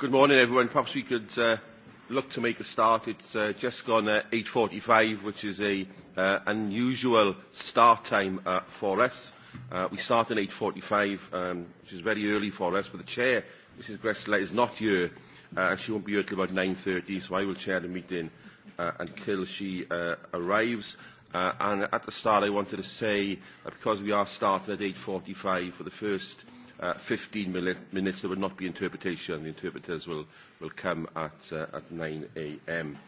Good morning, everyone. Perhaps we could uh, look to make a start. It's uh, just gone uh, 8.45, which is an uh, unusual start time uh, for us. Uh, we start at 8.45, um, which is very early for us, but the chair, Mrs Gressler, is not here, uh, and she won't be here until about 9.30, so I will chair the meeting uh, until she uh, arrives. Uh, and at the start, I wanted to say, uh, because we are starting at 8.45 for the first uh, 15 minutes. There will not be interpretation. The interpreters will, will come at, uh, at 9 a.m.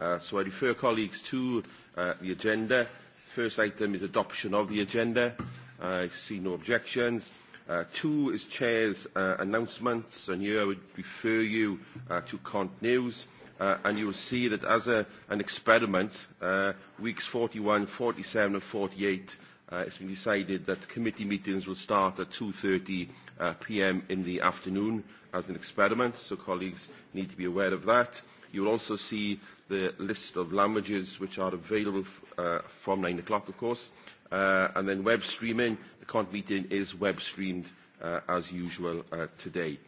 Uh, so I refer colleagues to uh, the agenda. First item is adoption of the agenda. I see no objections. Uh, two is Chair's uh, announcements, and here I would refer you uh, to Cont News. Uh, and you will see that as a, an experiment, uh, weeks 41, 47 and 48 uh, it's been decided that committee meetings will start at 2.30 uh, p.m. in the afternoon as an experiment, so colleagues need to be aware of that. You'll also see the list of languages which are available uh, from 9 o'clock, of course. Uh, and then web streaming, the current meeting is web streamed uh, as usual uh, today.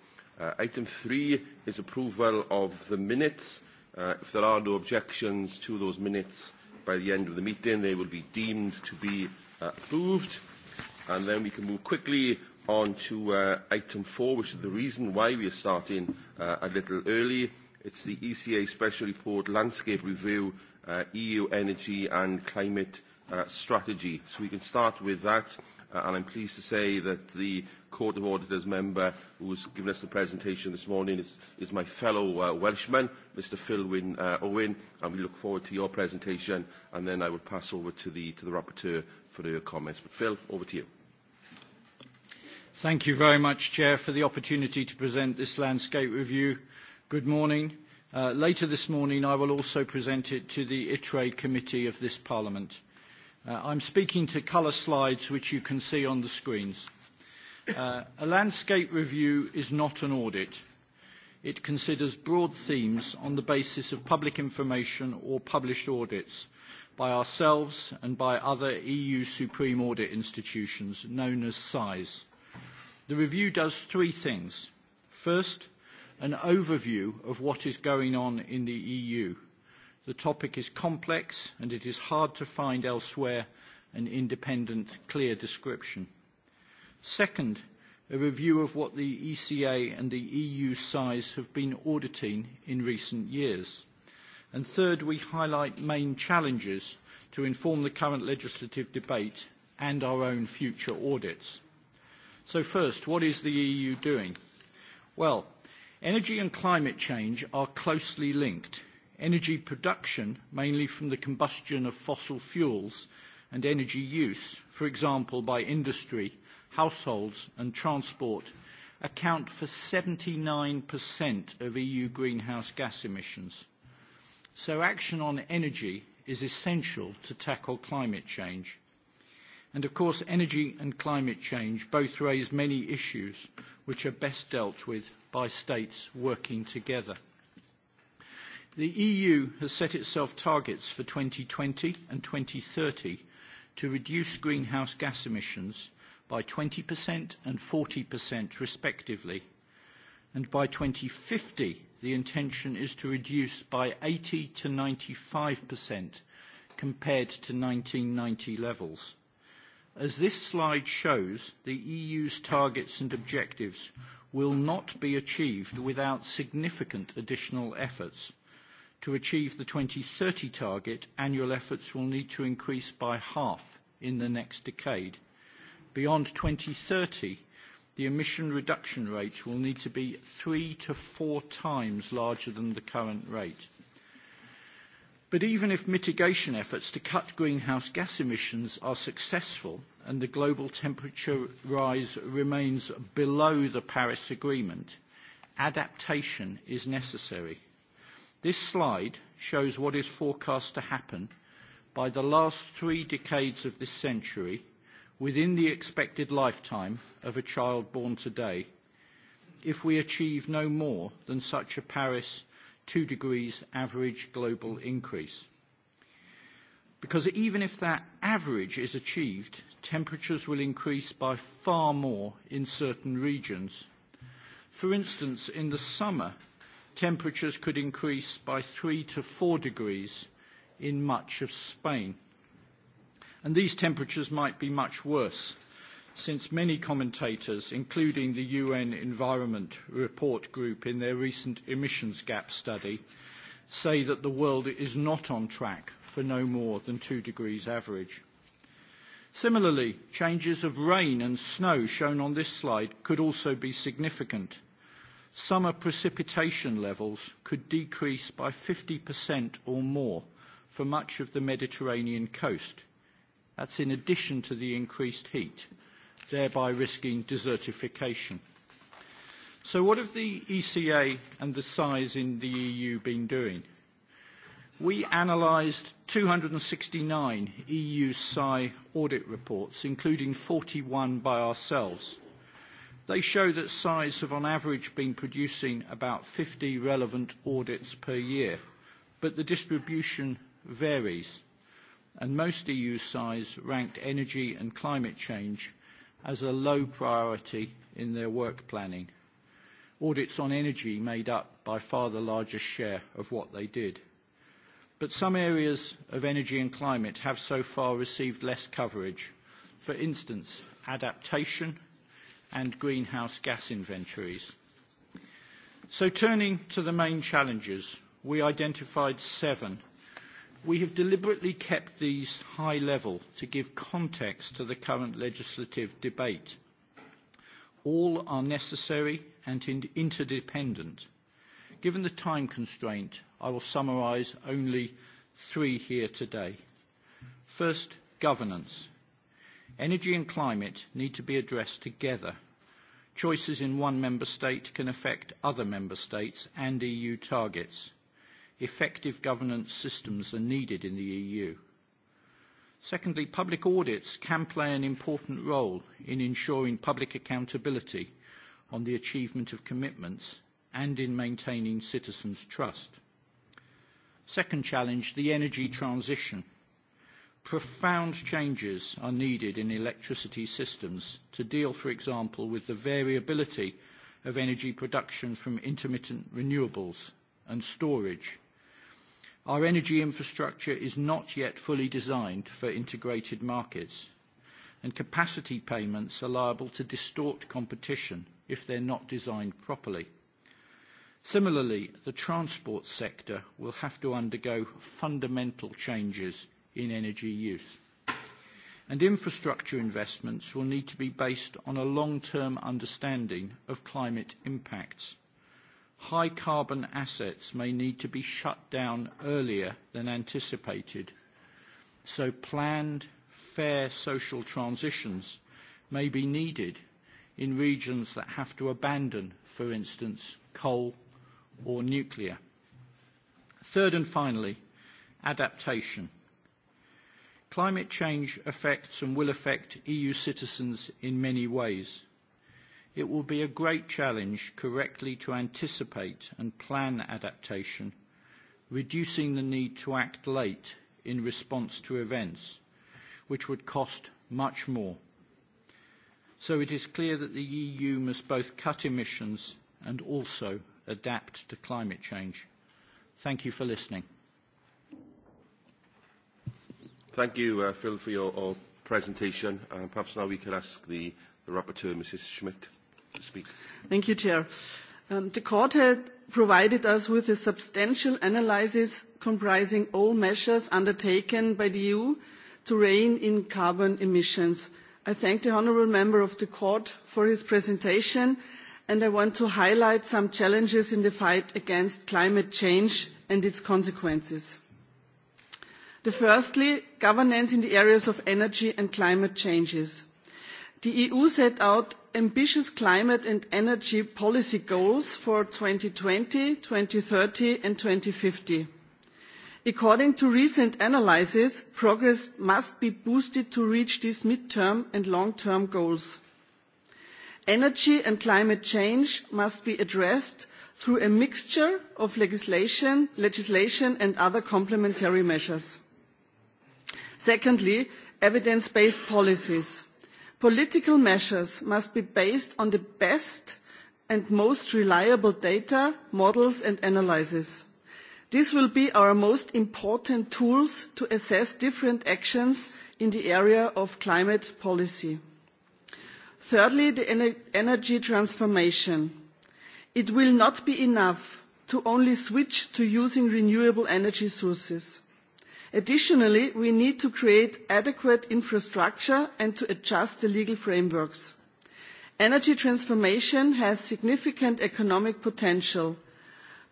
Uh, item three is approval of the minutes. Uh, if there are no objections to those minutes by the end of the meeting, they will be deemed to be approved. And then we can move quickly on to uh, item four, which is the reason why we are starting uh, a little early. It's the ECA Special Report Landscape Review, uh, EU Energy and Climate uh, Strategy. So we can start with that. Uh, and I'm pleased to say that the Court of Auditors member who has given us the presentation this morning is, is my fellow uh, Welshman, Mr Philwyn uh, Owen, and we look forward to your presentation, and then I will pass over to the, to the rapporteur for her comments. But Phil, over to you. Thank you very much, Chair, for the opportunity to present this landscape review. Good morning. Uh, later this morning, I will also present it to the ITRE committee of this Parliament. Uh, I'm speaking to color slides which you can see on the screens. Uh, a landscape review is not an audit. It considers broad themes on the basis of public information or published audits by ourselves and by other EU Supreme Audit institutions known as SISE. The review does three things. First, an overview of what is going on in the EU. The topic is complex and it is hard to find elsewhere an independent, clear description. Second, a review of what the ECA and the EU size have been auditing in recent years. And third, we highlight main challenges to inform the current legislative debate and our own future audits. So first, what is the EU doing? Well, energy and climate change are closely linked energy production, mainly from the combustion of fossil fuels, and energy use, for example by industry, households and transport, account for 79% of EU greenhouse gas emissions. So action on energy is essential to tackle climate change. And of course, energy and climate change both raise many issues which are best dealt with by states working together. The EU has set itself targets for 2020 and 2030 to reduce greenhouse gas emissions by 20% and 40% respectively. And by 2050, the intention is to reduce by 80%-95% compared to 1990 levels. As this slide shows, the EU's targets and objectives will not be achieved without significant additional efforts to achieve the 2030 target, annual efforts will need to increase by half in the next decade. Beyond 2030, the emission reduction rates will need to be three to four times larger than the current rate. But even if mitigation efforts to cut greenhouse gas emissions are successful and the global temperature rise remains below the Paris Agreement, adaptation is necessary. This slide shows what is forecast to happen by the last three decades of this century within the expected lifetime of a child born today if we achieve no more than such a Paris 2 degrees average global increase. Because even if that average is achieved, temperatures will increase by far more in certain regions. For instance, in the summer, temperatures could increase by three to four degrees in much of Spain. And these temperatures might be much worse, since many commentators, including the UN Environment Report Group in their recent emissions gap study, say that the world is not on track for no more than two degrees average. Similarly, changes of rain and snow shown on this slide could also be significant summer precipitation levels could decrease by 50% or more for much of the Mediterranean coast. That's in addition to the increased heat, thereby risking desertification. So what have the ECA and the size in the EU been doing? We analysed 269 EU SAI audit reports, including 41 by ourselves, They show that SIs have on average been producing about 50 relevant audits per year, but the distribution varies, and most EU SIs ranked energy and climate change as a low priority in their work planning. Audits on energy made up by far the largest share of what they did. But some areas of energy and climate have so far received less coverage. For instance, adaptation and greenhouse gas inventories. So turning to the main challenges, we identified seven. We have deliberately kept these high level to give context to the current legislative debate. All are necessary and interdependent. Given the time constraint, I will summarize only three here today. First, governance. Energy and climate need to be addressed together Choices in one member state can affect other member states and EU targets. Effective governance systems are needed in the EU. Secondly, public audits can play an important role in ensuring public accountability on the achievement of commitments and in maintaining citizens' trust. Second challenge, the energy transition profound changes are needed in electricity systems to deal, for example, with the variability of energy production from intermittent renewables and storage. Our energy infrastructure is not yet fully designed for integrated markets, and capacity payments are liable to distort competition if they're not designed properly. Similarly, the transport sector will have to undergo fundamental changes in energy use. And infrastructure investments will need to be based on a long-term understanding of climate impacts. High carbon assets may need to be shut down earlier than anticipated, so planned, fair social transitions may be needed in regions that have to abandon, for instance, coal or nuclear. Third and finally, adaptation. Climate change affects and will affect EU citizens in many ways. It will be a great challenge correctly to anticipate and plan adaptation, reducing the need to act late in response to events, which would cost much more. So it is clear that the EU must both cut emissions and also adapt to climate change. Thank you for listening. Thank you, uh, Phil, for your, your uh, presentation. Uh, perhaps now we could ask the, the rapporteur, Mrs. Schmidt, to speak. Thank you, Chair. Um, the court had provided us with a substantial analysis comprising all measures undertaken by the EU to rein in carbon emissions. I thank the honourable member of the court for his presentation and I want to highlight some challenges in the fight against climate change and its consequences. The firstly, governance in the areas of energy and climate changes. The EU set out ambitious climate and energy policy goals for 2020, 2030 and 2050. According to recent analysis, progress must be boosted to reach these mid-term and long-term goals. Energy and climate change must be addressed through a mixture of legislation and other complementary measures. Secondly, evidence-based policies. Political measures must be based on the best and most reliable data, models and analyses. These will be our most important tools to assess different actions in the area of climate policy. Thirdly, the ener energy transformation. It will not be enough to only switch to using renewable energy sources. Additionally, we need to create adequate infrastructure and to adjust the legal frameworks. Energy transformation has significant economic potential,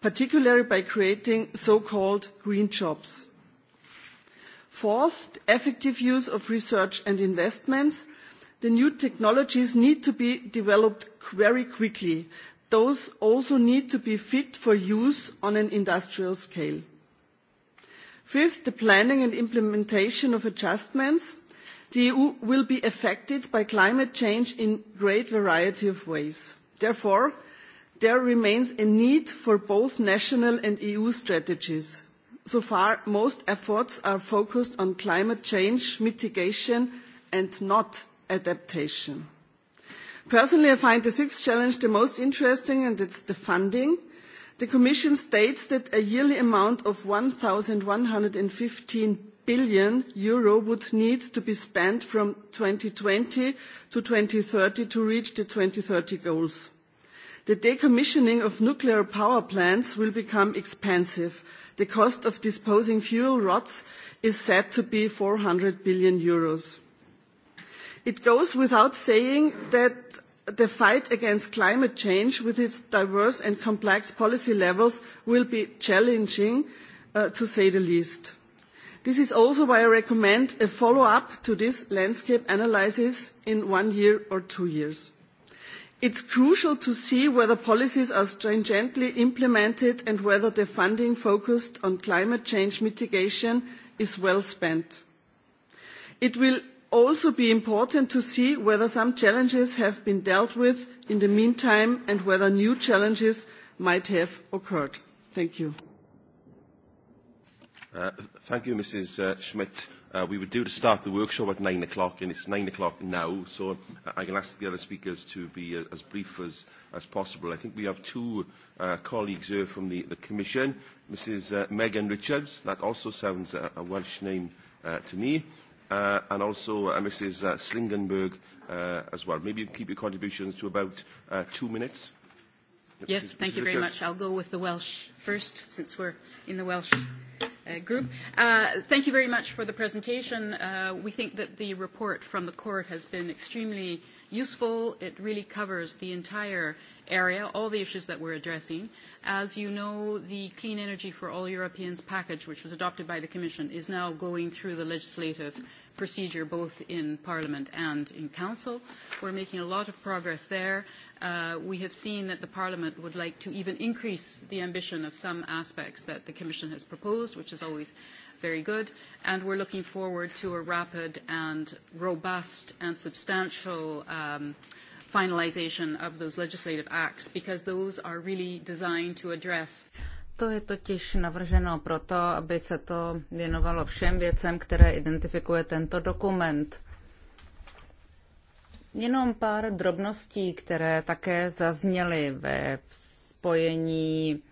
particularly by creating so-called green jobs. Fourth, effective use of research and investments. The new technologies need to be developed very quickly. Those also need to be fit for use on an industrial scale. Fifth, the planning and implementation of adjustments. The EU will be affected by climate change in great variety of ways. Therefore, there remains a need for both national and EU strategies. So far, most efforts are focused on climate change mitigation and not adaptation. Personally, I find the sixth challenge the most interesting, and it's the funding the commission states that a yearly amount of eur one hundred and fifteen billion Euro would need to be spent from 2020 to 2030 to reach the 2030 goals. The decommissioning of nuclear power plants will become expensive. The cost of disposing fuel rods is said to be 400 billion euros. It goes without saying that the fight against climate change with its diverse and complex policy levels will be challenging, uh, to say the least. This is also why I recommend a follow-up to this landscape analysis in one year or two years. It's crucial to see whether policies are stringently implemented and whether the funding focused on climate change mitigation is well spent. It will also be important to see whether some challenges have been dealt with in the meantime and whether new challenges might have occurred. Thank you. Uh, thank you, Mrs. Uh, Schmidt. Uh, we were due to start the workshop at nine o'clock, and it's nine o'clock now, so I can ask the other speakers to be uh, as brief as, as possible. I think we have two uh, colleagues here from the, the Commission, Mrs. Uh, Megan Richards, that also sounds a, a Welsh name uh, to me, uh, and also uh, Mrs. Uh, Slingenberg uh, as well. Maybe you can keep your contributions to about uh, two minutes. Yes, Mrs. thank Mrs. you very much. I'll go with the Welsh first, since we're in the Welsh uh, group. Uh, thank you very much for the presentation. Uh, we think that the report from the court has been extremely useful. It really covers the entire uh, area, all the issues that we're addressing. As you know, the Clean Energy for All Europeans package, which was adopted by the Commission, is now going through the legislative procedure both in Parliament and in Council. We're making a lot of progress there. Uh, we have seen that the Parliament would like to even increase the ambition of some aspects that the Commission has proposed, which is always very good, and we're looking forward to a rapid and robust and substantial um, uh, finalization of those legislative acts because those are really designed to address to je totiž navrženo proto, aby se to věnovalo všem věcem, které identifikuje tento dokument. Jenom pár drobností, které také zazněly ve spojení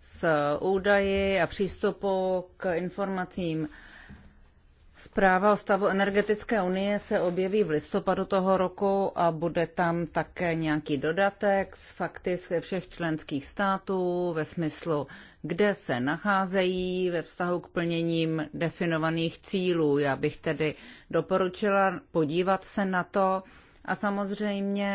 s údaji a přístupu k informacím. Zpráva o stavu energetické unie se objeví v listopadu toho roku a bude tam také nějaký dodatek z fakty ze všech členských států ve smyslu, kde se nacházejí ve vztahu k plněním definovaných cílů. Já bych tedy doporučila podívat se na to a samozřejmě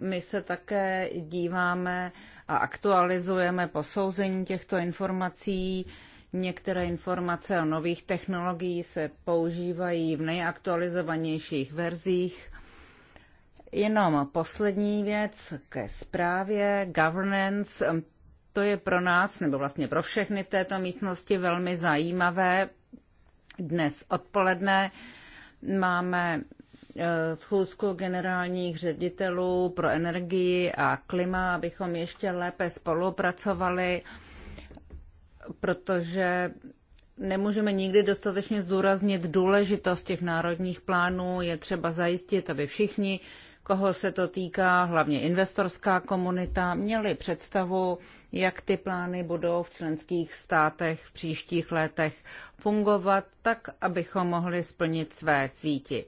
my se také díváme a aktualizujeme posouzení těchto informací Některé informace o nových technologiích se používají v nejaktualizovanějších verzích. Jenom poslední věc ke zprávě, governance. To je pro nás, nebo vlastně pro všechny v této místnosti velmi zajímavé. Dnes odpoledne máme e, schůzku generálních ředitelů pro energii a klima, abychom ještě lépe spolupracovali protože nemůžeme nikdy dostatečně zdůraznit důležitost těch národních plánů. Je třeba zajistit, aby všichni, koho se to týká, hlavně investorská komunita, měli představu, jak ty plány budou v členských státech v příštích letech fungovat, tak abychom mohli splnit své svíti.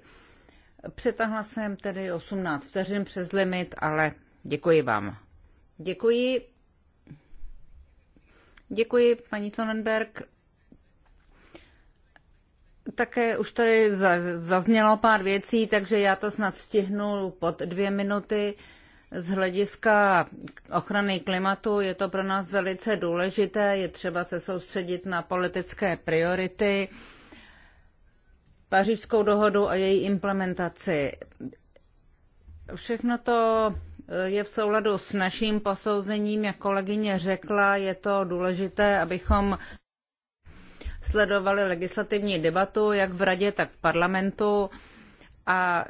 Přetahla jsem tedy 18 vteřin přes limit, ale děkuji vám. Děkuji. Děkuji, paní Sonnenberg. Také už tady zaznělo pár věcí, takže já to snad stihnu pod dvě minuty. Z hlediska ochrany klimatu je to pro nás velice důležité, je třeba se soustředit na politické priority, pařížskou dohodu a její implementaci. Všechno to je v souladu s naším posouzením, jak kolegyně řekla, je to důležité, abychom sledovali legislativní debatu jak v radě, tak v parlamentu a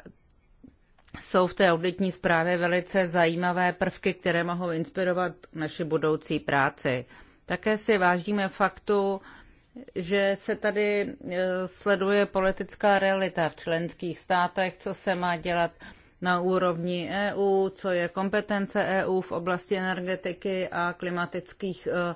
jsou v té auditní zprávě velice zajímavé prvky, které mohou inspirovat naši budoucí práci. Také si vážíme faktu, že se tady e, sleduje politická realita v členských státech, co se má dělat na úrovni EU, co je kompetence EU v oblasti energetiky a klimatických e,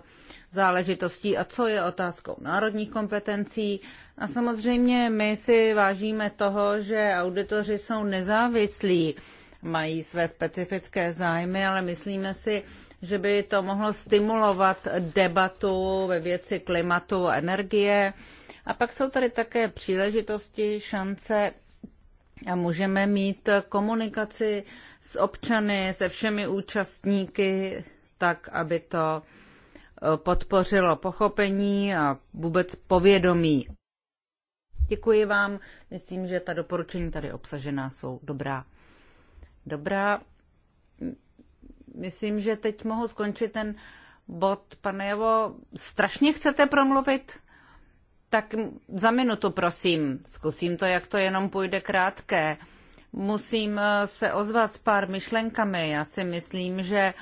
záležitostí a co je otázkou národních kompetencí. A samozřejmě my si vážíme toho, že auditoři jsou nezávislí, mají své specifické zájmy, ale myslíme si, že by to mohlo stimulovat debatu ve věci klimatu a energie. A pak jsou tady také příležitosti, šance a můžeme mít komunikaci s občany, se všemi účastníky, tak, aby to eh, podpořilo pochopení a vůbec povědomí. Děkuji vám. Myslím, že ta doporučení tady obsažená jsou dobrá. Dobrá. Myslím, že teď mohu skončit ten bod. Pane Jevo, strašně chcete promluvit? Tak za minutu, prosím. Zkusím to, jak to jenom půjde krátké. Musím eh, se ozvat s pár myšlenkami. Já si myslím, že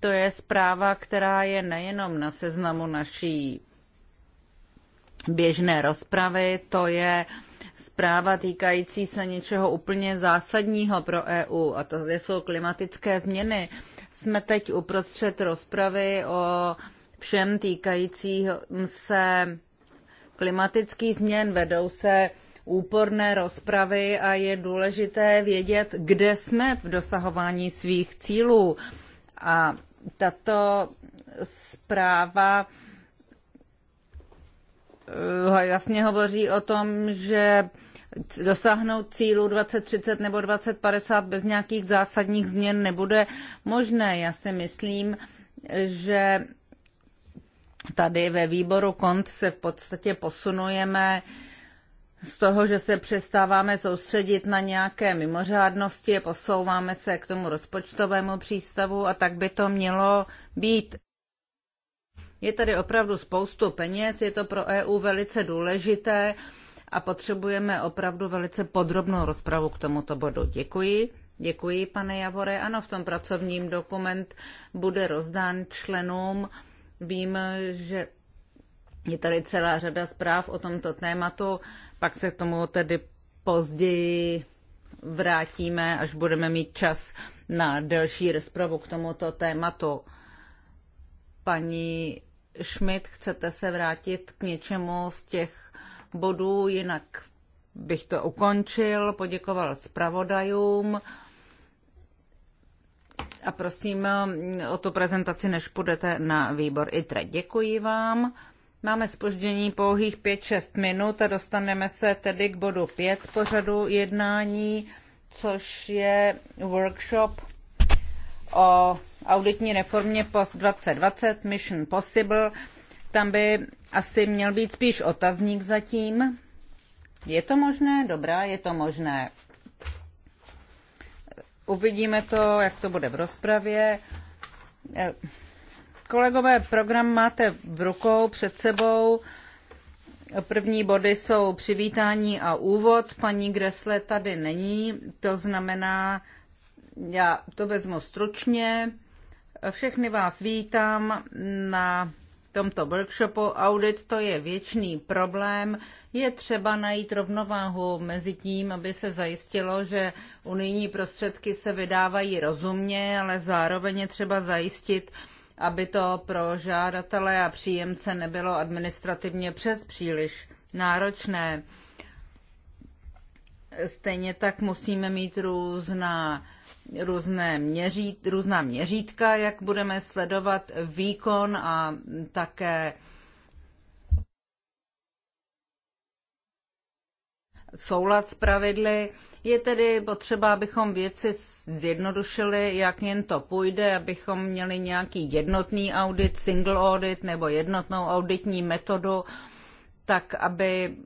to je zpráva, která je nejenom na seznamu naší běžné rozpravy, to je zpráva týkající se něčeho úplně zásadního pro EU, a to jsou klimatické změny. Jsme teď uprostřed rozpravy o všem týkajícím se klimatických změn, vedou se úporné rozpravy a je důležité vědět, kde jsme v dosahování svých cílů. A tato zpráva eh, jasně hovoří o tom, že dosáhnout cílu 2030 nebo 2050 bez nějakých zásadních změn nebude možné. Já si myslím, že Tady ve výboru KONT se v podstatě posunujeme z toho, že se přestáváme soustředit na nějaké mimořádnosti, posouváme se k tomu rozpočtovému přístavu a tak by to mělo být. Je tady opravdu spoustu peněz, je to pro EU velice důležité a potřebujeme opravdu velice podrobnou rozpravu k tomuto bodu. Děkuji. Děkuji, pane Javore. Ano, v tom pracovním dokument bude rozdán členům Vím, že je tady celá řada zpráv o tomto tématu, pak se k tomu tedy později vrátíme, až budeme mít čas na delší rozpravu k tomuto tématu. Paní Schmidt, chcete se vrátit k něčemu z těch bodů, jinak bych to ukončil, poděkoval zpravodajům a prosím mm, o tu prezentaci, než půjdete na výbor ITRE. Děkuji vám. Máme spoždění pouhých 5-6 minut a dostaneme se tedy k bodu 5 pořadu jednání, což je workshop o auditní reformě POST 2020 Mission Possible. Tam by asi měl být spíš otazník zatím. Je to možné? Dobrá, je to možné. Uvidíme to, jak to bude v rozpravě. Eh, Kolegové, program máte v rukou před sebou. První body jsou přivítání a úvod. Paní Gresle tady není, to znamená, já to vezmu stručně. Všechny vás vítám na tomto workshopu. Audit to je věčný problém. Je třeba najít rovnováhu mezi tím, aby se zajistilo, že unijní prostředky se vydávají rozumně, ale zároveň je třeba zajistit, aby to pro žádatele a příjemce nebylo administrativně přes příliš náročné. Stejně tak musíme mít různá různé měřít, různá měřítka, jak budeme sledovat výkon a také soulad s pravidly. Je tedy potřeba, abychom věci zjednodušili, jak jen to půjde, abychom měli nějaký jednotný audit, single audit nebo jednotnou auditní metodu, tak aby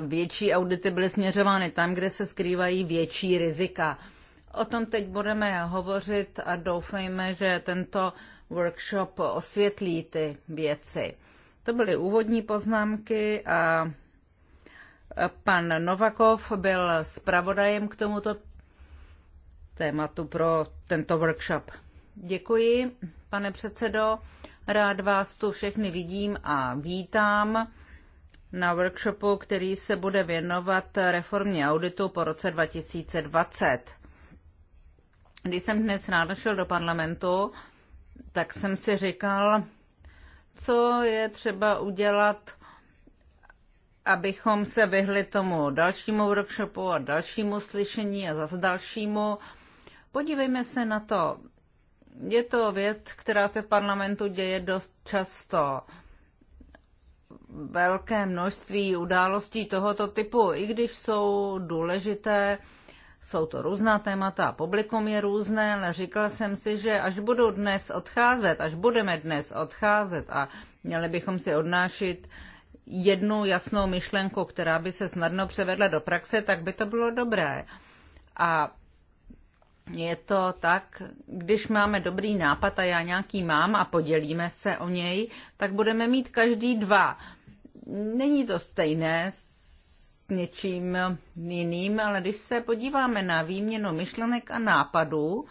větší audity byly směřovány tam, kde se skrývají větší rizika. O tom teď budeme hovořit a doufejme, že tento workshop osvětlí ty věci. To byly úvodní poznámky a pan Novakov byl zpravodajem k tomuto tématu pro tento workshop. Děkuji, pane předsedo. Rád vás tu všechny vidím a vítám na workshopu, který se bude věnovat reformě auditu po roce 2020. Když jsem dnes ráno šel do parlamentu, tak jsem si říkal, co je třeba udělat, abychom se vyhli tomu dalšímu workshopu a dalšímu slyšení a zase dalšímu. Podívejme se na to. Je to věc, která se v parlamentu děje dost často velké množství událostí tohoto typu, i když jsou důležité, jsou to různá témata, publikum je různé, ale říkala jsem si, že až budu dnes odcházet, až budeme dnes odcházet a měli bychom si odnášit jednu jasnou myšlenku, která by se snadno převedla do praxe, tak by to bylo dobré. A je to tak, když máme dobrý nápad a já nějaký mám a podělíme se o něj, tak budeme mít každý dva není to stejné s něčím jiným, ale když se podíváme na výměnu myšlenek a nápadů,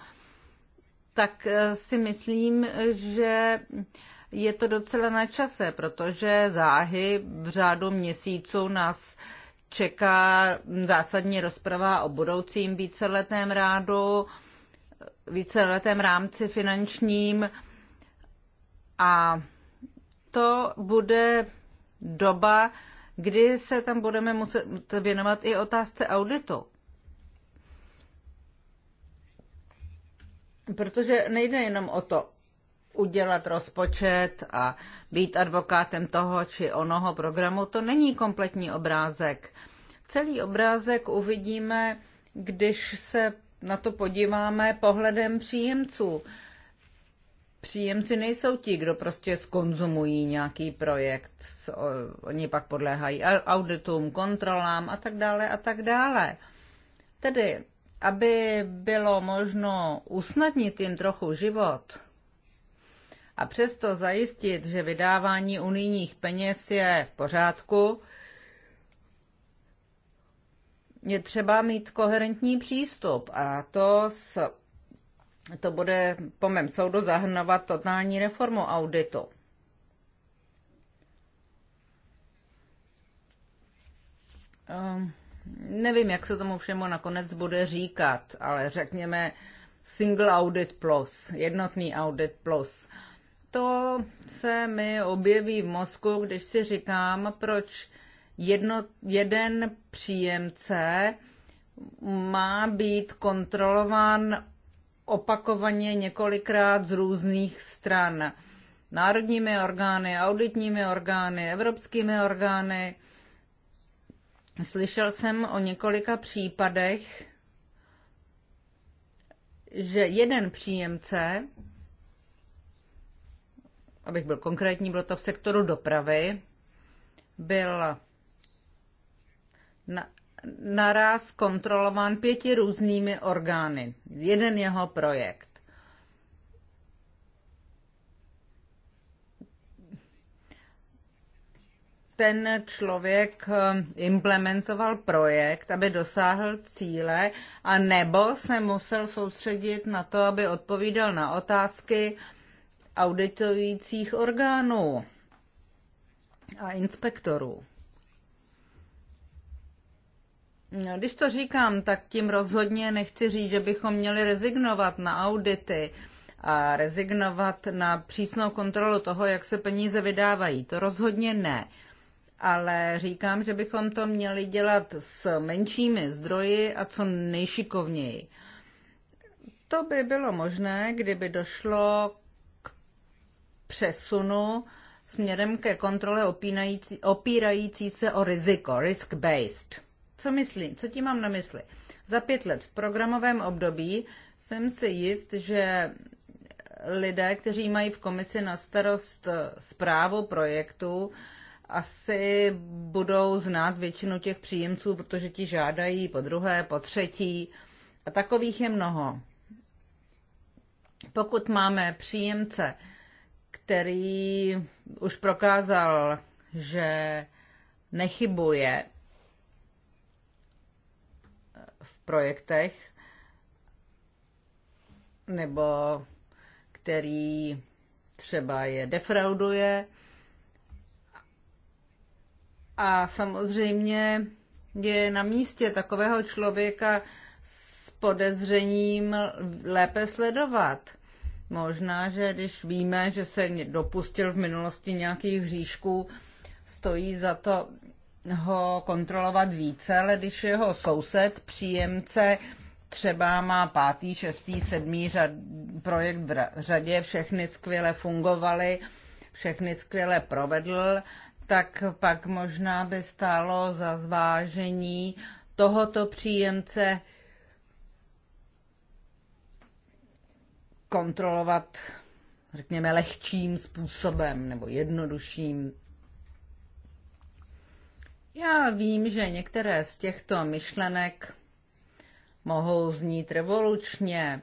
tak eh, si myslím, že je to docela na čase, protože záhy v řádu měsíců nás čeká zásadní rozprava o budoucím víceletém rádu, víceletém rámci finančním a to bude doba, kdy se tam budeme muset věnovat i otázce auditu. Protože nejde jenom o to udělat rozpočet a být advokátem toho či onoho programu, to není kompletní obrázek. Celý obrázek uvidíme, když se na to podíváme pohledem příjemců příjemci nejsou ti, kdo prostě skonzumují nějaký projekt. Oni pak podléhají auditům, kontrolám a tak dále a tak dále. Tedy, aby bylo možno usnadnit jim trochu život a přesto zajistit, že vydávání unijních peněz je v pořádku, je třeba mít koherentní přístup a to s to bude po mém soudu zahrnovat totální reformu auditu. Ehm, nevím, jak se tomu všemu nakonec bude říkat, ale řekněme Single Audit Plus, jednotný Audit Plus. To se mi objeví v mozku, když si říkám, proč jedno, jeden příjemce má být kontrolován opakovaně několikrát z různých stran. Národními orgány, auditními orgány, evropskými orgány. Slyšel jsem o několika případech, že jeden příjemce, abych byl konkrétní, bylo to v sektoru dopravy, byl na naraz kontrolován pěti různými orgány. Jeden jeho projekt. ten člověk eh, implementoval projekt, aby dosáhl cíle, a nebo se musel soustředit na to, aby odpovídal na otázky auditujících orgánů a inspektorů. No, když to říkám, tak tím rozhodně nechci říct, že bychom měli rezignovat na audity a rezignovat na přísnou kontrolu toho, jak se peníze vydávají. To rozhodně ne. Ale říkám, že bychom to měli dělat s menšími zdroji a co nejšikovněji. To by bylo možné, kdyby došlo k přesunu směrem ke kontrole opínající, opírající se o riziko, risk-based co myslím? Co tím mám na mysli? Za pět let v programovém období jsem si jist, že lidé, kteří mají v komisi na starost eh, zprávu projektu, asi budou znát většinu těch příjemců, protože ti žádají po druhé, po třetí a takových je mnoho. Pokud máme příjemce, který už prokázal, že nechybuje, projektech nebo který třeba je defrauduje. A samozřejmě je na místě takového člověka s podezřením lépe sledovat. Možná, že když víme, že se dopustil v minulosti nějakých hříšků, stojí za to ho kontrolovat více, ale když jeho soused, příjemce, třeba má pátý, šestý, sedmý řad, projekt v řadě, všechny skvěle fungovaly, všechny skvěle provedl, tak pak možná by stálo za zvážení tohoto příjemce kontrolovat, řekněme, lehčím způsobem nebo jednodušším já vím, že některé z těchto myšlenek mohou znít revolučně.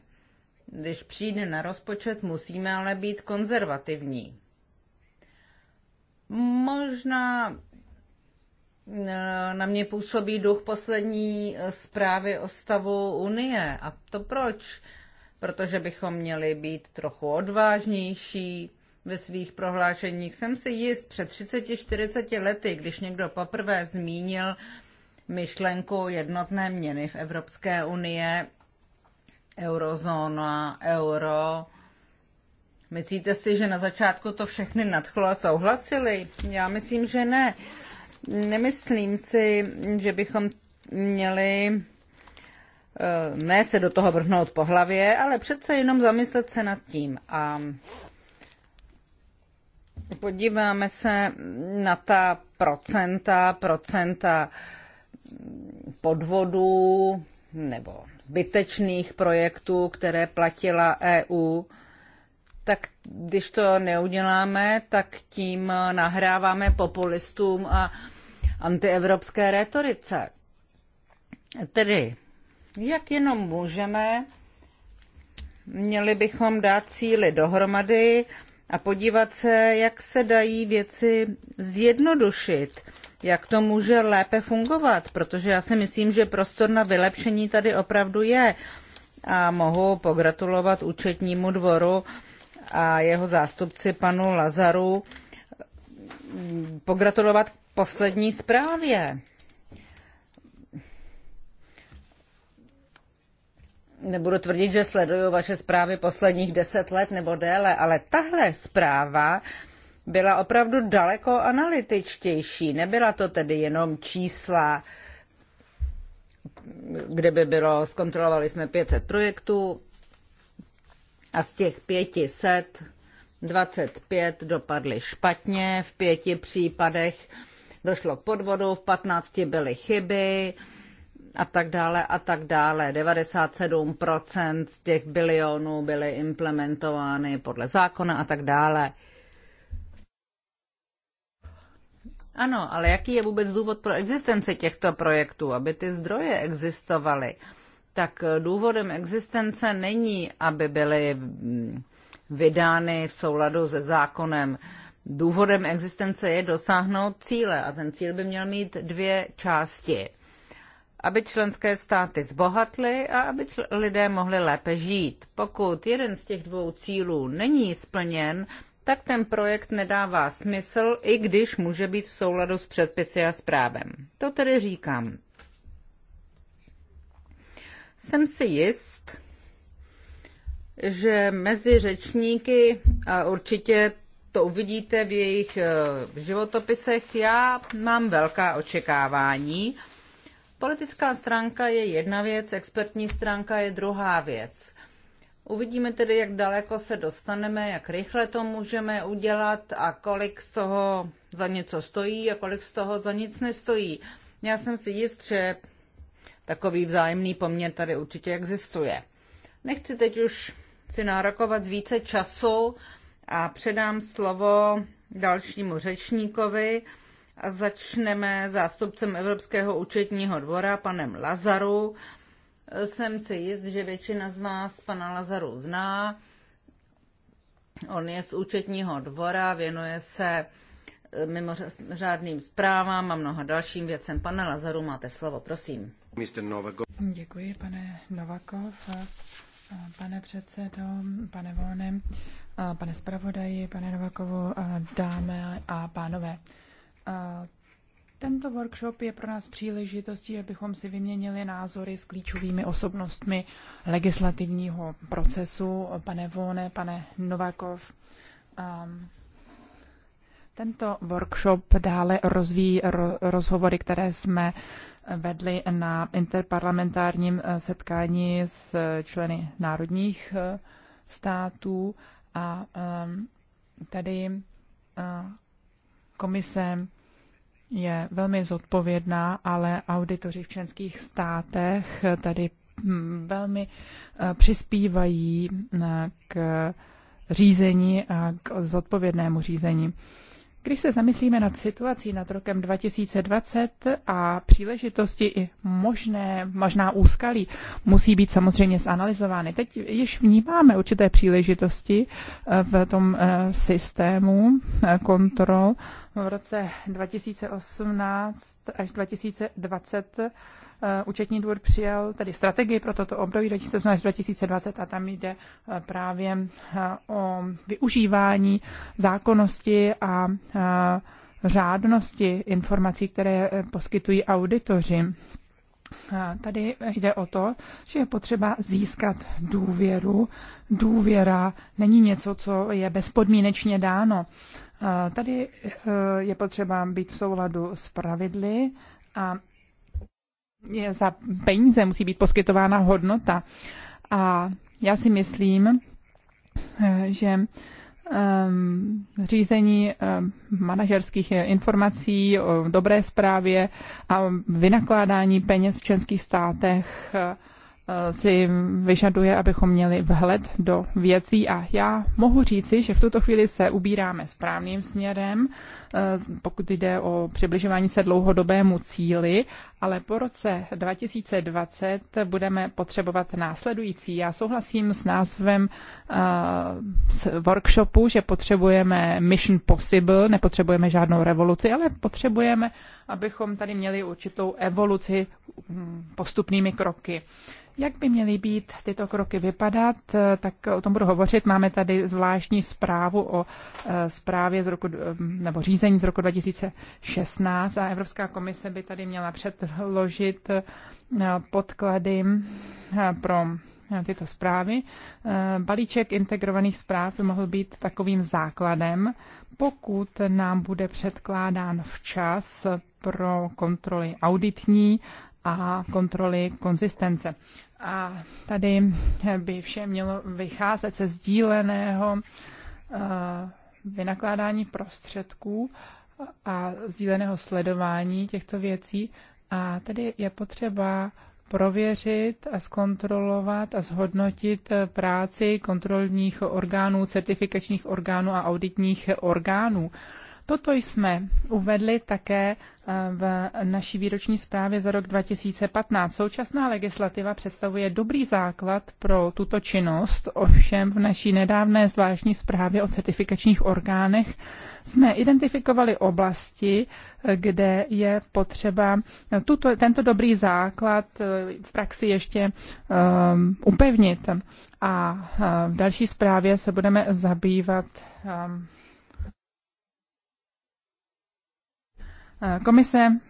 Když přijde na rozpočet, musíme ale být konzervativní. Možná eh, na mě působí duch poslední eh, zprávy o stavu Unie. A to proč? Protože bychom měli být trochu odvážnější, ve svých prohlášeních. Jsem si jist, před 30-40 lety, když někdo poprvé zmínil myšlenku jednotné měny v Evropské unie, eurozóna, euro, Myslíte si, že na začátku to všechny nadchlo a souhlasili? Já myslím, že ne. Nemyslím si, že bychom měli eh, ne se do toho vrhnout po hlavě, ale přece jenom zamyslet se nad tím. A podíváme se na ta procenta, procenta podvodů nebo zbytečných projektů, které platila EU, tak když to neuděláme, tak tím nahráváme populistům a antievropské retorice. Tedy, jak jenom můžeme, měli bychom dát síly dohromady, a podívat se, jak se dají věci zjednodušit, jak to může lépe fungovat, protože já si myslím, že prostor na vylepšení tady opravdu je. A mohu pogratulovat účetnímu dvoru a jeho zástupci panu Lazaru, pogratulovat k poslední zprávě. nebudu tvrdit, že sleduju vaše zprávy posledních deset let nebo déle, ale tahle zpráva byla opravdu daleko analytičtější. Nebyla to tedy jenom čísla, kde by bylo, zkontrolovali jsme 500 projektů a z těch 500 25 dopadly špatně, v pěti případech došlo k podvodu, v 15 byly chyby, a tak dále a tak dále. 97% z těch bilionů byly implementovány podle zákona a tak dále. Ano, ale jaký je vůbec důvod pro existenci těchto projektů, aby ty zdroje existovaly? Tak důvodem existence není, aby byly mm, vydány v souladu se zákonem. Důvodem existence je dosáhnout cíle a ten cíl by měl mít dvě části aby členské státy zbohatly a aby lidé mohli lépe žít. Pokud jeden z těch dvou cílů není splněn, tak ten projekt nedává smysl, i když může být v souladu s předpisy a s právem. To tedy říkám. Jsem si jist, že mezi řečníky, a určitě to uvidíte v jejich eh, životopisech, já mám velká očekávání, Politická stránka je jedna věc, expertní stránka je druhá věc. Uvidíme tedy, jak daleko se dostaneme, jak rychle to můžeme udělat a kolik z toho za něco stojí a kolik z toho za nic nestojí. Já jsem si jist, že takový vzájemný poměr tady určitě existuje. Nechci teď už si nárokovat více času a předám slovo dalšímu řečníkovi, a začneme zástupcem Evropského účetního dvora, panem Lazaru. Jsem si jist, že většina z vás pana Lazaru zná. On je z účetního dvora, věnuje se eh, mimořádným zprávám a mnoha dalším věcem. Pane Lazaru, máte slovo, prosím. Děkuji, pane Novakov, pane předsedo, pane Volnem, eh, pane zpravodaji, pane Novakovu, eh, dámy a pánové. Tento workshop je pro nás příležitostí, abychom si vyměnili názory s klíčovými osobnostmi legislativního procesu. Pane Vone, pane Novakov, um, tento workshop dále rozvíjí rozhovory, které jsme vedli na interparlamentárním setkání s členy národních uh, států a um, tady uh, komise je velmi zodpovědná, ale auditoři v členských státech tady hm, velmi eh, přispívají eh, k řízení a k zodpovědnému řízení. Když se zamyslíme nad situací nad rokem 2020 a příležitosti i možné, možná úskalí, musí být samozřejmě zanalizovány. Teď již vnímáme určité příležitosti eh, v tom eh, systému eh, kontrol v roce 2018 až 2020 Eh, účetní dvůr přijal tedy strategii pro toto období 2018-2020 a tam jde eh, právě eh, o využívání zákonnosti a řádnosti informací, které poskytují auditoři. Tady jde o to, že je potřeba získat důvěru. Důvěra není něco, co je bezpodmínečně dáno. Tady je potřeba být v souladu s pravidly a za peníze musí být poskytována hodnota. A já si myslím, eh, že ehm, řízení ehm, manažerských informací o dobré zprávě a vynakládání peněz v členských státech eh, si vyžaduje, abychom měli vhled do věcí a já mohu říci, že v tuto chvíli se ubíráme správným směrem, eh, pokud jde o přibližování se dlouhodobému cíli ale po roce 2020 budeme potřebovat následující. Já souhlasím s názvem uh, z workshopu, že potřebujeme Mission Possible, nepotřebujeme žádnou revoluci, ale potřebujeme, abychom tady měli určitou evoluci hm, postupnými kroky. Jak by měly být tyto kroky vypadat, eh, tak o tom budu hovořit. Máme tady zvláštní zprávu o eh, zprávě z roku, nebo řízení z roku 2016 a Evropská komise by tady měla před vložit eh, podklady eh, pro eh, tyto zprávy. Balíček integrovaných zpráv by mohl být takovým základem, pokud nám bude předkládán včas pro kontroly auditní a kontroly konzistence. A tady by vše mělo vycházet ze sdíleného vynakládání prostředků a sdíleného sledování těchto věcí a tady je potřeba prověřit a zkontrolovat a zhodnotit eh, práci kontrolních orgánů, certifikačních orgánů a auditních orgánů. Toto jsme uvedli také eh, v naší výroční zprávě za rok 2015. Současná legislativa představuje dobrý základ pro tuto činnost, ovšem v naší nedávné zvláštní zprávě o certifikačních orgánech jsme identifikovali oblasti, eh, kde je potřeba tuto, tento dobrý základ eh, v praxi ještě um, upevnit. A v další zprávě se budeme zabývat um, Eh, komise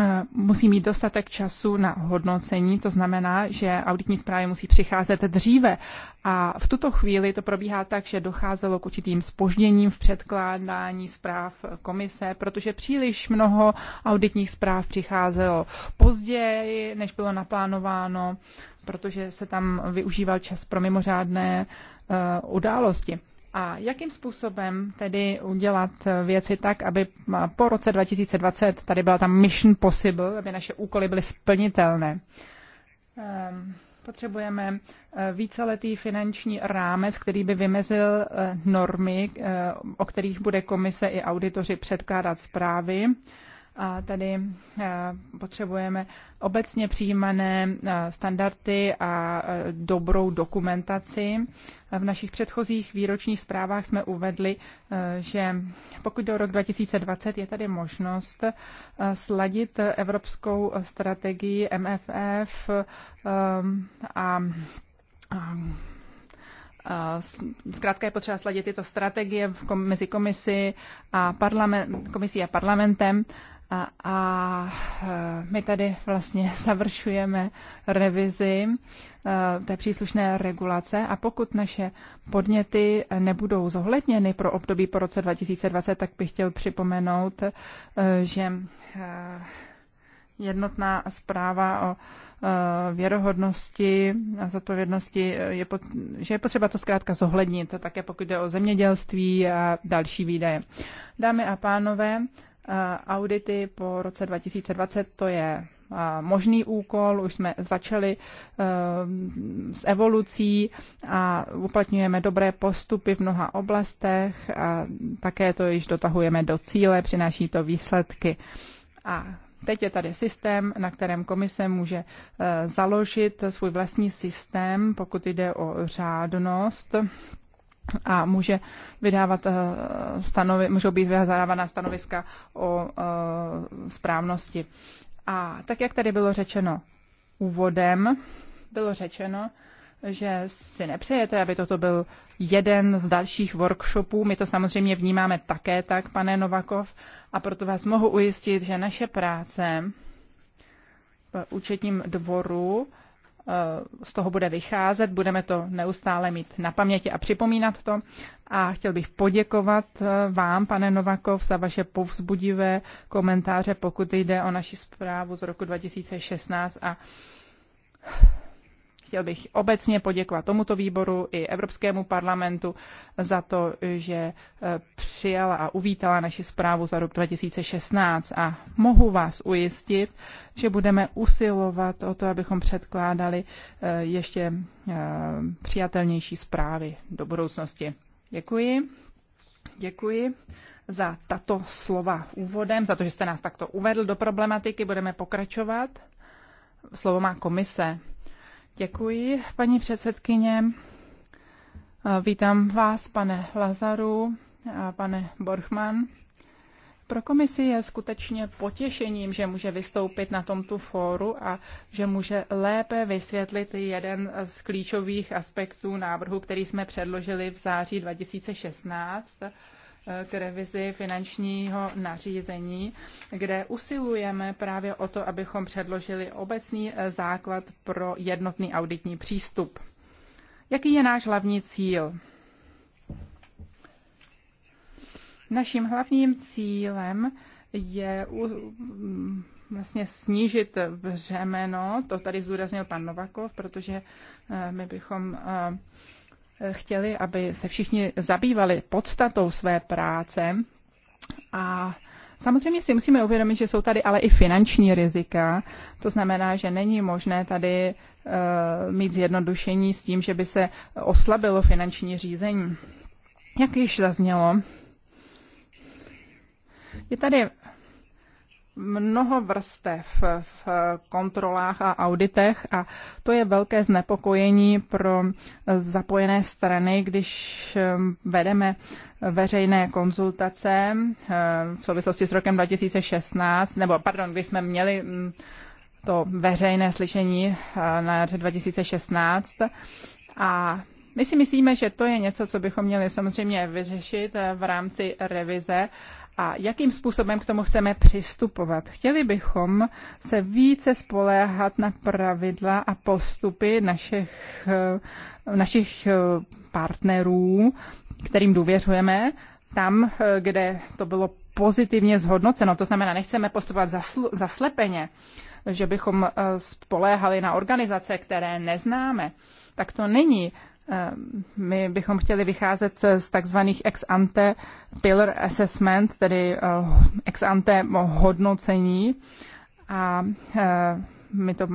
eh, musí mít dostatek času na hodnocení, to znamená, že auditní zprávy musí přicházet dříve. A v tuto chvíli to probíhá tak, že docházelo k určitým spožděním v předkládání zpráv komise, protože příliš mnoho auditních zpráv přicházelo později, než bylo naplánováno, protože se tam využíval čas pro mimořádné eh, události. A jakým způsobem tedy udělat věci tak, aby po roce 2020 tady byla ta mission possible, aby naše úkoly byly splnitelné? Ehm, potřebujeme eh, víceletý finanční rámec, který by vymezil eh, normy, eh, o kterých bude komise i auditoři předkládat zprávy a tady eh, potřebujeme obecně přijímané eh, standardy a eh, dobrou dokumentaci. V našich předchozích výročních zprávách jsme uvedli, že pokud do rok 2020 je tady možnost sladit evropskou strategii MFF a Zkrátka je potřeba sladit tyto strategie mezi komisi a parlament, komisí a parlamentem a, a eh, my tady vlastně završujeme revizi eh, té příslušné regulace a pokud naše podněty nebudou zohledněny pro období po roce 2020, tak bych chtěl připomenout, eh, že jednotná zpráva o věrohodnosti a zodpovědnosti, je pot, že je potřeba to zkrátka zohlednit, také pokud jde o zemědělství a další výdaje. Dámy a pánové, Eh, audity po roce 2020, to je eh, možný úkol, už jsme začali eh, s evolucí a uplatňujeme dobré postupy v mnoha oblastech a také to již dotahujeme do cíle, přináší to výsledky. A Teď je tady systém, na kterém komise může založit svůj vlastní systém, pokud jde o řádnost a může vydávat eh, stanovi, můžou být vyhazávána stanoviska o eh, správnosti. A tak, jak tady bylo řečeno úvodem, bylo řečeno, že si nepřejete, aby toto byl jeden z dalších workshopů. My to samozřejmě vnímáme také tak, pane Novakov, a proto vás mohu ujistit, že naše práce v účetním dvoru z toho bude vycházet, budeme to neustále mít na paměti a připomínat to. A chtěl bych poděkovat eh, vám, pane Novakov, za vaše povzbudivé komentáře, pokud jde o naši zprávu z roku 2016 a Chtěl bych obecně poděkovat tomuto výboru i Evropskému parlamentu za to, že e, přijala a uvítala naši zprávu za rok 2016 a mohu vás ujistit, že budeme usilovat o to, abychom předkládali e, ještě e, přijatelnější zprávy do budoucnosti. Děkuji. Děkuji za tato slova úvodem, za to, že jste nás takto uvedl do problematiky. Budeme pokračovat. Slovo má komise. Děkuji, paní předsedkyně. Vítám vás, pane Lazaru a pane Borchman. Pro komisi je skutečně potěšením, že může vystoupit na tomto fóru a že může lépe vysvětlit jeden z klíčových aspektů návrhu, který jsme předložili v září 2016 Eh, k revizi finančního nařízení, kde usilujeme právě o to, abychom předložili obecný eh, základ pro jednotný auditní přístup. Jaký je náš hlavní cíl? Naším hlavním cílem je mm, vlastně snížit břemeno, to tady zúraznil pan Novakov, protože eh, my bychom chtěli, aby se všichni zabývali podstatou své práce a Samozřejmě si musíme uvědomit, že jsou tady ale i finanční rizika. To znamená, že není možné tady uh, mít zjednodušení s tím, že by se oslabilo finanční řízení. Jak již zaznělo, je tady mnoho vrstev v kontrolách a auditech a to je velké znepokojení pro zapojené strany, když ehm, vedeme veřejné konzultace ehm, v souvislosti s rokem 2016, nebo pardon, když jsme měli mm, to veřejné slyšení eh, na jaře 2016 a my si myslíme, že to je něco, co bychom měli samozřejmě vyřešit eh, v rámci revize a jakým způsobem k tomu chceme přistupovat. Chtěli bychom se více spoléhat na pravidla a postupy našich, eh, našich eh, partnerů, kterým důvěřujeme, tam, eh, kde to bylo pozitivně zhodnoceno. To znamená, nechceme postupovat zasl- zaslepeně, že bychom spoléhali na organizace, které neznáme. Tak to není. Ehm, my bychom chtěli vycházet z takzvaných ex ante pillar assessment, tedy eh, ex ante hodnocení a eh, my to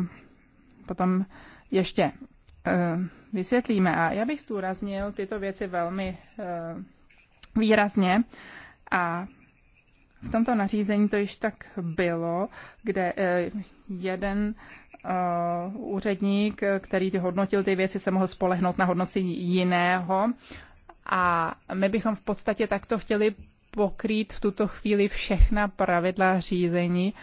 potom ještě eh, vysvětlíme. A já bych zdůraznil tyto věci velmi výrazně a v tomto nařízení to již tak bylo, kde jeden Uh, úředník, který hodnotil ty věci, se mohl spolehnout na hodnocení jiného. A my bychom v podstatě takto chtěli pokrýt v tuto chvíli všechna pravidla řízení.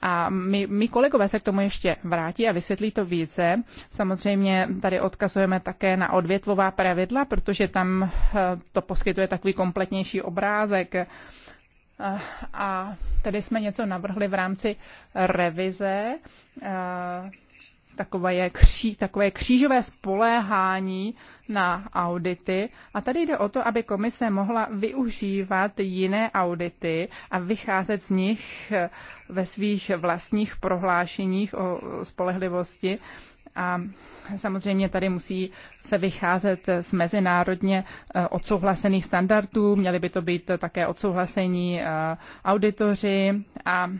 A my, my kolegové se k tomu ještě vrátí a vysvětlí to více. Samozřejmě tady odkazujeme také na odvětvová pravidla, protože tam eh, to poskytuje takový kompletnější obrázek a tady jsme něco navrhli v rámci revize. Eh, takové, je kří, takové křížové spoléhání na audity. A tady jde o to, aby komise mohla využívat jiné audity a vycházet z nich eh, ve svých vlastních prohlášeních o spolehlivosti a samozřejmě tady musí se vycházet z mezinárodně eh, odsouhlasených standardů, měly by to být také odsouhlasení eh, auditoři a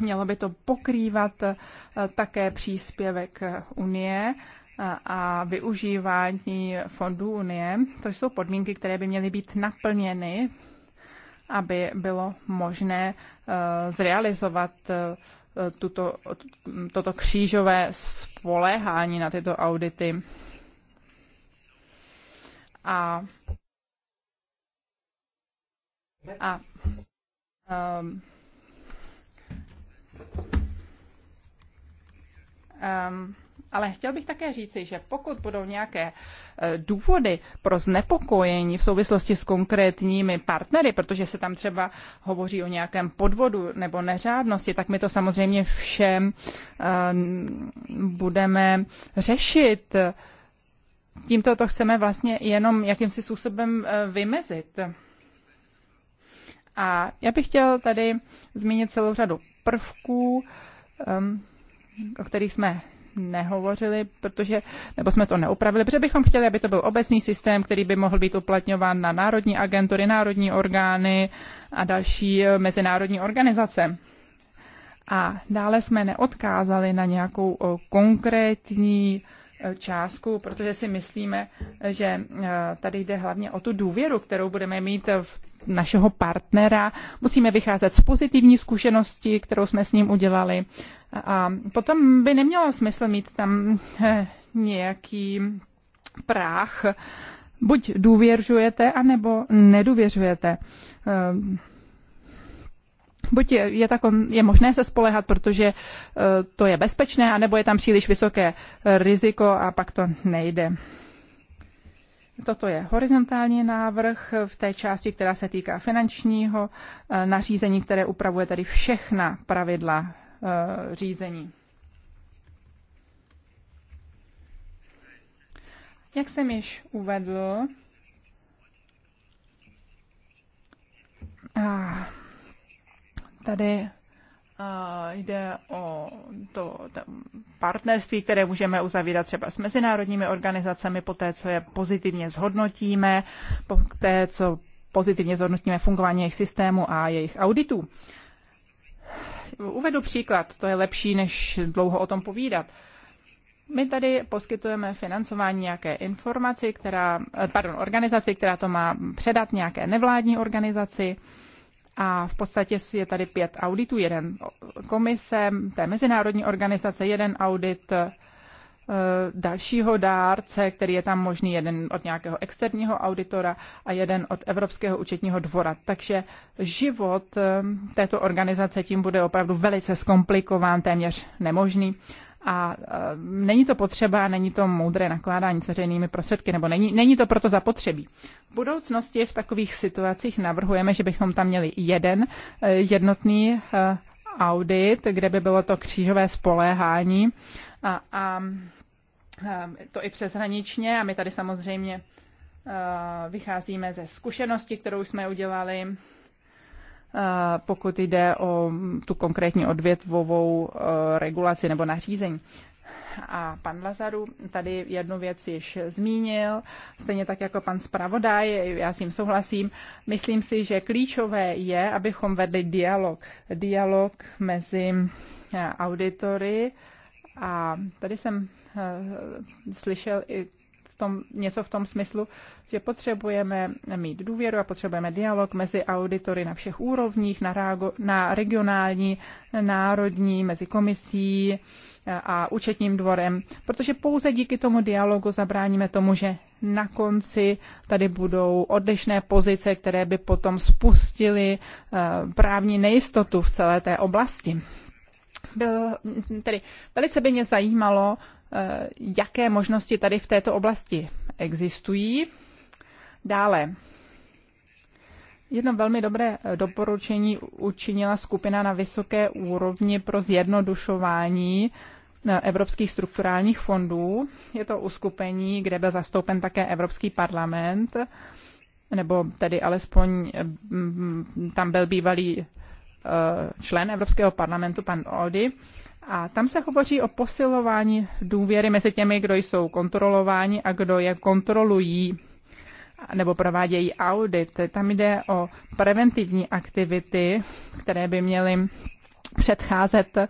mělo by to pokrývat eh, také příspěvek Unie a využívání fondů Unie. To jsou podmínky, které by měly být naplněny, aby bylo možné zrealizovat tuto, toto křížové spolehání na tyto audity. A, a um, um, ale chtěl bych také říci, že pokud budou nějaké e, důvody pro znepokojení v souvislosti s konkrétními partnery, protože se tam třeba hovoří o nějakém podvodu nebo neřádnosti, tak my to samozřejmě všem e, budeme řešit. Tímto to chceme vlastně jenom jakýmsi způsobem e, vymezit. A já bych chtěl tady zmínit celou řadu prvků, o kterých jsme nehovořili, protože, nebo jsme to neupravili, protože bychom chtěli, aby to byl obecný systém, který by mohl být uplatňován na národní agentury, národní orgány a další eh, mezinárodní organizace. A dále jsme neodkázali na nějakou eh, konkrétní částku, protože si myslíme, že eh, tady jde hlavně o tu důvěru, kterou budeme mít v našeho partnera. Musíme vycházet z pozitivní zkušenosti, kterou jsme s ním udělali. A potom by nemělo smysl mít tam eh, nějaký práh. Buď důvěřujete, anebo nedůvěřujete. Eh, buď je, je, takom, je možné se spolehat, protože e, to je bezpečné, anebo je tam příliš vysoké riziko a pak to nejde. Toto je horizontální návrh v té části, která se týká finančního e, nařízení, které upravuje tady všechna pravidla e, řízení. Jak jsem již uvedl, ah. Tady eh, jde o to, tam partnerství, které můžeme uzavírat třeba s mezinárodními organizacemi, po té, co je pozitivně zhodnotíme, po té, co pozitivně zhodnotíme fungování jejich systému a jejich auditů. Uvedu příklad, to je lepší, než dlouho o tom povídat. My tady poskytujeme financování nějaké informaci, která, eh, pardon, organizaci, která to má předat nějaké nevládní organizaci. Uh, a v podstatě je tady pět auditů, jeden komise, té mezinárodní organizace, jeden audit eh, dalšího dárce, který je tam možný, jeden od nějakého externího auditora a jeden od Evropského účetního dvora. Takže život eh, této organizace tím bude opravdu velice zkomplikován, téměř nemožný a e, není to potřeba, není to moudré nakládání s veřejnými prostředky, nebo není, není to proto zapotřebí. V budoucnosti v takových situacích navrhujeme, že bychom tam měli jeden e, jednotný e, audit, kde by bylo to křížové spoléhání a, a to i přeshraničně a my tady samozřejmě vycházíme ze zkušenosti, kterou jsme udělali Eh, pokud jde o tu konkrétní odvětvovou eh, regulaci nebo nařízení. A pan Lazaru tady jednu věc již zmínil, stejně tak jako pan zpravodaj, já s ním souhlasím. Myslím si, že klíčové je, abychom vedli dialog. Dialog mezi eh, auditory a tady jsem slyšel i tom, něco v tom smyslu, že potřebujeme mít důvěru a potřebujeme dialog mezi auditory na všech úrovních, na, reago, na regionální, národní, mezi komisí eh, a účetním dvorem, protože pouze díky tomu dialogu zabráníme tomu, že na konci tady budou odlišné pozice, které by potom spustily eh, právní nejistotu v celé té oblasti byl, tedy velice by mě zajímalo, eh, jaké možnosti tady v této oblasti existují. Dále, Jedno velmi dobré doporučení učinila skupina na vysoké úrovni pro zjednodušování eh, evropských strukturálních fondů. Je to uskupení, kde byl zastoupen také Evropský parlament, nebo tedy alespoň eh, tam byl bývalý Eh, člen Evropského parlamentu, pan Odi a tam se hovoří o posilování důvěry mezi těmi, kdo jsou kontrolováni a kdo je kontrolují nebo provádějí audit. Tam jde o preventivní aktivity, které by měly předcházet eh,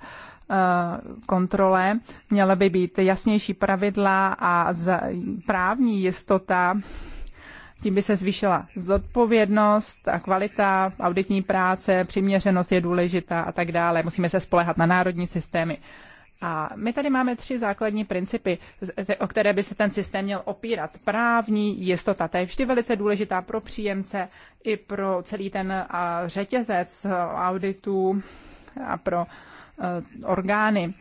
kontrole. Měla by být jasnější pravidla a právní jistota tím by se zvýšila zodpovědnost a kvalita auditní práce, přiměřenost je důležitá a tak dále. Musíme se spolehat na národní systémy. A my tady máme tři základní principy, o které by se ten systém měl opírat. Právní jistota, ta je vždy velice důležitá pro příjemce i pro celý ten řetězec auditů a pro e, orgány.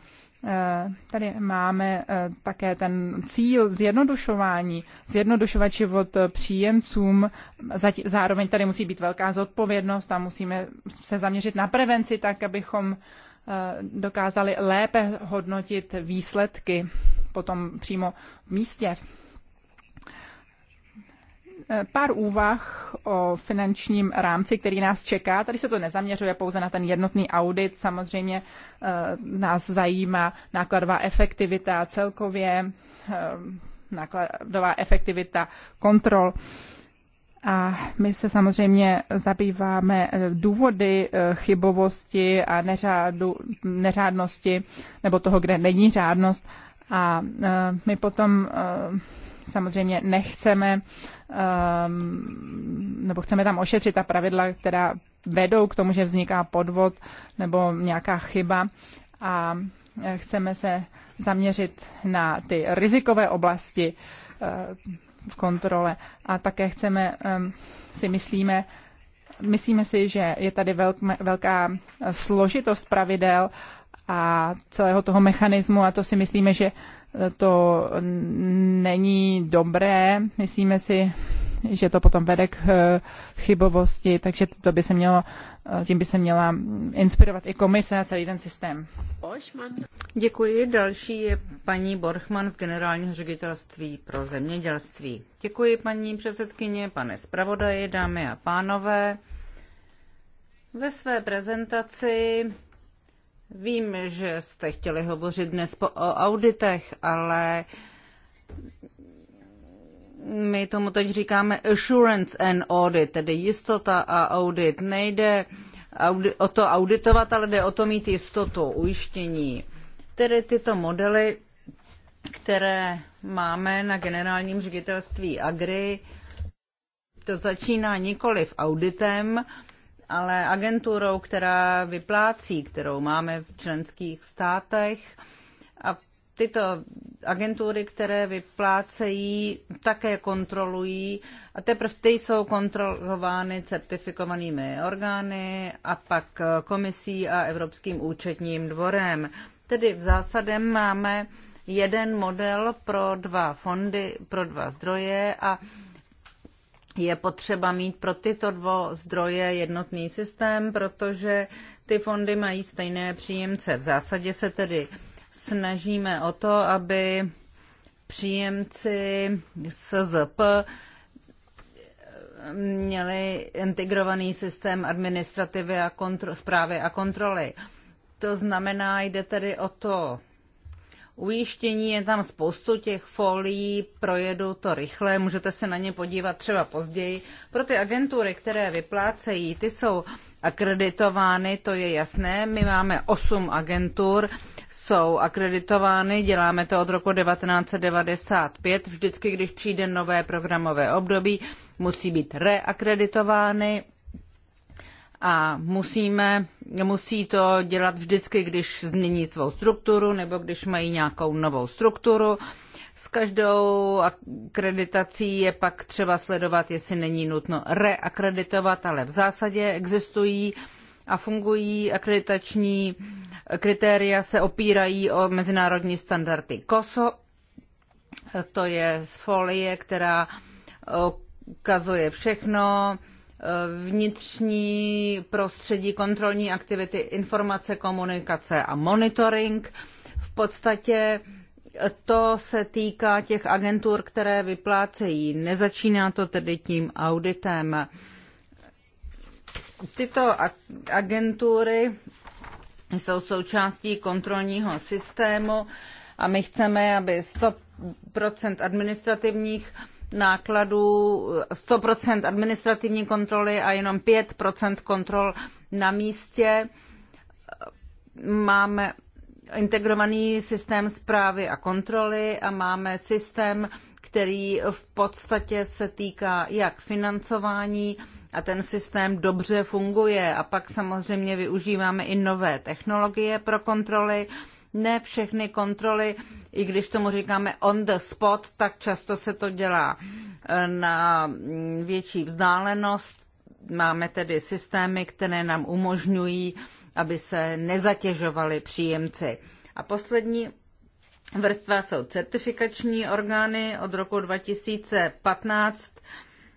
Eh, tady máme eh, také ten cíl zjednodušování, zjednodušovat život eh, příjemcům. Zároveň tady musí být velká zodpovědnost a musíme se zaměřit na prevenci tak, abychom dokázali lépe hodnotit výsledky potom přímo v místě pár úvah o finančním rámci, který nás čeká. Tady se to nezaměřuje pouze na ten jednotný audit. Samozřejmě eh, nás zajímá nákladová efektivita celkově, eh, nákladová efektivita kontrol. A my se samozřejmě zabýváme eh, důvody chybovosti a neřádu, neřádnosti, nebo toho, kde není řádnost. A my potom samozřejmě nechceme, ehm, nebo chceme tam ošetřit ta pravidla, která vedou k tomu, že vzniká podvod nebo nějaká chyba a e, chceme se zaměřit na ty rizikové oblasti e, v kontrole a také chceme, ehm, si myslíme, myslíme si, že je tady velká složitost pravidel a celého toho mechanismu a to si myslíme, že to není dobré. Myslíme si, že to potom vede k eh, chybovosti, takže to by se mělo, eh, tím by se měla inspirovat i komise a celý ten systém. Děkuji. Další je paní Borchman z Generálního ředitelství pro zemědělství. Děkuji paní předsedkyně, pane zpravodaji, dámy a pánové. Ve své prezentaci Vím, že jste chtěli hovořit dnes po, o auditech, ale my tomu teď říkáme assurance and audit, tedy jistota a audit. Nejde audi- o to auditovat, ale jde o to mít jistotu, ujištění. Tedy tyto modely, které máme na generálním ředitelství Agri, to začíná nikoli v auditem, ale agenturou, která vyplácí, kterou máme v členských státech. A tyto agentury, které vyplácejí, také kontrolují a teprve ty jsou kontrolovány certifikovanými orgány a pak komisí a Evropským účetním dvorem. Tedy v zásadě máme jeden model pro dva fondy, pro dva zdroje a je potřeba mít pro tyto dva zdroje jednotný systém, protože ty fondy mají stejné příjemce. V zásadě se tedy snažíme o to, aby příjemci SZP měli integrovaný systém administrativy a kontro, zprávy a kontroly. To znamená, jde tedy o to ujištění, je tam spoustu těch folií, projedu to rychle, můžete se na ně podívat třeba později. Pro ty agentury, které vyplácejí, ty jsou akreditovány, to je jasné. My máme osm agentur, jsou akreditovány, děláme to od roku 1995. Vždycky, když přijde nové programové období, musí být reakreditovány a musíme, musí to dělat vždycky, když změní svou strukturu nebo když mají nějakou novou strukturu. S každou akreditací je pak třeba sledovat, jestli není nutno reakreditovat, ale v zásadě existují a fungují akreditační kritéria, se opírají o mezinárodní standardy COSO. To je folie, která ukazuje všechno, vnitřní prostředí, kontrolní aktivity, informace, komunikace a monitoring. V podstatě to se týká těch agentur, které vyplácejí. Nezačíná to tedy tím auditem. Tyto agentury jsou součástí kontrolního systému a my chceme, aby 100% administrativních nákladů 100% administrativní kontroly a jenom 5% kontrol na místě. Máme integrovaný systém zprávy a kontroly a máme systém, který v podstatě se týká jak financování a ten systém dobře funguje. A pak samozřejmě využíváme i nové technologie pro kontroly. Ne všechny kontroly, i když tomu říkáme on the spot, tak často se to dělá eh, na mm, větší vzdálenost. Máme tedy systémy, které nám umožňují, aby se nezatěžovali příjemci. A poslední vrstva jsou certifikační orgány. Od roku 2015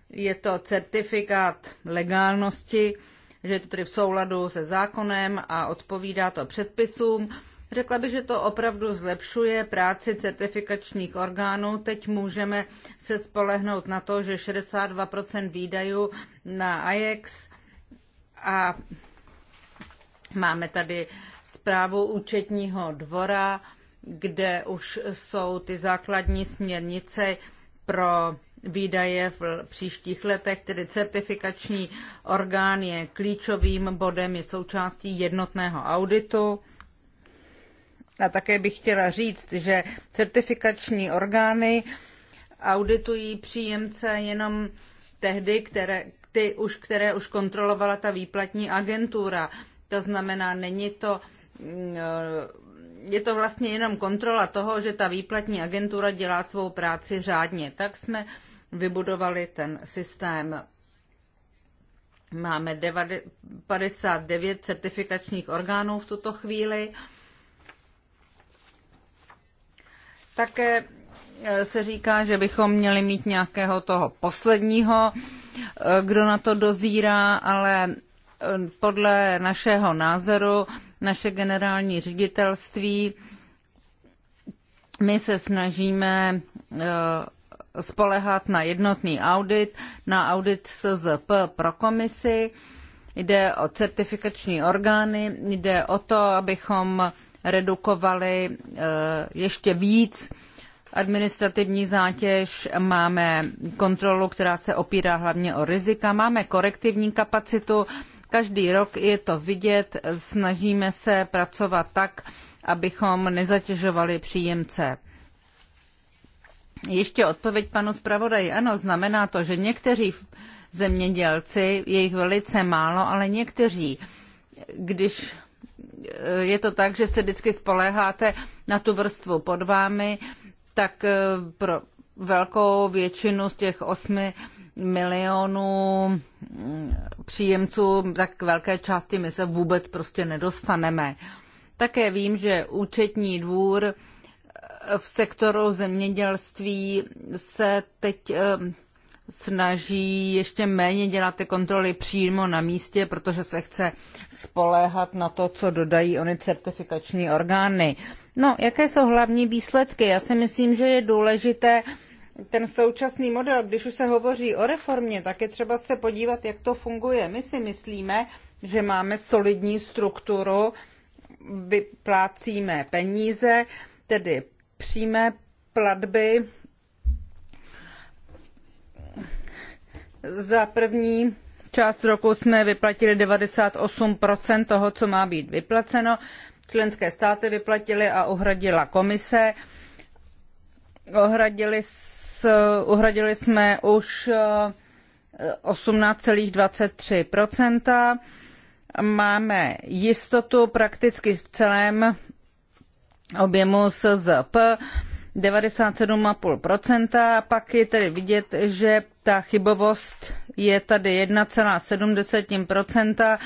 je to certifikát legálnosti, že je to tedy v souladu se zákonem a odpovídá to předpisům. Řekla bych, že to opravdu zlepšuje práci certifikačních orgánů. Teď můžeme se spolehnout na to, že 62% výdajů na AJEX a máme tady zprávu účetního dvora, kde už jsou ty základní směrnice pro výdaje v příštích letech, tedy certifikační orgán je klíčovým bodem, je součástí jednotného auditu a také bych chtěla říct, že certifikační orgány auditují příjemce jenom tehdy, které, ty už, které už kontrolovala ta výplatní agentura. To znamená, není to, mm, je to vlastně jenom kontrola toho, že ta výplatní agentura dělá svou práci řádně. Tak jsme vybudovali ten systém. Máme 59 certifikačních orgánů v tuto chvíli. Také e, se říká, že bychom měli mít nějakého toho posledního, e, kdo na to dozírá, ale e, podle našeho názoru naše generální ředitelství my se snažíme spolehat na jednotný audit, na audit SZP pro komisi. Jde o certifikační orgány, jde o to, abychom redukovali eh, ještě víc administrativní zátěž, máme kontrolu, která se opírá hlavně o rizika, máme korektivní kapacitu, každý rok je to vidět, snažíme se pracovat tak, abychom nezatěžovali příjemce. Ještě odpověď panu zpravodaji. Ano, znamená to, že někteří zemědělci, je jich velice málo, ale někteří, když je to tak, že se vždycky spoléháte na tu vrstvu pod vámi, tak eh, pro velkou většinu z těch osmi milionů mm, příjemců, tak k velké části my se vůbec prostě nedostaneme. Také vím, že účetní dvůr eh, v sektoru zemědělství se teď eh, snaží ještě méně dělat ty kontroly přímo na místě, protože se chce spoléhat na to, co dodají oni certifikační orgány. No, jaké jsou hlavní výsledky? Já si myslím, že je důležité ten současný model, když už se hovoří o reformě, tak je třeba se podívat, jak to funguje. My si myslíme, že máme solidní strukturu, vyplácíme peníze, tedy přímé platby Za první část roku jsme vyplatili 98 toho, co má být vyplaceno. Členské státy vyplatily a uhradila komise. Uhradili, s, už jsme už eh, three Máme jistotu prakticky v celém objemu SZP 97,5 Pak je tedy vidět, že ta chybovost je tady 1,7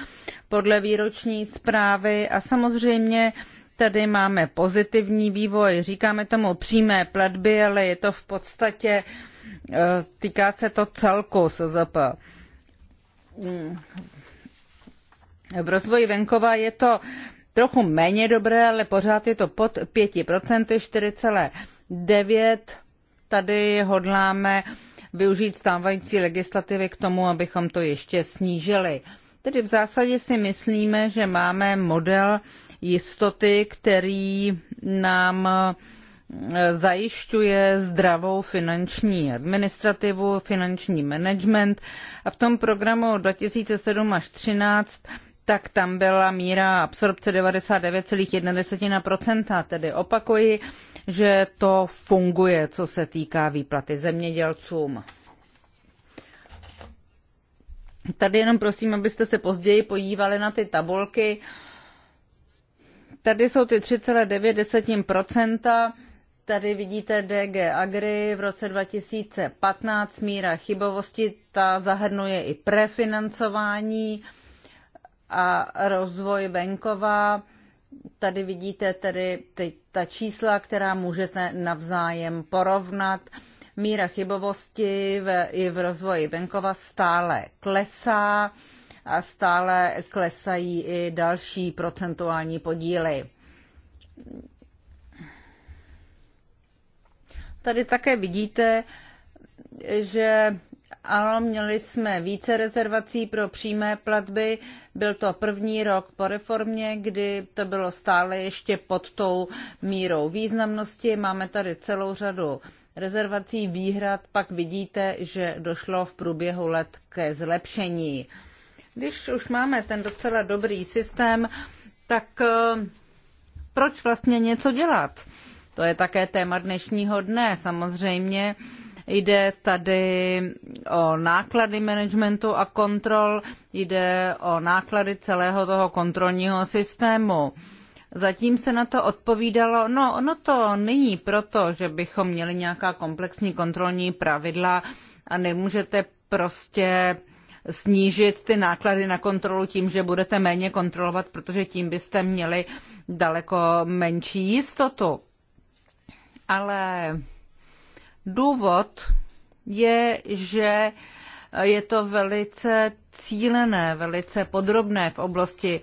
podle výroční zprávy a samozřejmě tady máme pozitivní vývoj. Říkáme tomu přímé platby, ale je to v podstatě, e, týká se to celku SZP. V rozvoji venkova je to trochu méně dobré, ale pořád je to pod 5%, 4,9%. Tady hodláme využít stávající legislativy k tomu, abychom to ještě snížili. Tedy v zásadě si myslíme, že máme model jistoty, který nám eh, zajišťuje zdravou finanční administrativu, finanční management. A v tom programu 2007 až 2013 tak tam byla míra absorpce 99,1%, tedy opakuji, že to funguje, co se týká výplaty zemědělcům. Tady jenom prosím, abyste se později podívali na ty tabulky. Tady jsou ty 3,9 Tady vidíte DG Agri v roce 2015 míra chybovosti, ta zahrnuje i prefinancování a rozvoj venkova Tady vidíte tedy ty, ta čísla, která můžete navzájem porovnat. Míra chybovosti v, i v rozvoji venkova stále klesá a stále klesají i další procentuální podíly. Tady také vidíte, že ano, měli jsme více rezervací pro přímé platby. Byl to první rok po reformě, kdy to bylo stále ještě pod tou mírou významnosti. Máme tady celou řadu rezervací výhrad, pak vidíte, že došlo v průběhu let ke zlepšení. Když už máme ten docela dobrý systém, tak eh, proč vlastně něco dělat? To je také téma dnešního dne. Samozřejmě Jde tady o náklady managementu a kontrol, jde o náklady celého toho kontrolního systému. Zatím se na to odpovídalo, no, no to není proto, že bychom měli nějaká komplexní kontrolní pravidla a nemůžete prostě snížit ty náklady na kontrolu tím, že budete méně kontrolovat, protože tím byste měli daleko menší jistotu. Ale Důvod je, že je to velice cílené, velice podrobné v oblasti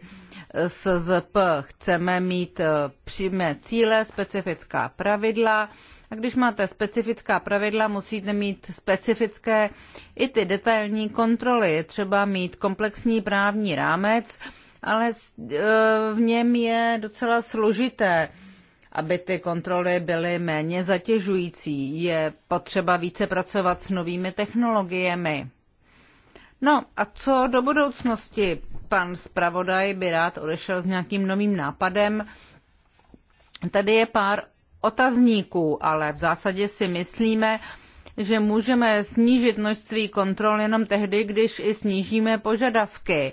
SZP. Chceme mít eh, přímé cíle, specifická pravidla. A když máte specifická pravidla, musíte mít specifické i ty detailní kontroly. Je třeba mít komplexní právní rámec, ale eh, v něm je docela složité aby ty kontroly byly méně zatěžující. Je potřeba více pracovat s novými technologiemi. No a co do budoucnosti? Pan zpravodaj by rád odešel s nějakým novým nápadem. Tady je pár otazníků, ale v zásadě si myslíme, že můžeme snížit množství kontrol jenom tehdy, když i snížíme požadavky.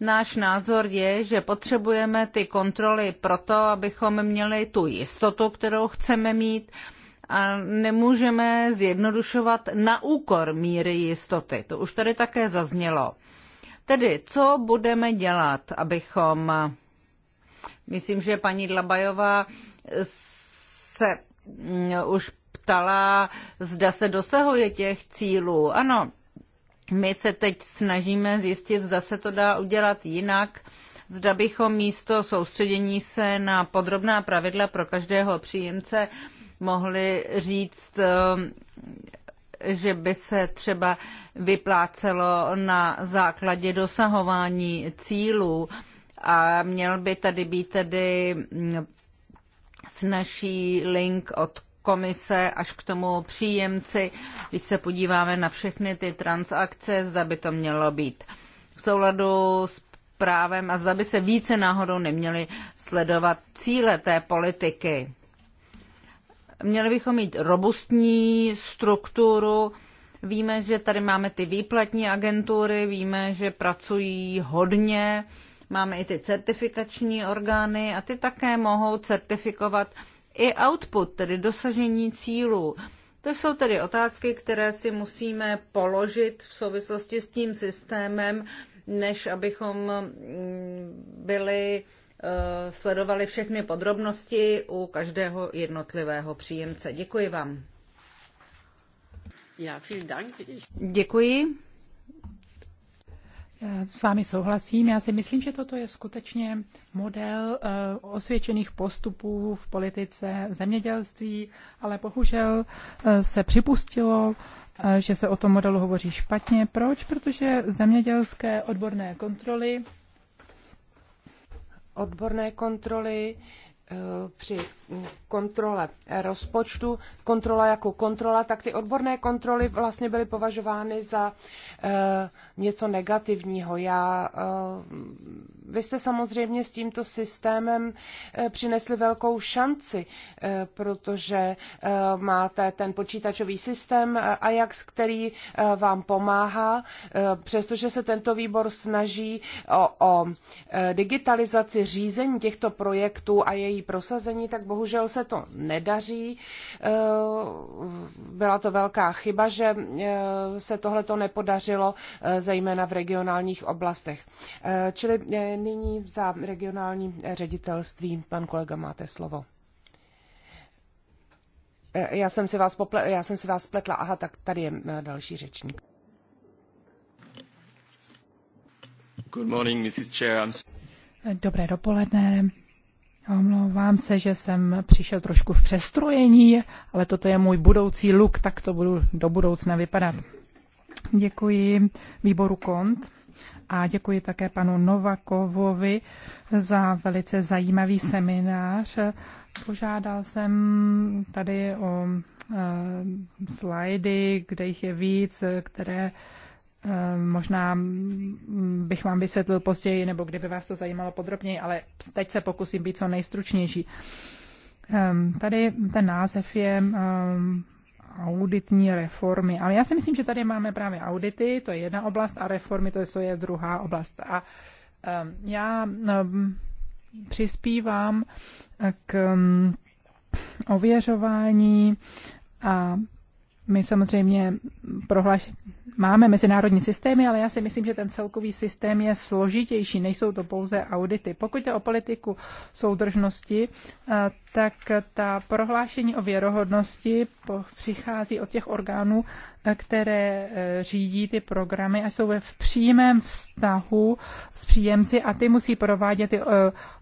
Náš názor je, že potřebujeme ty kontroly proto, abychom měli tu jistotu, kterou chceme mít a nemůžeme zjednodušovat na úkor míry jistoty. To už tady také zaznělo. Tedy, co budeme dělat, abychom... Myslím, že paní Dlabajová se mm, už ptala, zda se dosahuje těch cílů. Ano, my se teď snažíme zjistit, zda se to dá udělat jinak, zda bychom místo soustředění se na podrobná pravidla pro každého příjemce mohli říct, eh, že by se třeba vyplácelo na základě dosahování cílů a měl by tady být tedy hm, snažší link od komise až k tomu příjemci, když se podíváme na všechny ty transakce, zda by to mělo být v souladu s právem a zda by se více náhodou neměly sledovat cíle té politiky. Měli bychom mít robustní strukturu. Víme, že tady máme ty výplatní agentury, víme, že pracují hodně, máme i ty certifikační orgány a ty také mohou certifikovat i output, tedy dosažení cílů. To jsou tedy otázky, které si musíme položit v souvislosti s tím systémem, než abychom mm, byli eh, sledovali všechny podrobnosti u každého jednotlivého příjemce. Děkuji vám. Děkuji s vámi souhlasím. Já si myslím, že toto je skutečně model eh, osvědčených postupů v politice zemědělství, ale bohužel eh, se připustilo, eh, že se o tom modelu hovoří špatně. Proč? Protože zemědělské odborné kontroly odborné kontroly při kontrole rozpočtu, kontrola jako kontrola, tak ty odborné kontroly vlastně byly považovány za eh, něco negativního. Já, eh, vy jste samozřejmě s tímto systémem eh, přinesli velkou šanci, protože máte ten počítačový systém Ajax, který vám pomáhá, přestože se tento výbor snaží o, o digitalizaci řízení těchto projektů a její prosazení, tak Bohužel se to nedaří. Eh, byla to velká chyba, že eh, se tohle to nepodařilo, eh, zejména v regionálních oblastech. Čili nyní za regionální ředitelství, pan kolega, máte slovo. Já jsem si vás, pople- já jsem si vás spletla. Aha, tak tady je další řečník. Good morning, Mrs. Chair. Dobré dopoledne, Omlouvám se, že jsem přišel trošku v přestrojení, ale toto je můj budoucí look, tak to budu do budoucna vypadat. Děkuji výboru KONT a děkuji také panu Novakovovi za velice zajímavý seminář. Požádal jsem tady o eh, slajdy, kde jich je víc, které Eh, možná bych vám vysvětlil později, nebo kdyby vás to zajímalo podrobněji, ale teď se pokusím být co nejstručnější. Ehm, tady ten název je ehm, auditní reformy. Ale já si myslím, že tady máme právě audity, to je jedna oblast, a reformy, to je, druhá oblast. A ehm, já přispívám k ověřování a my samozřejmě prohláš... máme mezinárodní systémy, ale já si myslím, že ten celkový systém je složitější, nejsou to pouze audity. Pokud je o politiku soudržnosti, eh, tak ta prohlášení o věrohodnosti přichází od těch orgánů, eh, které eh, řídí ty programy a jsou ve v přímém vztahu s příjemci a ty musí provádět ty eh,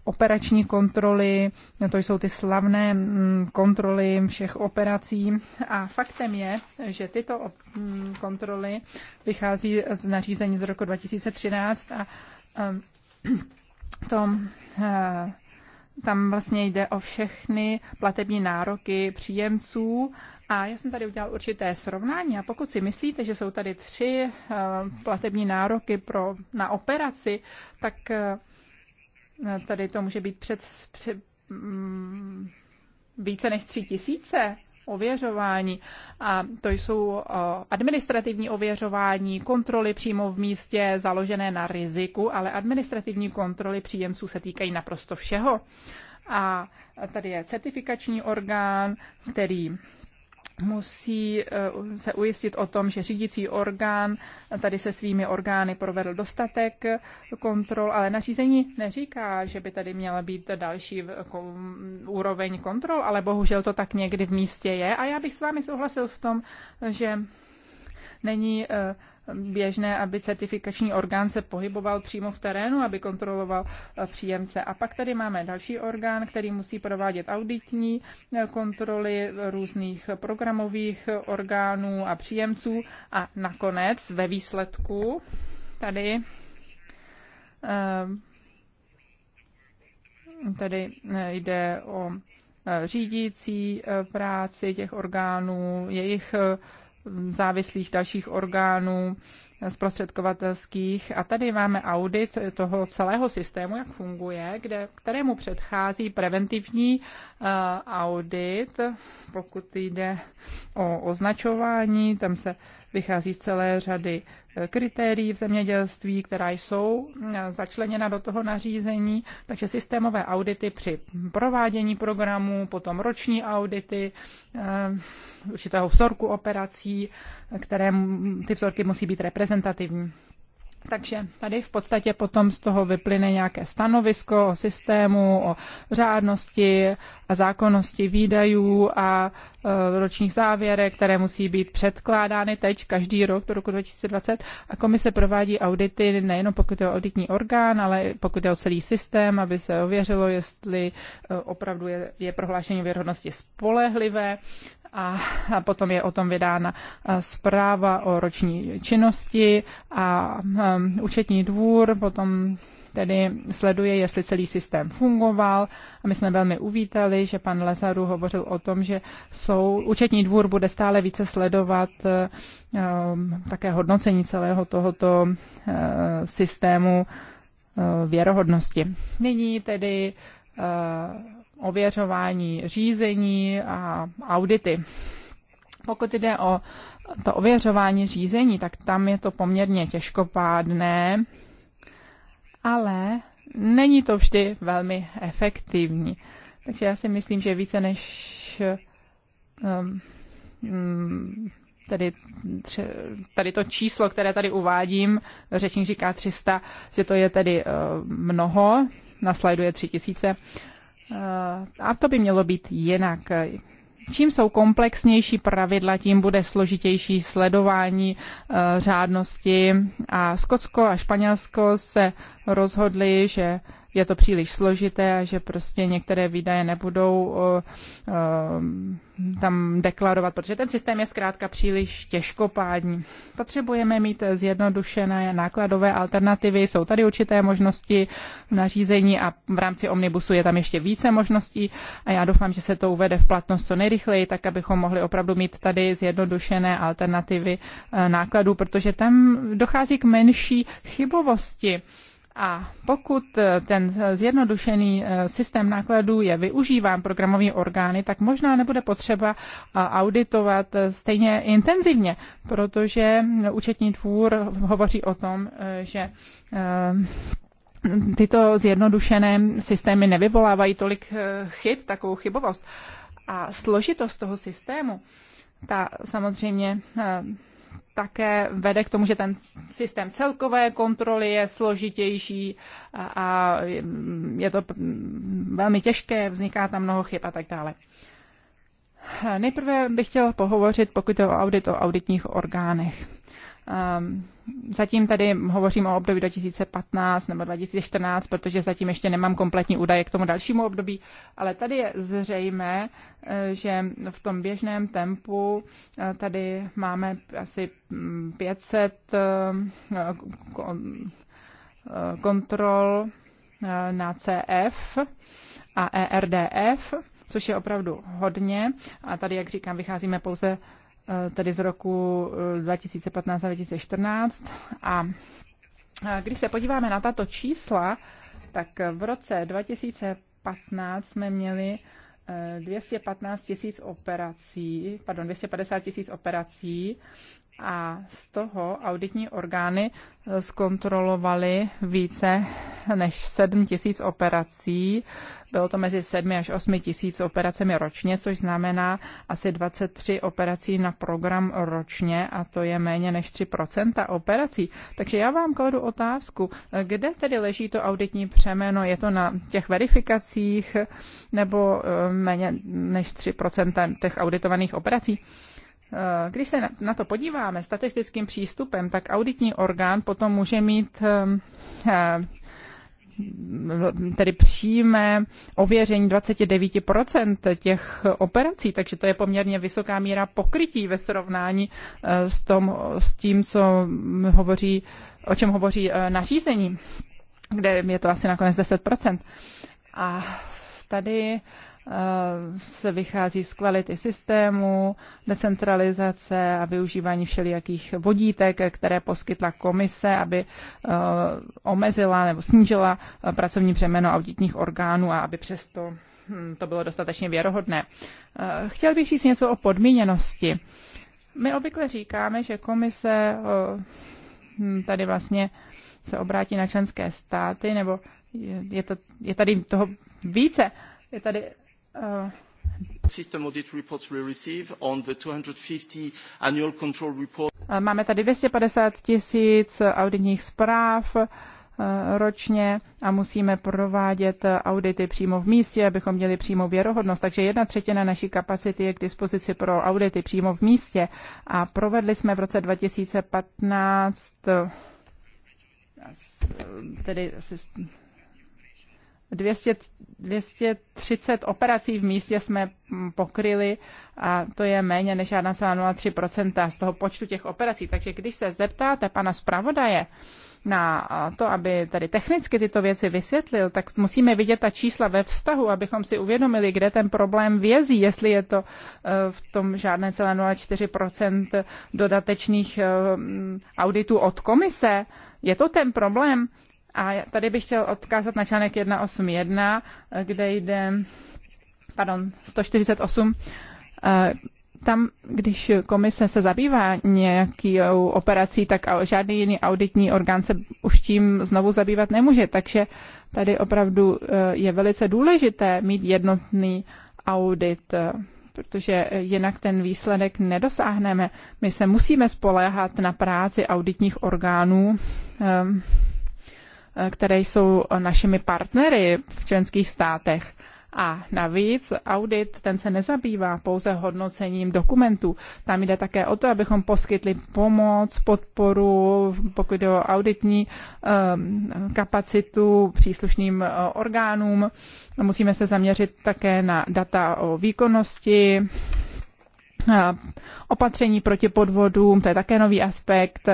operační kontroly, no, to jsou ty slavné mm, kontroly všech operací. A faktem je, že tyto mm, kontroly vychází z nařízení z roku 2013 a ehm, to tam vlastně jde o všechny platební nároky příjemců. A já jsem tady udělal určité srovnání. A pokud si myslíte, že jsou tady tři eh, platební nároky pro, na operaci, tak eh, tady to může být před, před mm, více než tři tisíce ověřování. A to jsou administrativní ověřování, kontroly přímo v místě založené na riziku, ale administrativní kontroly příjemců se týkají naprosto všeho. A tady je certifikační orgán, který musí eh, se ujistit o tom, že řídící orgán tady se svými orgány provedl dostatek kontrol, ale nařízení neříká, že by tady měla být další úroveň kontrol, ale bohužel to tak někdy v místě je. A já bych s vámi souhlasil v tom, že není eh, běžné, aby certifikační orgán se pohyboval přímo v terénu, aby kontroloval eh, příjemce. A pak tady máme další orgán, který musí provádět auditní eh, kontroly různých programových orgánů a příjemců. A nakonec ve výsledku tady eh, tady jde o řídící práci těch orgánů, jejich závislých dalších orgánů zprostředkovatelských. A tady máme audit toho celého systému, jak funguje, kde, kterému předchází preventivní eh, audit, pokud jde o označování, tam se vychází z celé řady eh, kritérií v zemědělství, která jsou eh, začleněna do toho nařízení, takže systémové audity při provádění programů, potom roční audity eh, určitého vzorku operací, které ty vzorky musí být reprezentativní. Takže tady v podstatě potom z toho vyplyne nějaké stanovisko o systému, o řádnosti a zákonnosti výdajů a e, ročních závěrek, které musí být předkládány teď každý rok do roku 2020. A komise provádí audity nejenom pokud je o auditní orgán, ale pokud je o celý systém, aby se ověřilo, jestli e, opravdu je, je prohlášení věrhodnosti spolehlivé a potom je o tom vydána zpráva o roční činnosti a účetní dvůr potom tedy sleduje, jestli celý systém fungoval. A my jsme velmi uvítali, že pan Lazaru hovořil o tom, že jsou, účetní dvůr bude stále více sledovat uh, také hodnocení celého tohoto uh, systému uh, věrohodnosti. Nyní tedy ověřování řízení a audity. Pokud jde o to ověřování řízení, tak tam je to poměrně těžkopádné, ale není to vždy velmi efektivní. Takže já si myslím, že více než um, tady, tady to číslo, které tady uvádím, řečník říká 300, že to je tedy uh, mnoho, na slajdu je 3000, a to by mělo být jinak. Čím jsou komplexnější pravidla, tím bude složitější sledování eh, řádnosti. A Skotsko a Španělsko se rozhodli, že je to příliš složité a že prostě některé výdaje nebudou eh, eh, tam deklarovat, protože ten systém je zkrátka příliš těžkopádní. Potřebujeme mít zjednodušené nákladové alternativy, jsou tady určité možnosti v nařízení a v rámci omnibusu je tam ještě více možností a já doufám, že se to uvede v platnost co nejrychleji, tak abychom mohli opravdu mít tady zjednodušené alternativy eh, nákladů, protože tam dochází k menší chybovosti. A pokud eh, ten zjednodušený eh, systém nákladů je využíván programový orgány, tak možná nebude potřeba eh, auditovat stejně intenzivně, protože mm, účetní tvůr hovoří o tom, že tyto zjednodušené systémy nevyvolávají tolik chyb, takovou chybovost. A složitost toho systému, ta samozřejmě také vede k tomu, že ten systém celkové kontroly je složitější a je to velmi těžké, vzniká tam mnoho chyb a tak dále. Nejprve bych chtěl pohovořit, pokud je o audit, o auditních orgánech. Ehm, zatím tady hovořím o období 2015 nebo 2014, protože zatím ještě nemám kompletní údaje k tomu dalšímu období, ale tady je zřejmé, eh, že v tom běžném tempu eh, tady máme asi 500 mm, eh, kontrol na CF a ERDF, což je opravdu hodně. A tady, jak říkám, vycházíme pouze Eh, tedy z roku 2015 eh, a 2014. A když se podíváme na tato čísla, tak v roce 2015 jsme měli 215 eh, tisíc operací, pardon, 250 tisíc operací a z toho auditní orgány zkontrolovaly více než 7 tisíc operací. Bylo to mezi 7 až 8 tisíc operacemi ročně, což znamená asi 23 operací na program ročně a to je méně než 3 operací. Takže já vám kladu otázku, kde tedy leží to auditní přeměno? Je to na těch verifikacích nebo eh, méně než 3 těch auditovaných operací? Když se na to podíváme statistickým přístupem, tak auditní orgán potom může mít ehm, ehm, tedy přímé ověření 29% těch operací, takže to je poměrně vysoká míra pokrytí ve srovnání eh, s, tom, s tím, co hovoří, o čem hovoří eh, nařízení, kde je to asi nakonec 10%. A tady se vychází z kvality systému, decentralizace a využívání všelijakých vodítek, které poskytla komise, aby eh, omezila nebo snížila eh, pracovní břemeno auditních orgánů a aby přesto hm, to bylo dostatečně věrohodné. Eh, chtěl bych říct něco o podmíněnosti. My obvykle říkáme, že komise hm, tady vlastně se obrátí na členské státy, nebo je, to, je tady toho více. Je tady Máme tady 250 tisíc auditních zpráv uh, ročně a musíme provádět uh, audity přímo v místě, abychom měli přímo věrohodnost. Takže jedna třetina naší kapacity je k dispozici pro audity přímo v místě a provedli jsme v roce 2015 uh, tedy 200, 230 operací v místě jsme pokryli a to je méně než 1,03 z toho počtu těch operací. Takže když se zeptáte pana zpravodaje na to, aby tady technicky tyto věci vysvětlil, tak musíme vidět ta čísla ve vztahu, abychom si uvědomili, kde ten problém vězí, jestli je to eh, v tom žádné celé 0,4 dodatečných eh, auditů od komise. Je to ten problém? A tady bych chtěl odkázat na článek 181, kde jde, pardon, 148, eh, tam, když komise se zabývá nějakou operací, tak žádný jiný auditní orgán se už tím znovu zabývat nemůže. Takže tady opravdu eh, je velice důležité mít jednotný audit, eh, protože jinak ten výsledek nedosáhneme. My se musíme spoléhat na práci auditních orgánů které jsou našimi partnery v členských státech. A navíc audit, ten se nezabývá pouze hodnocením dokumentů. Tam jde také o to, abychom poskytli pomoc, podporu, pokud jde o auditní ehm, kapacitu příslušným e, orgánům. Musíme se zaměřit také na data o výkonnosti, e, opatření proti podvodům, to je také nový aspekt,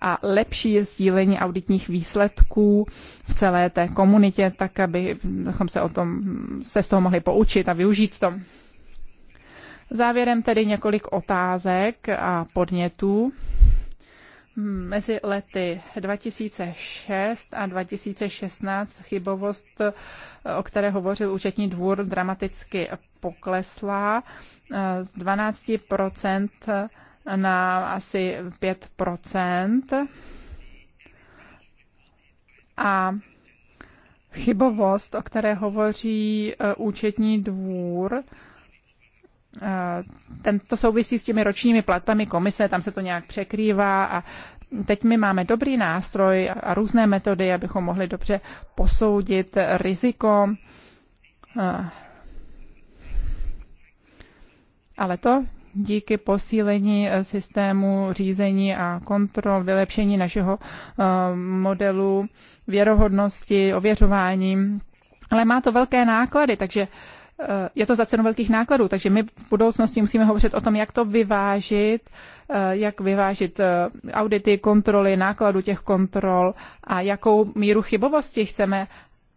a lepší je sdílení auditních výsledků v celé té komunitě, tak abychom se, o tom, se z toho mohli poučit a využít to. Závěrem tedy několik otázek a podnětů. Mezi lety 2006 a 2016 chybovost, o které hovořil účetní dvůr, dramaticky poklesla z 12 na asi 5 A chybovost, o které hovoří e, účetní dvůr, e, ten to souvisí s těmi ročními platbami komise, tam se to nějak překrývá a teď my máme dobrý nástroj a různé metody, abychom mohli dobře posoudit riziko. E, Ale to díky posílení eh, systému řízení a kontrol, vylepšení našeho eh, modelu věrohodnosti, ověřováním. Ale má to velké náklady, takže eh, je to za cenu velkých nákladů, takže my v budoucnosti musíme hovořit o tom, jak to vyvážit, jak vyvážit audity, kontroly, nákladu těch kontrol a jakou míru chybovosti chceme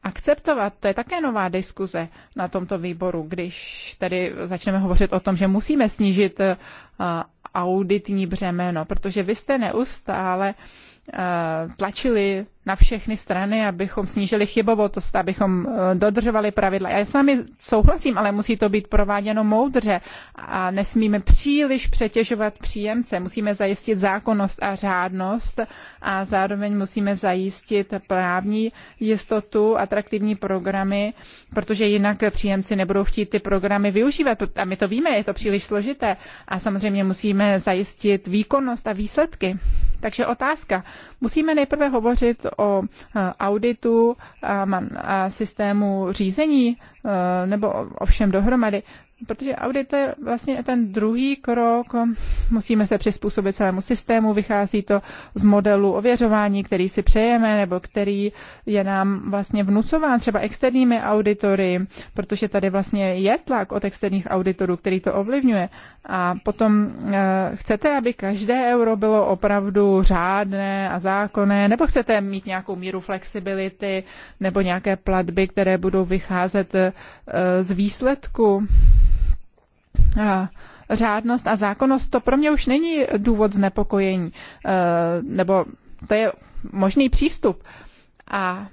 akceptovat, to je také nová diskuze na tomto výboru, když tady začneme hovořit o tom, že musíme snížit eh, auditní břemeno, protože vy jste neustále eh, tlačili na všechny strany, abychom snížili chybovost, abychom eh, dodržovali pravidla. Já s vámi souhlasím, ale musí to být prováděno moudře a nesmíme příliš přetěžovat příjemce. Musíme zajistit zákonnost a řádnost a zároveň musíme zajistit právní jistotu, atraktivní programy, protože jinak příjemci nebudou chtít ty programy využívat. A my to víme, je to příliš složité. A samozřejmě musíme zajistit výkonnost a výsledky. Takže otázka. Musíme nejprve hovořit o e, auditu a, systému řízení, e, nebo ovšem dohromady. Protože audit je vlastně ten druhý krok, musíme se přizpůsobit celému systému, vychází to z modelu ověřování, který si přejeme, nebo který je nám vlastně vnucován třeba externími auditory, protože tady vlastně je tlak od externích auditorů, který to ovlivňuje. A potom eh, chcete, aby každé euro bylo opravdu řádné a zákonné, nebo chcete mít nějakou míru flexibility nebo nějaké platby, které budou vycházet eh, z výsledku? A řádnost a zákonnost, to pro mě už není důvod znepokojení, eh, nebo to je možný přístup. A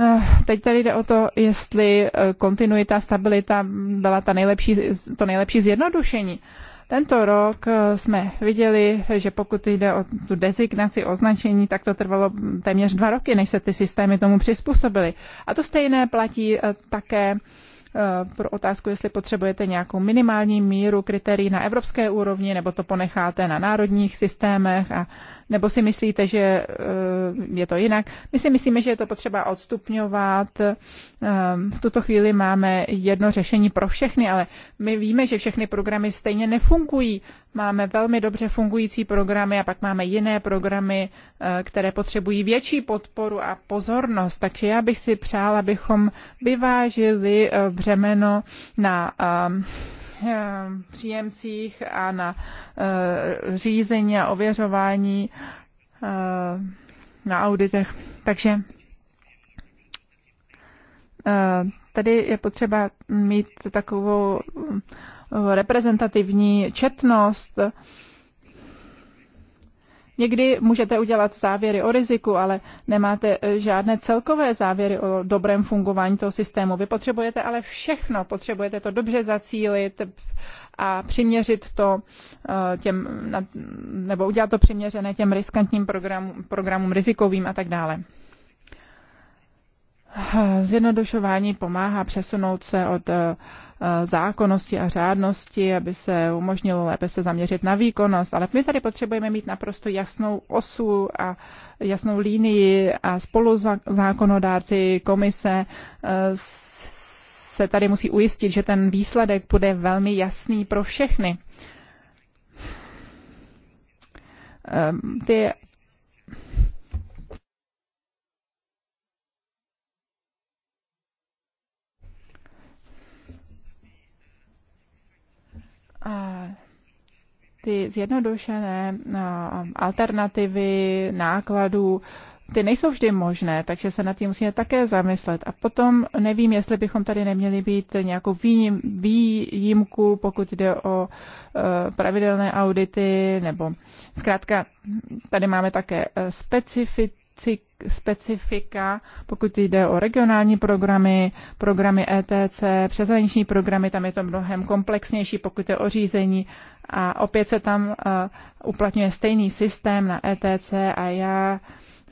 Eh, teď tady jde o to, jestli eh, kontinuita, stabilita byla ta nejlepší, to nejlepší zjednodušení. Tento rok eh, jsme viděli, že pokud jde o tu designaci, označení, tak to trvalo téměř dva roky, než se ty systémy tomu přizpůsobily. A to stejné platí také pro otázku, jestli potřebujete nějakou minimální míru kritérií na evropské úrovni, nebo to ponecháte na národních systémech a nebo si myslíte, že eh, je to jinak? My si myslíme, že je to potřeba odstupňovat. Ehm, v tuto chvíli máme jedno řešení pro všechny, ale my víme, že všechny programy stejně nefungují. Máme velmi dobře fungující programy a pak máme jiné programy, eh, které potřebují větší podporu a pozornost. Takže já bych si přála, abychom vyvážili eh, břemeno na ehm, Eh, příjemcích a na eh, řízení a ověřování eh, na auditech. Takže tady je potřeba mít takovou reprezentativní četnost Někdy můžete udělat závěry o riziku, ale nemáte eh, žádné celkové závěry o dobrém fungování toho systému. Vy potřebujete ale všechno. Potřebujete to dobře zacílit a přiměřit to eh, těm, nebo udělat to přiměřené těm riskantním programům, programům rizikovým a tak dále. Zjednodušování pomáhá přesunout se od eh, Eh, zákonnosti a řádnosti, aby se umožnilo lépe se zaměřit na výkonnost. Ale my tady potřebujeme mít naprosto jasnou osu a jasnou línii a spolu zákonodárci komise eh, se tady musí ujistit, že ten výsledek bude velmi jasný pro všechny. Ehm, ty ty zjednodušené alternativy nákladů, ty nejsou vždy možné, takže se nad tím musíme také zamyslet. A potom nevím, jestli bychom tady neměli být nějakou výjimku, pokud jde o e, pravidelné audity, nebo zkrátka tady máme také e, specifit specifika, pokud jde o regionální programy, programy ETC, přeshraniční programy, tam je to mnohem komplexnější, pokud je o řízení a opět se tam uh, uplatňuje stejný systém na ETC a já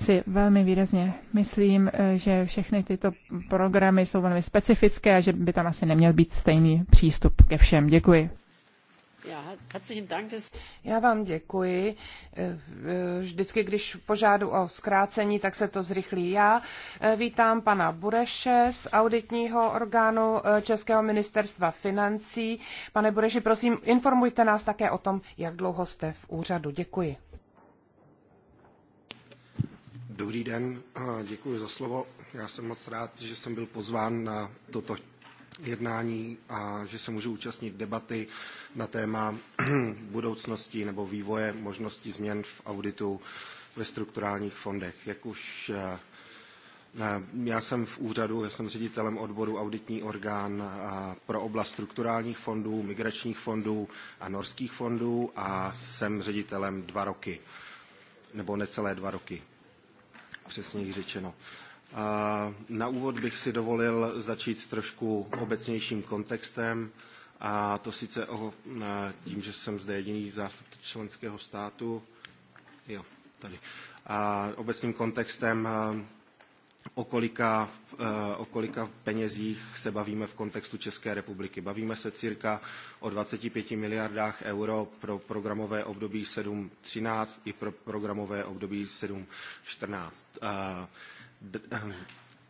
si velmi výrazně myslím, eh, že všechny tyto programy jsou velmi specifické a že by tam asi neměl být stejný přístup ke všem. Děkuji. Já vám děkuji. Vždycky, když požádu o zkrácení, tak se to zrychlí. Já eh, vítám pana Bureše z auditního orgánu eh, Českého ministerstva financí. Pane Bureši, prosím, informujte nás také o tom, jak dlouho jste v úřadu. Děkuji. Dobrý den, děkuji za slovo. Já jsem moc rád, že jsem byl pozván na toto jednání a že se můžu účastnit debaty na téma budoucnosti nebo vývoje možností změn v auditu ve strukturálních fondech. Jak už eh, já jsem v úřadu, já jsem ředitelem odboru auditní orgán eh, pro oblast strukturálních fondů, migračních fondů a norských fondů a jsem ředitelem dva roky, nebo necelé dva roky, přesněji řečeno. Na úvod bych si dovolil začít trošku obecnějším kontextem, a to sice o, e, tím, že jsem zde jediný zástupce členského státu. Jo, tady. A obecným kontextem, e, o kolika, e, o kolika penězích se bavíme v kontextu České republiky. Bavíme se cirka o 25 miliardách euro pro programové období 7.13 i pro programové období 7.14.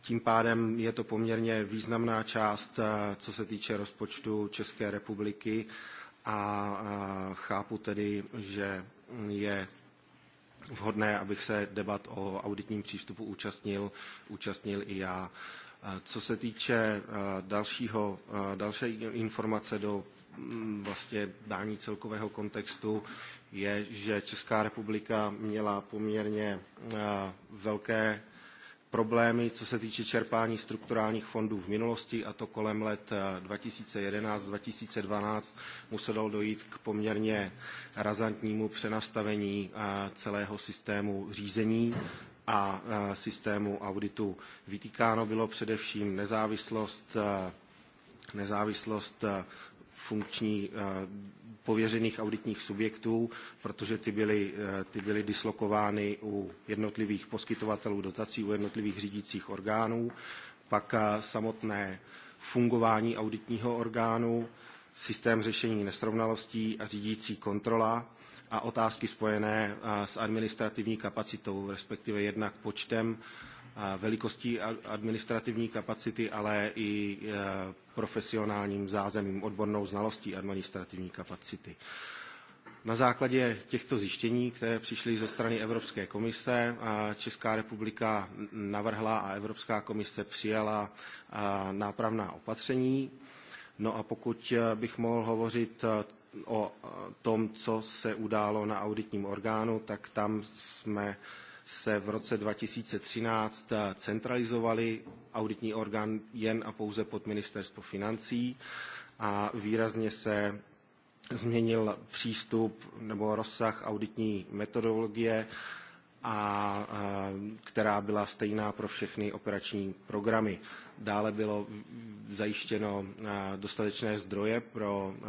Tím pádem je to poměrně významná část, eh, co se týče rozpočtu České republiky a eh, chápu tedy, že je vhodné, abych se debat o auditním přístupu účastnil, účastnil i já. Eh, co se týče dalšího, další informace do mm, vlastně dání celkového kontextu, je, že Česká republika měla poměrně velké problémy, co se týče čerpání strukturálních fondů v minulosti, a to kolem let 2011-2012 eh, muselo dojít k poměrně razantnímu přenastavení eh, celého systému řízení a eh, systému auditu. Vytýkáno bylo především nezávislost, nezávislost funkční pověřených auditních subjektů, protože ty byly, eh, ty byly dislokovány u jednotlivých poskytovatelů dotací, u jednotlivých řídících orgánů, pak eh, samotné fungování auditního orgánu, systém řešení nesrovnalostí a řídící kontrola a otázky spojené eh, s administrativní kapacitou, respektive jednak počtem velikostí administrativní kapacity, ale i e, profesionálním zázemím, odbornou znalostí administrativní kapacity. Na základě těchto zjištění, které přišly ze strany Evropské komise, Česká republika navrhla a Evropská komise přijala nápravná opatření. No a pokud e, bych mohl hovořit e, o tom, co se událo na auditním orgánu, tak tam jsme se v roce 2013 eh, centralizovaly. Auditní orgán jen a pouze pod ministerstvo financí a výrazně se změnil přístup nebo rozsah auditní metodologie, a, a, eh, která byla stejná pro všechny operační programy. Dále bylo zajištěno eh, dostatečné zdroje pro, eh,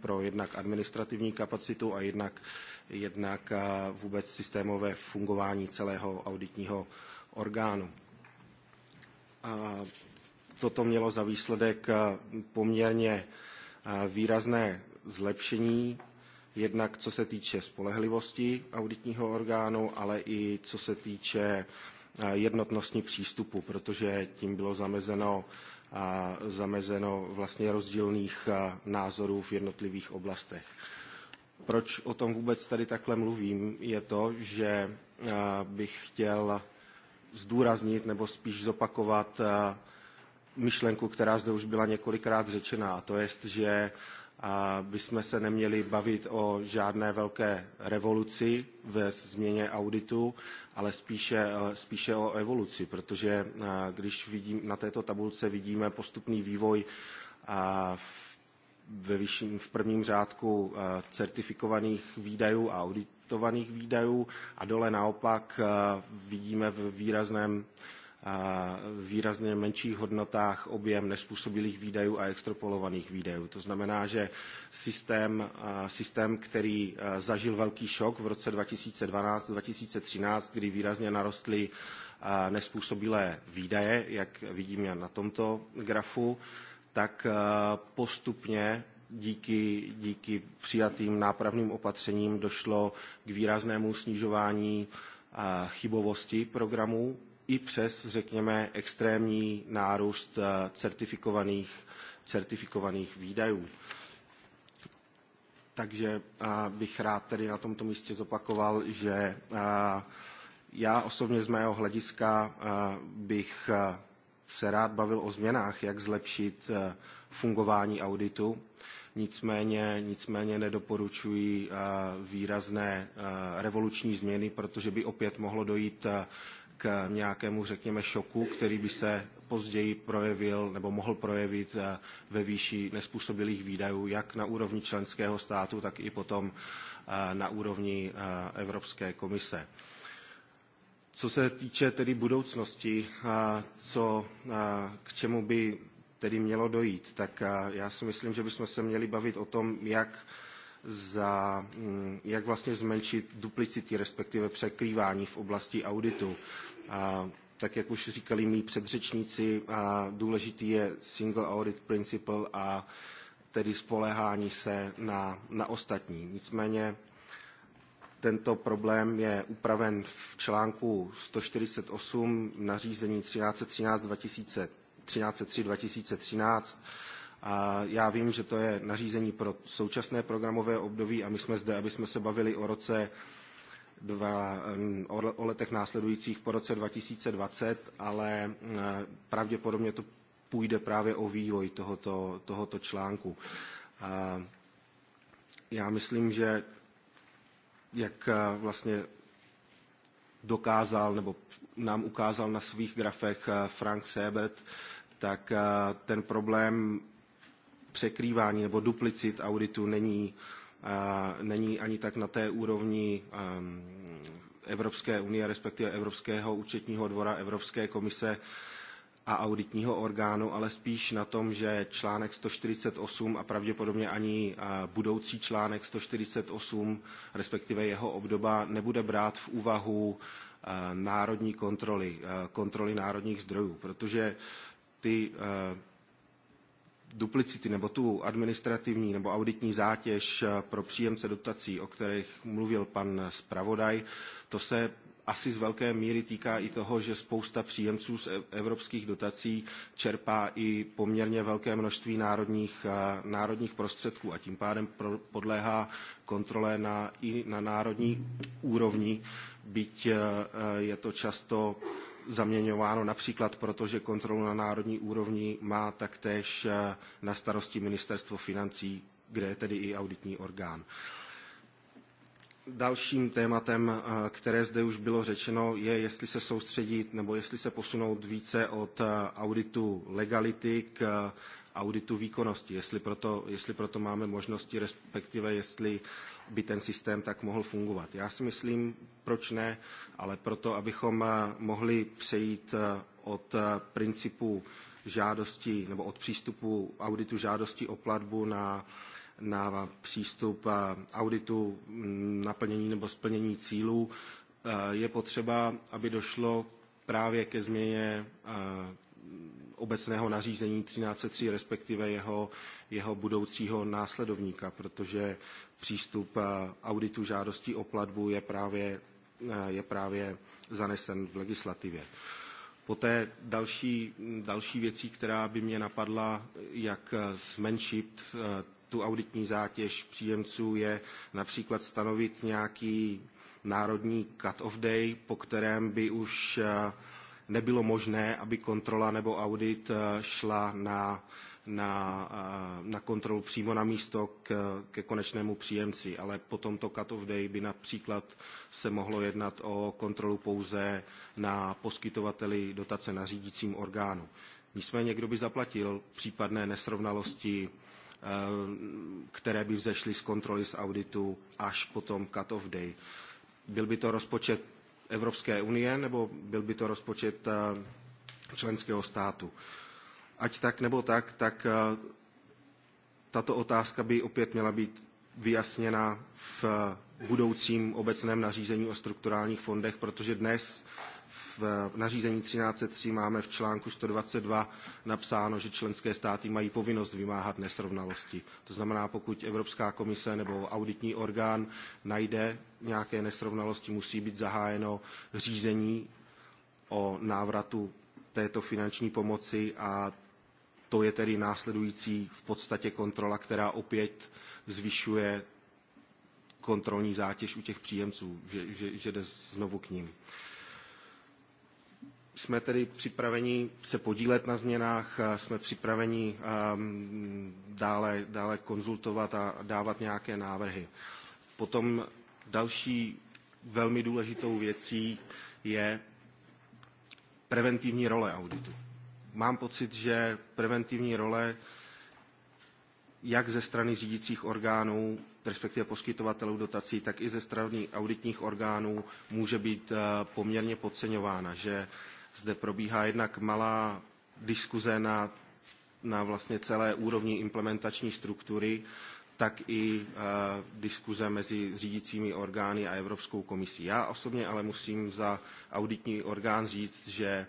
pro jednak administrativní kapacitu a jednak, jednak eh, vůbec systémové fungování celého auditního orgánu. A toto mělo za výsledek poměrně výrazné zlepšení, jednak co se týče spolehlivosti auditního orgánu, ale i co se týče uh, Eh, jednotnosti přístupu, protože tím bylo zamezeno eh, zamezeno vlastně rozdílných eh, názorů v jednotlivých oblastech. Proč o tom vůbec tady takhle mluvím, je to, že bych chtěl zdůraznit nebo spíš zopakovat myšlenku, která zde už byla několikrát řečena, a to je, že bychom se neměli bavit o žádné velké revoluci ve změně auditu, ale spíše, spíše o evoluci, protože když vidím, na této tabulce vidíme postupný vývoj v, ve vyšším, v prvním řádku certifikovaných výdajů a auditovaných výdajů a dole naopak vidíme v výrazném výrazně menších hodnotách objem nespůsobilých výdajů a extrapolovaných výdajů. To znamená, že systém, systém který zažil velký šok v roce 2012-2013, kdy výrazně narostly nespůsobilé výdaje, jak vidím já na tomto grafu, tak postupně díky, díky přijatým nápravným opatřením došlo k výraznému snižování chybovosti programů i přes, řekněme, extrémní nárůst eh, certifikovaných, certifikovaných výdajů. Takže eh, bych rád tedy na tomto místě zopakoval, že eh, já osobně z mého hlediska bych se rád bavil o změnách, jak zlepšit fungování auditu. Nicméně, nicméně nedoporučuji výrazné revoluční změny, protože by opět mohlo dojít k nějakému, řekněme, šoku, který by se později projevil nebo mohl projevit eh, ve výši nespůsobilých výdajů, jak na úrovni členského státu, tak i potom eh, na úrovni eh, Evropské komise. Co se týče tedy budoucnosti, co, k čemu by tedy mělo dojít, tak já si myslím, že bychom se měli bavit o tom, jak za, mm, jak vlastně zmenšit duplicity, respektive překrývání v oblasti auditu. A tak jak už říkali mý předřečníci, důležitý je single audit principle a tedy spoléhání se na, na ostatní. Nicméně tento problém je upraven v článku 148 nařízení 1313 2013, 1303 2013 a já vím, že to je nařízení pro současné programové období a my jsme zde, aby jsme se bavili o roce dva, o letech následujících po roce 2020, ale pravděpodobně to půjde právě o vývoj tohoto, tohoto článku. A já myslím, že jak eh, vlastně dokázal nebo nám ukázal na svých grafech eh, Frank Sebert, tak eh, ten problém překrývání nebo duplicit auditů není, není ani tak na té úrovni ehm, Evropské unie, respektive Evropského účetního dvora, Evropské komise a auditního orgánu, ale spíš na tom, že článek 148 a pravděpodobně ani budoucí článek 148, respektive jeho obdoba, nebude brát v úvahu národní kontroly, kontroly národních zdrojů, protože ty duplicity nebo tu administrativní nebo auditní zátěž eh, pro příjemce dotací, o kterých mluvil pan zpravodaj, to se asi z velké míry týká i toho, že spousta příjemců z e- evropských dotací čerpá i poměrně velké množství národních, eh, národních prostředků a tím pádem podléhá kontrole na, i na národní úrovni, byť eh, je to často zaměňováno například proto, že kontrolu na národní úrovni má taktéž eh, na starosti ministerstvo financí, kde je tedy i auditní orgán. Dalším tématem, eh, které zde už bylo řečeno, je, jestli se soustředit nebo jestli se posunout více od eh, auditu legality k auditu výkonnosti, jestli proto, jestli proto máme možnosti, respektive jestli by ten systém tak mohl fungovat. Já si myslím, proč ne, ale proto, abychom eh, mohli přejít eh, od eh, principu žádosti nebo od přístupu auditu žádosti o platbu na na přístup auditu mm, naplnění nebo splnění cílů, je potřeba, aby došlo právě ke změně obecného nařízení 1303, respektive jeho, jeho budoucího následovníka, protože přístup eh, auditu žádostí o platbu je právě, eh, je právě zanesen v legislativě. Poté další, další věcí, která by mě napadla, jak eh, zmenšit tu auditní zátěž příjemců, je například stanovit nějaký národní cut-off day, po kterém by už nebylo možné, aby kontrola nebo audit eh, šla na, na, eh, na kontrolu přímo na místo k, ke konečnému příjemci, ale po tomto cut-off day by například se mohlo jednat o kontrolu pouze na poskytovateli dotace na řídícím orgánu. Nicméně, kdo by zaplatil případné nesrovnalosti, eh, které by vzešly z kontroly z auditu až po tom cut-off day? Byl by to rozpočet Evropské unie, nebo byl by to rozpočet eh, členského státu. Ať tak nebo tak, tak eh, tato otázka by opět měla být vyjasněna v eh, budoucím obecném nařízení o strukturálních fondech, protože dnes v nařízení 1303 máme v článku 122 napsáno, že členské státy mají povinnost vymáhat nesrovnalosti. To znamená, pokud Evropská komise nebo auditní orgán najde nějaké nesrovnalosti, musí být zahájeno řízení o návratu této finanční pomoci a to je tedy následující v podstatě kontrola, která opět zvyšuje kontrolní zátěž u těch příjemců, že, že, že jde znovu k ním jsme tedy připraveni se podílet na změnách, jsme připraveni um, dále, dále konzultovat a dávat nějaké návrhy. Potom další velmi důležitou věcí je preventivní role auditu. Mám pocit, že preventivní role jak ze strany řídících orgánů, respektive poskytovatelů dotací, tak i ze strany auditních orgánů může být uh, poměrně podceňována, že zde probíhá jednak malá diskuze na, na vlastně celé úrovni implementační struktury, tak i diskuse eh, diskuze mezi řídícími orgány a Evropskou komisí. Já osobně ale musím za auditní orgán říct, že eh,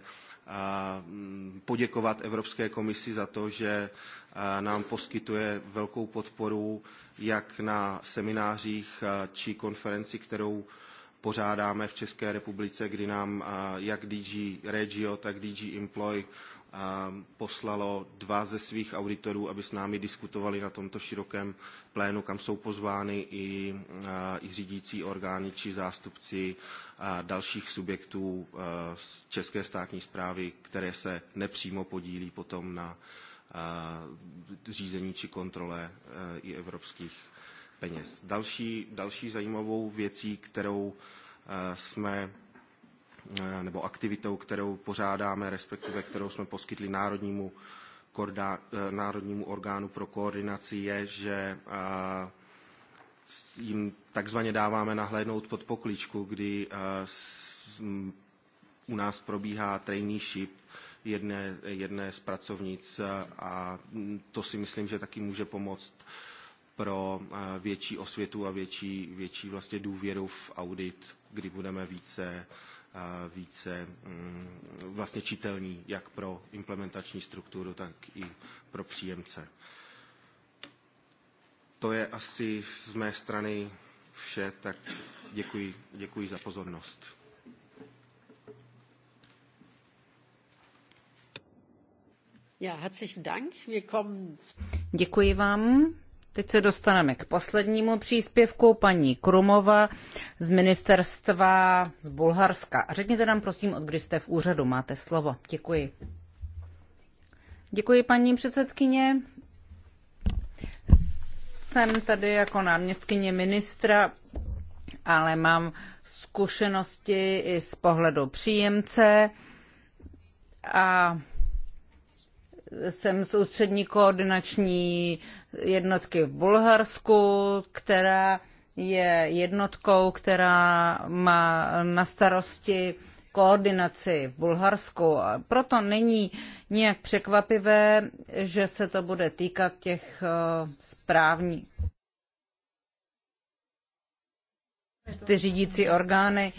poděkovat Evropské komisi za to, že eh, nám poskytuje velkou podporu jak na seminářích či konferenci, kterou pořádáme v České republice, kdy nám jak DG Regio, tak DG Employ poslalo dva ze svých auditorů, aby s námi diskutovali na tomto širokém plénu, kam jsou pozvány i, i řídící orgány či zástupci dalších subjektů z české státní správy, které se nepřímo podílí potom na řízení či kontrole i evropských peněz. Další, další zajímavou věcí, kterou eh, jsme eh, nebo aktivitou, kterou pořádáme, respektive kterou jsme poskytli Národnímu, korda, eh, národnímu orgánu pro koordinaci, je, že jim takzvaně dáváme nahlédnout pod pokličku, kdy u nás probíhá traineeship jedné, jedné z pracovnic a to si myslím, že taky může pomoct uh, pro eh, větší osvětu a větší, větší vlastně důvěru v audit, kdy budeme více, eh, více mm, vlastně čitelní jak pro implementační strukturu, tak i pro příjemce. To je asi z mé strany vše, tak děkuji, děkuji za pozornost. Děkuji vám. Teď se dostaneme k poslednímu příspěvku paní Krumova z ministerstva z Bulharska. řekněte nám prosím, od kdy jste v úřadu, máte slovo. Děkuji. Děkuji paní předsedkyně. Jsem tady jako náměstkyně ministra, ale mám zkušenosti i z pohledu příjemce a jsem z ústřední koordinační jednotky v Bulharsku, která je jednotkou, která má na starosti koordinaci v Bulharsku. Proto není nijak překvapivé, že se to bude týkat těch eh, správní ty řídící orgány.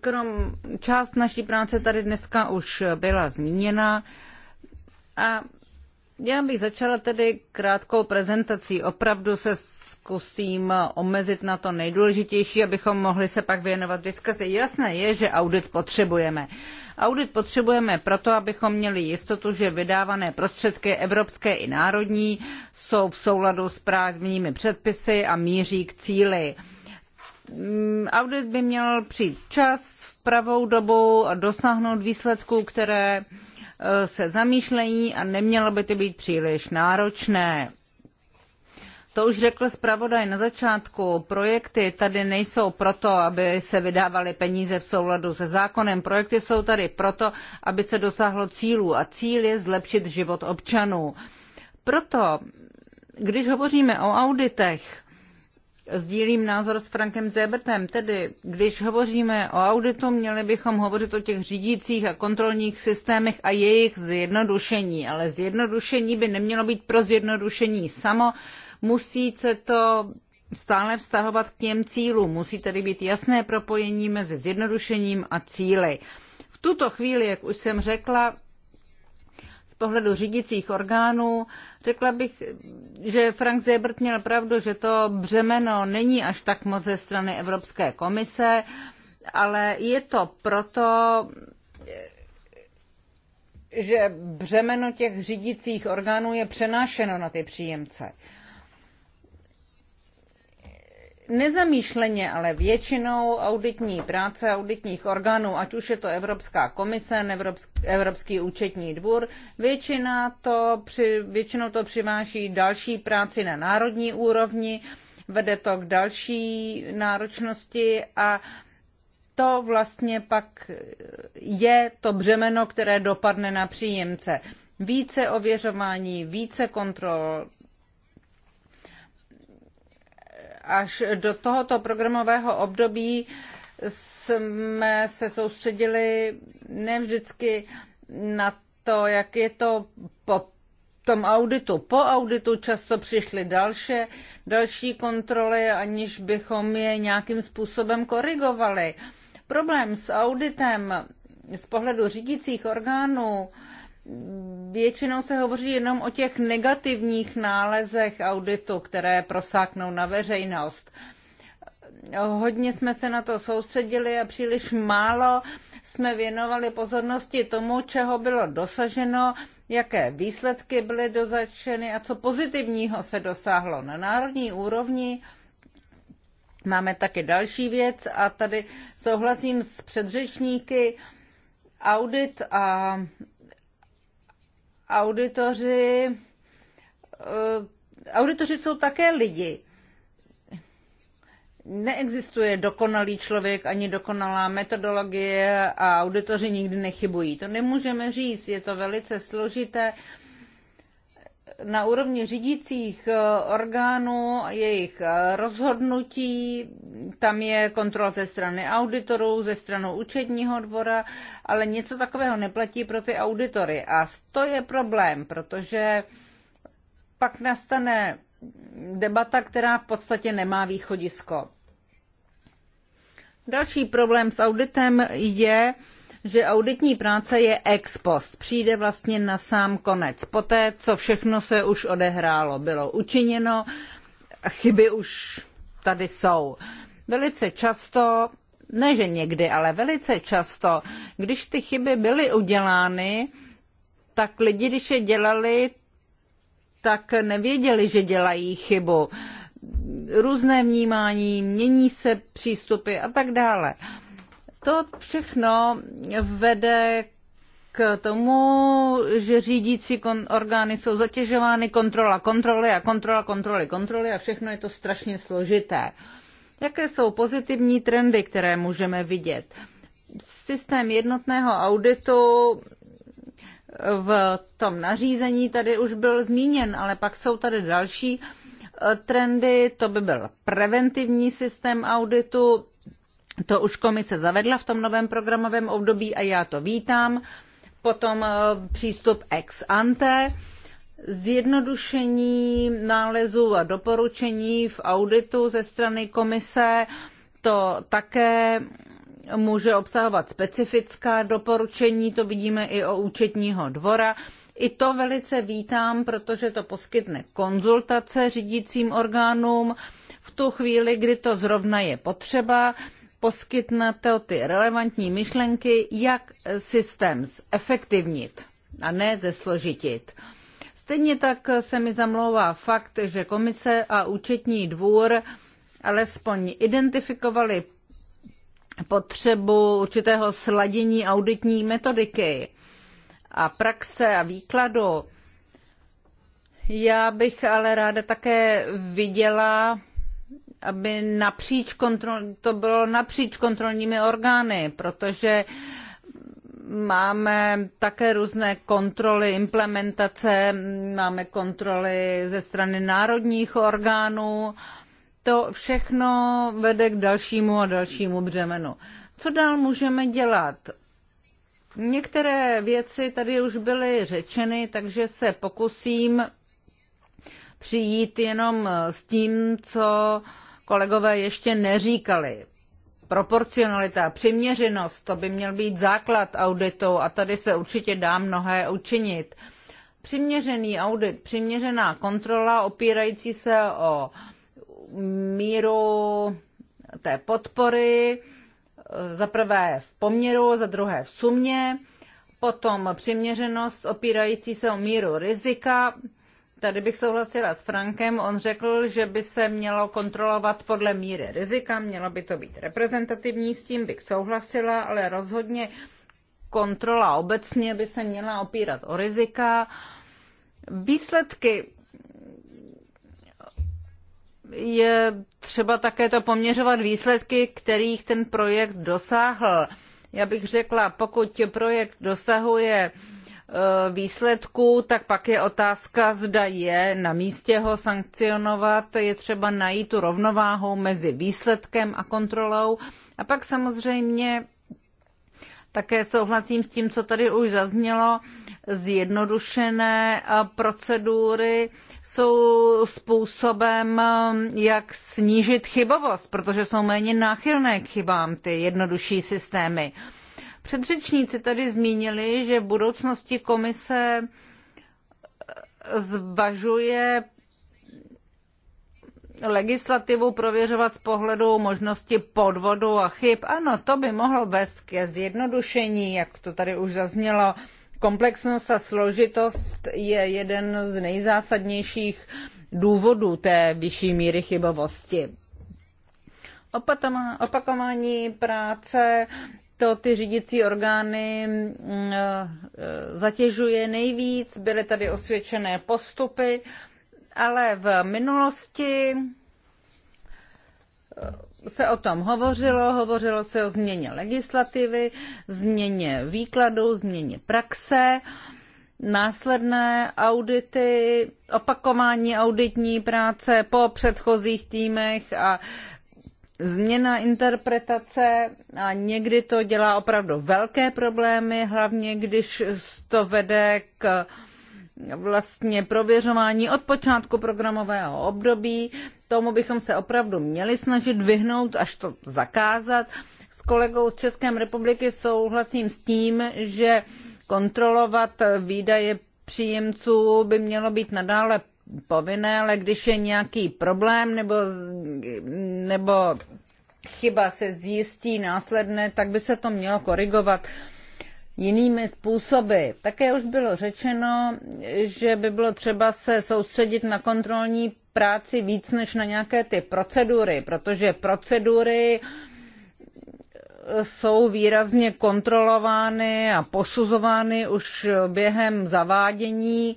Krom část naší práce tady dneska už byla zmíněna a já bych začala tedy krátkou prezentací. Opravdu se zkusím omezit na to nejdůležitější, abychom mohli se pak věnovat diskuzi. Jasné je, že audit potřebujeme. Audit potřebujeme proto, abychom měli jistotu, že vydávané prostředky evropské i národní jsou v souladu s právními předpisy a míří k cíli. Mm, audit by měl přijít čas v pravou dobu a dosáhnout výsledků, které e, se zamýšlejí a nemělo by to být příliš náročné. To už řekl zpravodaj na začátku. Projekty tady nejsou proto, aby se vydávaly peníze v souladu se zákonem. Projekty jsou tady proto, aby se dosáhlo cílů a cíl je zlepšit život občanů. Proto, když hovoříme o auditech, Sdílím názor s Frankem Zebertem, tedy když hovoříme o auditu, měli bychom hovořit o těch řídících a kontrolních systémech a jejich zjednodušení, ale zjednodušení by nemělo být pro zjednodušení samo, musí se to stále vztahovat k těm cílům, musí tedy být jasné propojení mezi zjednodušením a cíly. V tuto chvíli, jak už jsem řekla, pohledu řídicích orgánů. Řekla bych, že Frank Zebert měl pravdu, že to břemeno není až tak moc ze strany Evropské komise, ale je to proto, že břemeno těch řídicích orgánů je přenášeno na ty příjemce. Uh, nezamýšleně, ale většinou auditní práce auditních orgánů, ať už je to Evropská komise, Evropský, Evropský účetní dvůr, většina to při, většinou to přiváží další práci na národní úrovni, vede to k další náročnosti a to vlastně pak je to břemeno, které dopadne na příjemce. Více ověřování, více kontrol, až do tohoto programového období jsme se soustředili ne vždycky na to, jak je to po tom auditu. Po auditu často přišly další, další kontroly, aniž bychom je nějakým způsobem korigovali. Problém s auditem z pohledu řídících orgánů Většinou se hovoří jenom o těch negativních nálezech auditu, které prosáknou na veřejnost. Hodně jsme se na to soustředili a příliš málo jsme věnovali pozornosti tomu, čeho bylo dosaženo, jaké výsledky byly dozačeny a co pozitivního se dosáhlo na národní úrovni. Máme také další věc a tady souhlasím s předřečníky. Audit a auditoři, eh, auditoři jsou také lidi. Neexistuje dokonalý člověk ani dokonalá metodologie a auditoři nikdy nechybují. To nemůžeme říct, je to velice složité. Uh, na úrovni řídících eh, orgánů, jejich eh, rozhodnutí, tam je kontrola ze strany auditorů, ze strany účetního dvora, ale něco takového neplatí pro ty auditory. A to je problém, protože pak nastane debata, která v podstatě nemá východisko. Další problém s auditem je, že auditní práce je ex post, přijde vlastně na sám konec. Poté, co všechno se už odehrálo, bylo učiněno, chyby už tady jsou. Velice často, ne že někdy, ale velice často, když ty chyby byly udělány, tak lidi, když je dělali, tak nevěděli, že dělají chybu. Různé vnímání, mění se přístupy a tak dále. To všechno vede k tomu, že řídící kon- orgány jsou zatěžovány kontrola kontroly a kontrola kontroly kontroly a všechno je to strašně složité. Jaké jsou pozitivní trendy, které můžeme vidět? Systém jednotného auditu v tom nařízení tady už byl zmíněn, ale pak jsou tady další eh, trendy. To by byl preventivní systém auditu, to už komise zavedla v tom novém programovém období a já to vítám. Potom eh, přístup ex ante, zjednodušení nálezů a doporučení v auditu ze strany komise. To také může obsahovat specifická doporučení, to vidíme i o účetního dvora. I to velice vítám, protože to poskytne konzultace řídícím orgánům v tu chvíli, kdy to zrovna je potřeba poskytnete ty relevantní myšlenky, jak systém zefektivnit a ne zesložitit. Stejně tak se mi zamlouvá fakt, že komise a účetní dvůr alespoň identifikovali potřebu určitého sladění auditní metodiky a praxe a výkladu. Já bych ale ráda také viděla aby napříč kontrol, to bylo napříč kontrolními orgány, protože máme také různé kontroly implementace, máme kontroly ze strany národních orgánů. To všechno vede k dalšímu a dalšímu břemenu. Co dál můžeme dělat? Některé věci tady už byly řečeny, takže se pokusím přijít jenom eh, s tím, co kolegové ještě neříkali. Proporcionalita, přiměřenost, to by měl být základ auditu a tady se určitě dá mnohé učinit. Přiměřený audit, přiměřená kontrola opírající se o míru té podpory, eh, za prvé v poměru, za druhé v sumě, potom přiměřenost opírající se o míru rizika, Tady bych souhlasila s Frankem, on řekl, že by se mělo kontrolovat podle míry rizika, mělo by to být reprezentativní, s tím bych souhlasila, ale rozhodně kontrola obecně by se měla opírat o rizika. Výsledky je třeba také to poměřovat výsledky, kterých ten projekt dosáhl. Já bych řekla, pokud projekt dosahuje uh, Eh, výsledků, tak pak je otázka, zda je na místě ho sankcionovat. Je třeba najít tu rovnováhu mezi výsledkem a kontrolou. A pak samozřejmě také souhlasím s tím, co tady už zaznělo, zjednodušené eh, procedury jsou způsobem, eh, jak snížit chybovost, protože jsou méně náchylné k chybám ty jednodušší systémy. Předřečníci tady zmínili, že v budoucnosti komise eh, zvažuje legislativu prověřovat z pohledu možnosti podvodu a chyb. Ano, to by mohlo vést ke zjednodušení, jak to tady už zaznělo. Komplexnost a složitost je jeden z nejzásadnějších důvodů té vyšší míry chybovosti. opakování práce to ty řídící orgány mm, eh, zatěžuje nejvíc, byly tady osvědčené postupy, ale v minulosti eh, se o tom hovořilo, hovořilo se o změně legislativy, změně výkladu, změně praxe, následné audity, opakování auditní práce po předchozích týmech a změna interpretace a někdy to dělá opravdu velké problémy, hlavně když to vede k vlastně prověřování od počátku programového období. Tomu bychom se opravdu měli snažit vyhnout, až to zakázat. S kolegou z České republiky souhlasím s tím, že kontrolovat výdaje příjemců by mělo být nadále povinné, ale když je nějaký problém nebo, nebo chyba se zjistí následné, tak by se to mělo korigovat jinými způsoby. Také už bylo řečeno, že by bylo třeba se soustředit na kontrolní práci víc než na nějaké ty procedury, protože procedury eh, jsou výrazně kontrolovány a posuzovány už během zavádění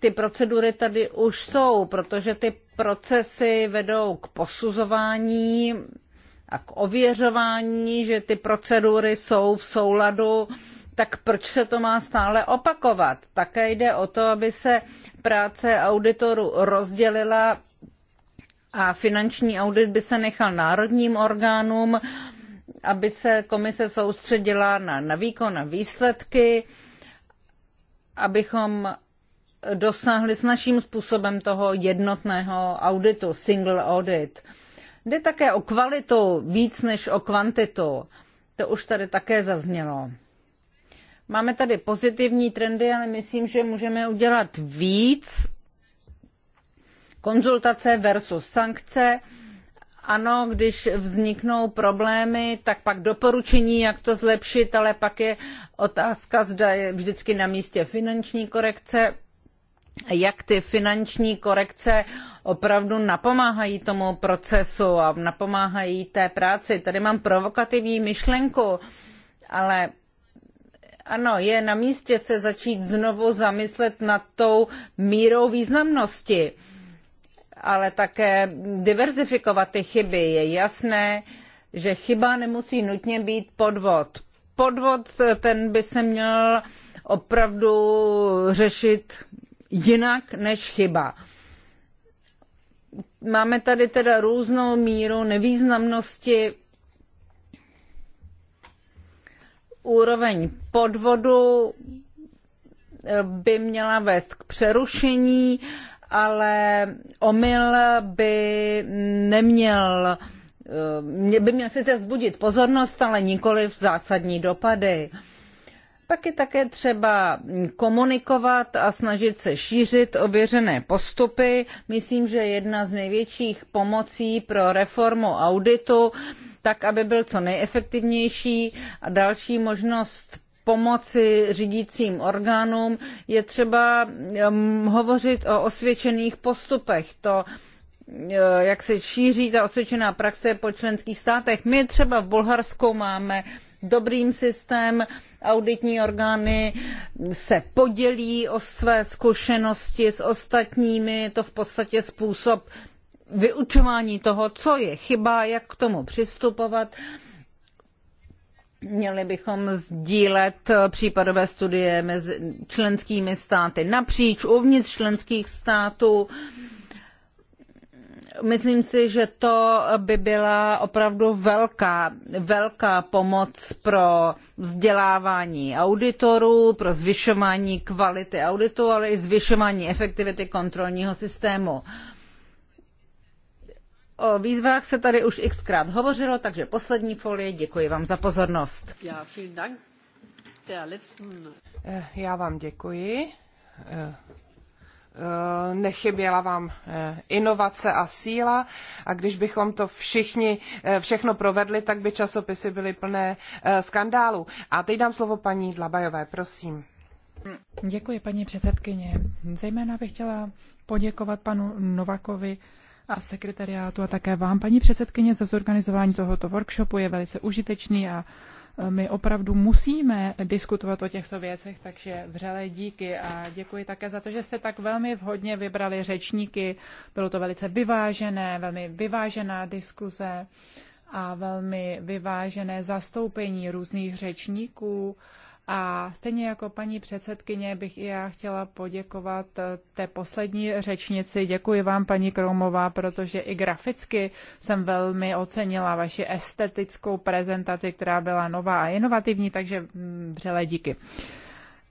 ty procedury tady už jsou, protože ty procesy vedou k posuzování a k ověřování, že ty procedury jsou v souladu, tak proč se to má stále opakovat? Také jde o to, aby se práce auditoru rozdělila a finanční audit by se nechal národním orgánům, aby se komise soustředila na, na výkon, na výsledky, abychom dosáhli s naším způsobem toho jednotného auditu, single audit. Jde také o kvalitu víc než o kvantitu. To už tady také zaznělo. Máme tady pozitivní trendy, ale myslím, že můžeme udělat víc. Konzultace versus sankce. Ano, když vzniknou problémy, tak pak doporučení, jak to zlepšit, ale pak je otázka, zda je vždycky na místě finanční korekce jak ty finanční korekce opravdu napomáhají tomu procesu a napomáhají té práci. Tady mám provokativní myšlenku, ale ano, je na místě se začít znovu zamyslet nad tou mírou významnosti, ale také diverzifikovat ty chyby. Je jasné, že chyba nemusí nutně být podvod. Podvod ten by se měl opravdu řešit jinak než chyba. Máme tady teda různou míru nevýznamnosti úroveň podvodu eh, by měla vést k přerušení, ale omyl by neměl eh, by měl se zbudit pozornost, ale nikoli v zásadní dopady. Pak je také třeba komunikovat a snažit se šířit ověřené postupy. Myslím, že jedna z největších pomocí pro reformu auditu, tak aby byl co nejefektivnější a další možnost pomoci řídícím orgánům, je třeba um, hovořit o osvědčených postupech. To eh, jak se šíří ta osvědčená praxe po členských státech. My třeba v Bulharsku máme dobrý systém, auditní orgány se podělí o své zkušenosti s ostatními. Je to v podstatě způsob vyučování toho, co je chyba, jak k tomu přistupovat. Měli bychom sdílet případové studie mezi členskými státy napříč uvnitř členských států. Myslím si, že to by byla opravdu velká, velká pomoc pro vzdělávání auditorů, pro zvyšování kvality auditu, ale i zvyšování efektivity kontrolního systému. O výzvách se tady už xkrát hovořilo, takže poslední folie. Děkuji vám za pozornost. Já eh, vám děkuji. Eh, Eh, nechyběla vám eh, inovace a síla a když bychom to všichni, eh, všechno provedli, tak by časopisy byly plné skandálů. A teď dám slovo paní Dlabajové, prosím. Děkuji, paní předsedkyně. Zejména bych chtěla poděkovat panu Novakovi a sekretariátu a také vám, paní předsedkyně, za zorganizování tohoto workshopu. Je velice užitečný a my opravdu musíme diskutovat o těchto věcech, takže vřelé díky a děkuji také za to, že jste tak velmi vhodně vybrali řečníky. Bylo to velice vyvážené, velmi vyvážená diskuze a velmi vyvážené zastoupení různých řečníků a stejně jako paní předsedkyně bych i já chtěla poděkovat eh, té poslední řečnici. Děkuji vám, paní Kroumová, protože i graficky jsem velmi ocenila vaši estetickou prezentaci, která byla nová a inovativní, takže mm, vřele díky.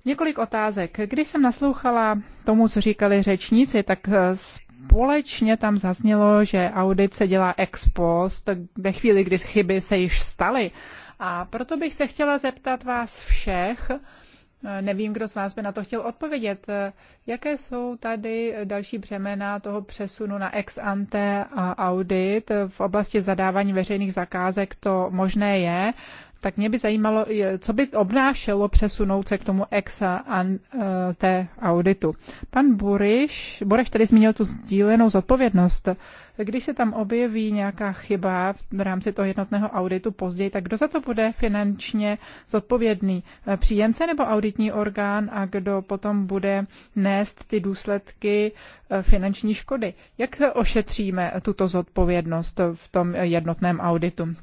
Několik otázek. Když jsem naslouchala tomu, co říkali řečníci, tak eh, společně tam zaznělo, že audit se dělá ex post ve chvíli, kdy chyby se již staly. A proto bych se chtěla zeptat vás všech, eh, Nevím, kdo z vás by na to chtěl odpovědět. Eh, jaké jsou tady další břemena toho přesunu na ex ante a audit? V oblasti zadávání veřejných zakázek to možné je, tak mě by zajímalo, co by obnášelo přesunout se k tomu exa a té auditu. Pan Buriš, Bureš tady zmínil tu sdílenou zodpovědnost. Když se tam objeví nějaká chyba v rámci toho jednotného auditu později, tak kdo za to bude finančně zodpovědný? Příjemce nebo auditní orgán a kdo potom bude nést ty důsledky e, finanční škody? Jak ošetříme tuto zodpovědnost v tom jednotném auditu?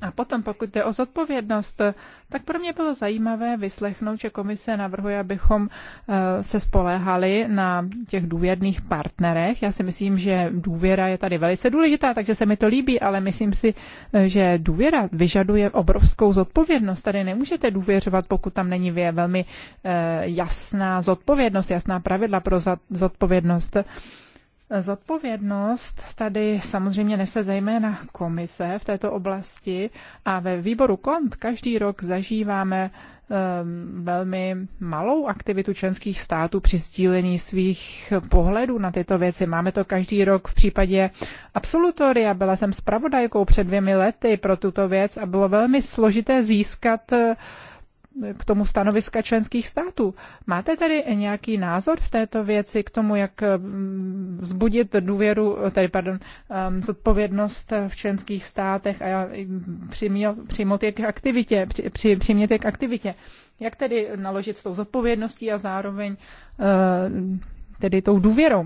A potom, pokud jde o zodpovědnost, tak pro mě bylo zajímavé vyslechnout, že komise navrhuje, abychom eh, se spoléhali na těch důvěrných partnerech. Já si myslím, že důvěra je tady velice důležitá, takže se mi to líbí, ale myslím si, eh, že důvěra vyžaduje obrovskou zodpovědnost. Tady nemůžete důvěřovat, pokud tam není velmi eh, jasná zodpovědnost, jasná pravidla pro zodpovědnost. Zodpovědnost tady samozřejmě nese zejména komise v této oblasti a ve výboru KONT každý rok zažíváme ehm, velmi malou aktivitu členských států při sdílení svých pohledů na tyto věci. Máme to každý rok v případě absolutoria. Byla jsem spravodajkou před dvěmi lety pro tuto věc a bylo velmi složité získat k tomu stanoviska členských států. Máte tady nějaký názor v této věci k tomu, jak mm, vzbudit důvěru, tady, pardon, um, zodpovědnost v členských státech a mm, přijmout je k aktivitě, při, při, přijmět je k aktivitě? Jak tedy naložit s tou zodpovědností a zároveň uh, tedy tou důvěrou?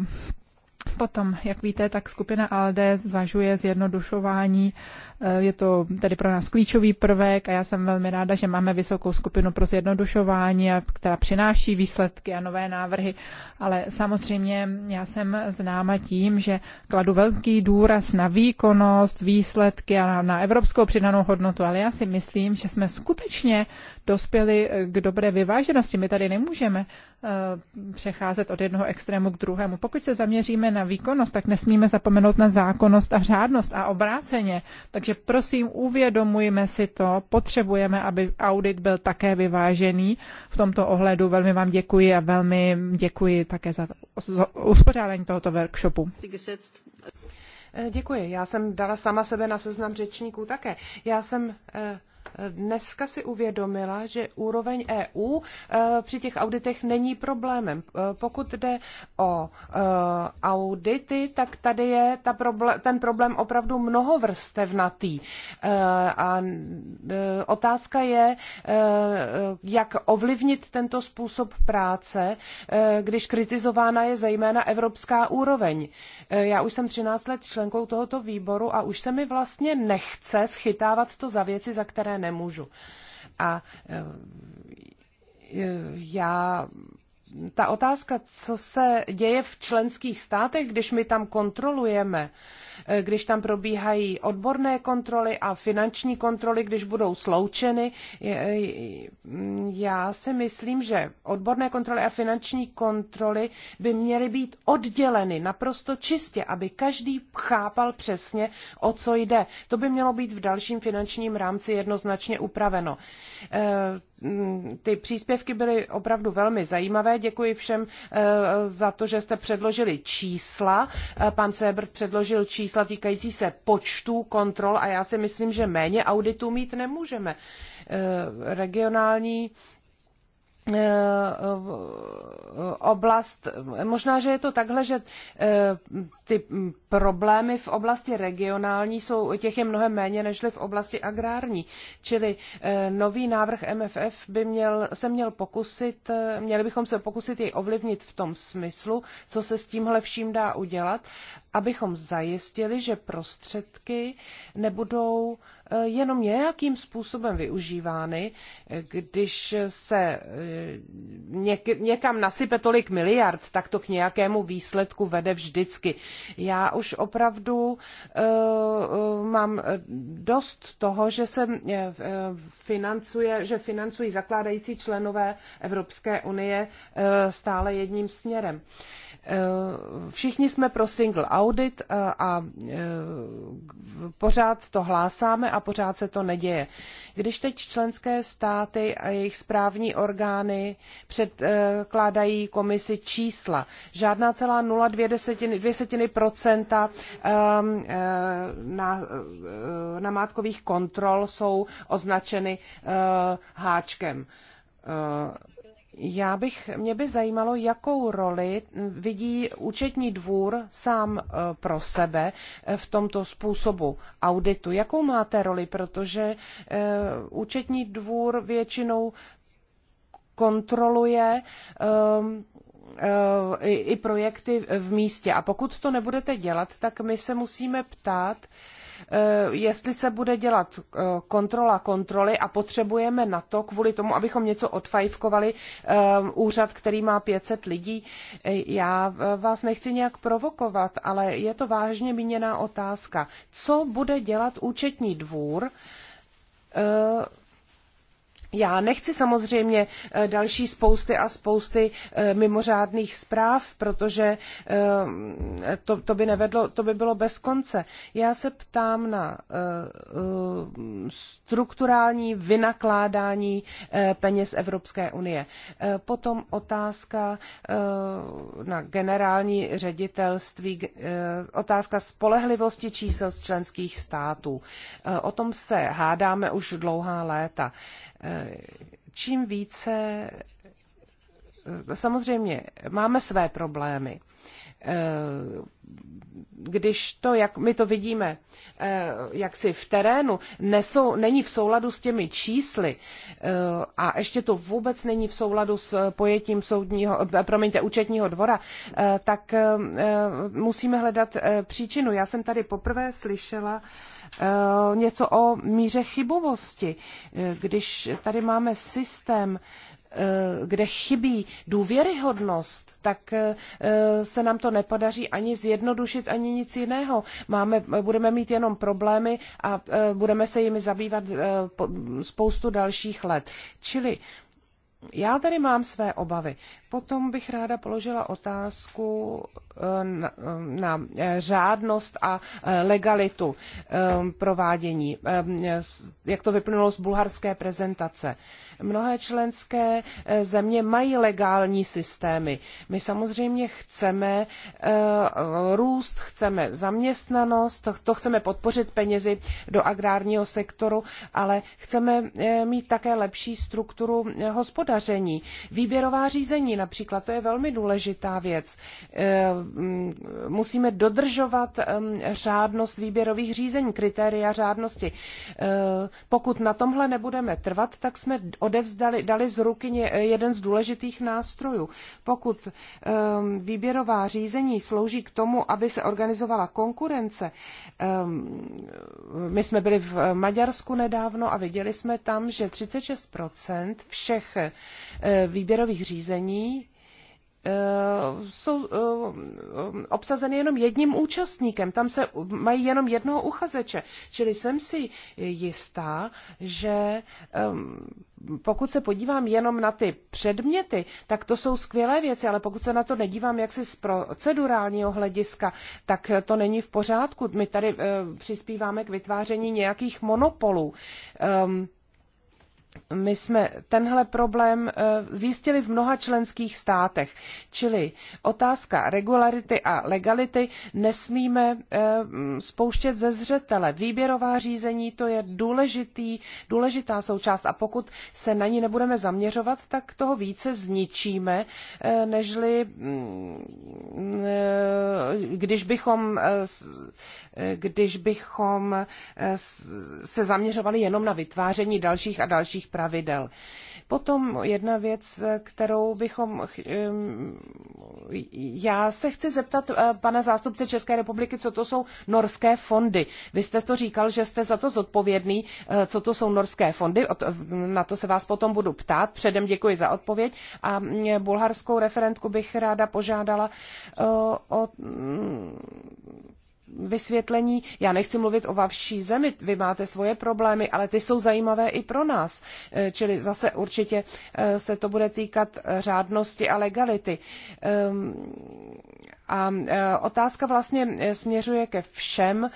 Potom, jak víte, tak skupina ALD zvažuje zjednodušování Eh, je to tedy pro nás klíčový prvek a já jsem velmi ráda, že máme vysokou skupinu pro zjednodušování, která přináší výsledky a nové návrhy. Ale samozřejmě já jsem známa tím, že kladu velký důraz na výkonnost, výsledky a na evropskou přidanou hodnotu, ale já si myslím, že jsme skutečně dospěli eh, k dobré vyváženosti. My tady nemůžeme eh, přecházet od jednoho extrému k druhému. Pokud se zaměříme na výkonnost, tak nesmíme zapomenout na zákonnost a řádnost a obráceně. Takže takže prosím, uvědomujme si to, potřebujeme, aby audit byl také vyvážený. V tomto ohledu velmi vám děkuji a velmi děkuji také za uspořádání tohoto workshopu. Děkuji. Já jsem dala sama sebe na seznam řečníků také. Já jsem eh, dneska si uvědomila, že úroveň EU eh, při těch auditech není problémem. Eh, pokud jde o eh, audity, tak tady je ta problé- ten problém opravdu mnohovrstevnatý. A otázka je, jak ovlivnit tento způsob práce, když kritizována je zejména evropská úroveň. Já už jsem 13 let členkou tohoto výboru a už se mi vlastně nechce schytávat to za věci, za které nemůžu. A eh, já ta otázka, co se děje v členských státech, když my tam kontrolujeme, eh, když tam probíhají odborné kontroly a finanční kontroly, když budou sloučeny, mm, já si myslím, že odborné kontroly a finanční kontroly by měly být odděleny naprosto čistě, aby každý chápal přesně, o co jde. To by mělo být v dalším finančním rámci jednoznačně upraveno eh, Mm, ty příspěvky byly opravdu velmi zajímavé. Děkuji všem eh, za to, že jste předložili čísla. Eh, pan Sebr předložil čísla týkající se počtů kontrol a já si myslím, že méně auditů mít nemůžeme. Eh, regionální Eh, oblast, možná, že je to takhle, že eh, ty problémy v oblasti regionální jsou, těch je mnohem méně než v oblasti agrární. Čili eh, nový návrh MFF by měl, se měl pokusit, měli bychom se pokusit jej ovlivnit v tom smyslu, co se s tímhle vším dá udělat abychom zajistili, že prostředky nebudou eh, jenom nějakým způsobem využívány, eh, když se eh, někam nasype tolik miliard, tak to k nějakému výsledku vede vždycky. Já už opravdu mám dost toho, že se financuje, že financují zakládající členové Evropské unie stále jedním směrem. Eh, všichni jsme pro single audit eh, a eh, pořád to hlásáme a pořád se to neděje. Když teď členské státy a jejich správní orgány předkládají komisi čísla, žádná celá 0,2 desetiny procenta ehm, na, na mátkových kontrol jsou označeny háčkem já bych, mě by zajímalo, jakou roli vidí účetní dvůr sám eh, pro sebe eh, v tomto způsobu auditu. Jakou máte roli, protože eh, účetní dvůr většinou kontroluje ehm, i projekty v místě. A pokud to nebudete dělat, tak my se musíme ptát, Eh, jestli se bude dělat eh, kontrola kontroly a potřebujeme na to, kvůli tomu, abychom něco odfajfkovali, eh, úřad, který má 500 lidí. Já vás nechci nějak provokovat, ale je to vážně míněná otázka. Co bude dělat účetní dvůr, já nechci samozřejmě eh, další spousty a spousty eh, mimořádných zpráv, protože eh, to, to by nevedlo, to by bylo bez konce. Já se ptám na strukturální vynakládání peněz Evropské unie. Potom otázka na generální ředitelství, otázka spolehlivosti čísel z členských států. O tom se hádáme už dlouhá léta. Čím více, samozřejmě máme své problémy, když to, jak my to vidíme, jak si v terénu, nesou, není v souladu s těmi čísly a ještě to vůbec není v souladu s pojetím soudního, promiňte, účetního dvora, tak musíme hledat příčinu. Já jsem tady poprvé slyšela, Eh, něco o míře chybovosti. Eh, když tady máme systém, eh, kde chybí důvěryhodnost, tak se nám to nepodaří ani zjednodušit, ani nic jiného. Máme, budeme mít jenom problémy a budeme se jimi zabývat spoustu dalších let. Čili já tady mám své obavy. Potom bych ráda položila otázku eh, na, eh, na eh, řádnost a legalitu provádění, jak to vyplnulo z bulharské prezentace. Mnohé členské eh, země mají legální systémy. My samozřejmě chceme eh, růst, chceme zaměstnanost, to chceme podpořit penězi do agrárního sektoru, ale chceme eh, mít také lepší strukturu hospodaření. Výběrová řízení například, to je velmi důležitá věc. Mm, musíme dodržovat ehm, řádnost výběrových řízení, kritéria řádnosti. Pokud na tomhle nebudeme trvat, tak jsme odevzdali, dali z ruky eh, jeden z důležitých nástrojů. Pokud um, výběrová řízení slouží k tomu, aby se organizovala konkurence, um, my jsme byli v Maďarsku nedávno a viděli jsme tam, že 36% všech uh, výběrových řízení Eh, jsou eh, obsazeny jenom jedním účastníkem. Tam se mají jenom jednoho uchazeče. Čili jsem si jistá, že eh, pokud se podívám jenom na ty předměty, tak to jsou skvělé věci, ale pokud se na to nedívám jaksi z procedurálního hlediska, tak to není v pořádku. My tady přispíváme k vytváření nějakých monopolů. Um, my jsme tenhle problém eh, zjistili v mnoha členských státech, čili otázka regularity a legality nesmíme eh, mm, spouštět ze zřetele. Výběrová řízení to je důležitý, důležitá součást a pokud se na ní nebudeme zaměřovat, tak toho více zničíme, eh, nežli mm, když bychom, když bychom se zaměřovali jenom na vytváření dalších a dalších dalších pravidel. Potom jedna věc, kterou bychom. Hm, já se chci zeptat eh, pana zástupce České republiky, co to jsou norské fondy. Vy jste to říkal, že jste za to zodpovědný, eh, co to jsou norské fondy. Na to se vás potom budu ptát. Předem děkuji za odpověď. A bulharskou referentku bych ráda požádala eh, o hm, vysvětlení. Já nechci mluvit o vaší zemi, vy máte svoje problémy, ale ty jsou zajímavé i pro nás. Eh, čili zase určitě eh, se to bude týkat eh, řádnosti a legality. Ehm, a otázka vlastně směřuje ke všem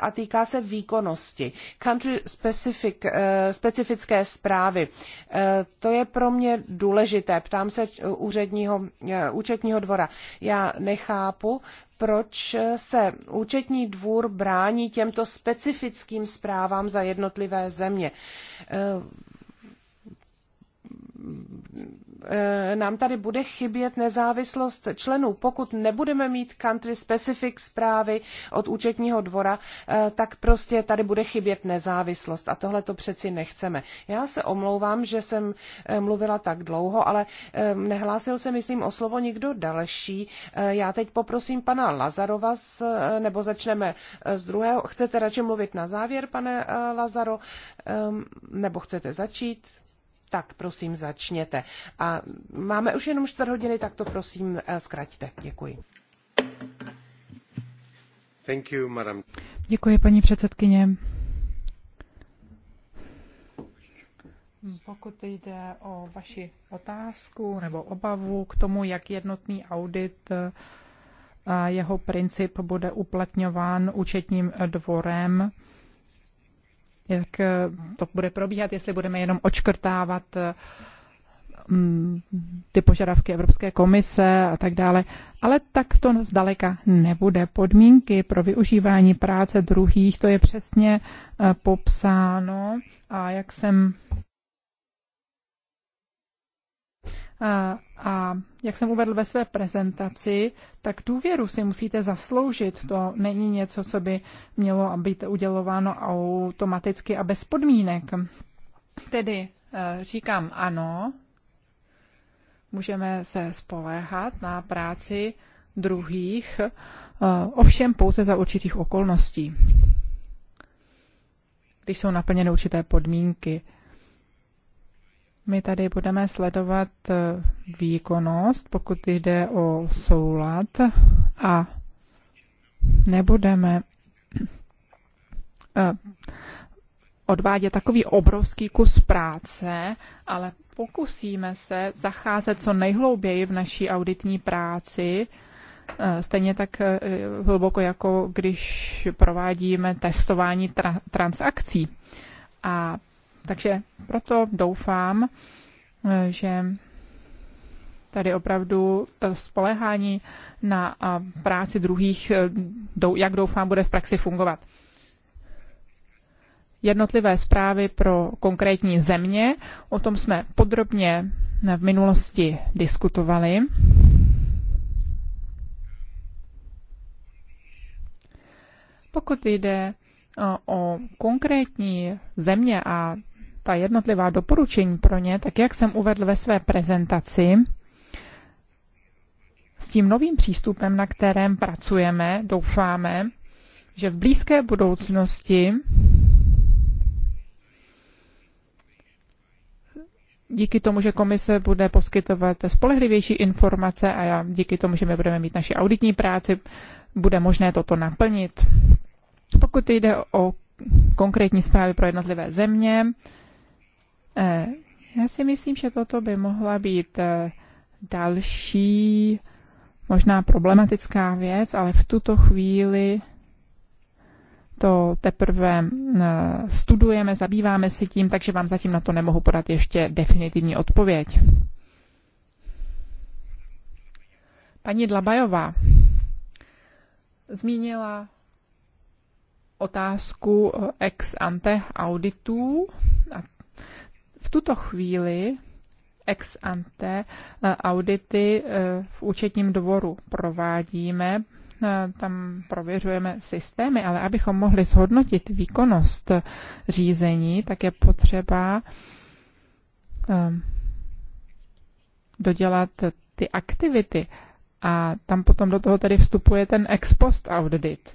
a týká se výkonnosti. Country specific, specifické zprávy. To je pro mě důležité. Ptám se úředního, účetního dvora. Já nechápu, proč se účetní dvůr brání těmto specifickým zprávám za jednotlivé země. Eh, nám tady bude chybět nezávislost členů. Pokud nebudeme mít country specific zprávy od účetního dvora, eh, tak prostě tady bude chybět nezávislost a tohle to přeci nechceme. Já se omlouvám, že jsem eh, mluvila tak dlouho, ale nehlásil se, myslím, o slovo nikdo další. Já teď poprosím pana Lazarova, z, nebo začneme z druhého. Chcete radši mluvit na závěr, pane Lazaro, ehm, nebo chcete začít? Tak prosím, začněte. A máme už jenom čtvrt hodiny, tak to prosím eh, zkraťte. Děkuji. Thank you, madam. Děkuji, paní předsedkyně. Pokud jde o vaši otázku nebo obavu k tomu, jak jednotný audit eh, a jeho princip bude uplatňován účetním dvorem, jak eh, mhm. to bude probíhat, jestli budeme jenom očkrtávat eh, mm, ty požadavky Evropské komise a tak dále. Ale tak to zdaleka nebude. Podmínky pro využívání práce druhých, to je přesně eh, popsáno. A jak jsem A jak jsem uvedl ve své prezentaci, tak důvěru si musíte zasloužit. To není něco, co by mělo být udělováno automaticky a bez podmínek. Tedy e, říkám ano, můžeme se spoléhat na práci druhých, e, ovšem pouze za určitých okolností, když jsou naplněny určité podmínky. My tady budeme sledovat eh, výkonnost, pokud jde o soulad a nebudeme eh, odvádět takový obrovský kus práce, ale pokusíme se zacházet co nejhlouběji v naší auditní práci, eh, stejně tak hluboko, jako když provádíme testování tra- transakcí. A takže proto doufám, eh, že tady opravdu to spolehání na práci druhých, eh, jak doufám, bude v praxi fungovat. Jednotlivé zprávy pro konkrétní země, o tom jsme podrobně v minulosti diskutovali. Pokud jde eh, o konkrétní země a ta jednotlivá doporučení pro ně, tak jak jsem uvedl ve své prezentaci, s tím novým přístupem, na kterém pracujeme, doufáme, že v blízké budoucnosti díky tomu, že komise bude poskytovat spolehlivější informace a já, díky tomu, že my budeme mít naši auditní práci, bude možné toto naplnit. Pokud jde o konkrétní zprávy pro jednotlivé země, Eh, já si myslím, že toto by mohla být eh, další možná problematická věc, ale v tuto chvíli to teprve eh, studujeme, zabýváme se tím, takže vám zatím na to nemohu podat ještě definitivní odpověď. Paní Dlabajová zmínila otázku ex ante auditů a v tuto chvíli ex ante eh, audity eh, v účetním dvoru provádíme, eh, tam prověřujeme systémy, ale abychom mohli zhodnotit výkonnost řízení, tak je potřeba dodělat ty aktivity a tam potom do toho tady vstupuje ten ex post audit.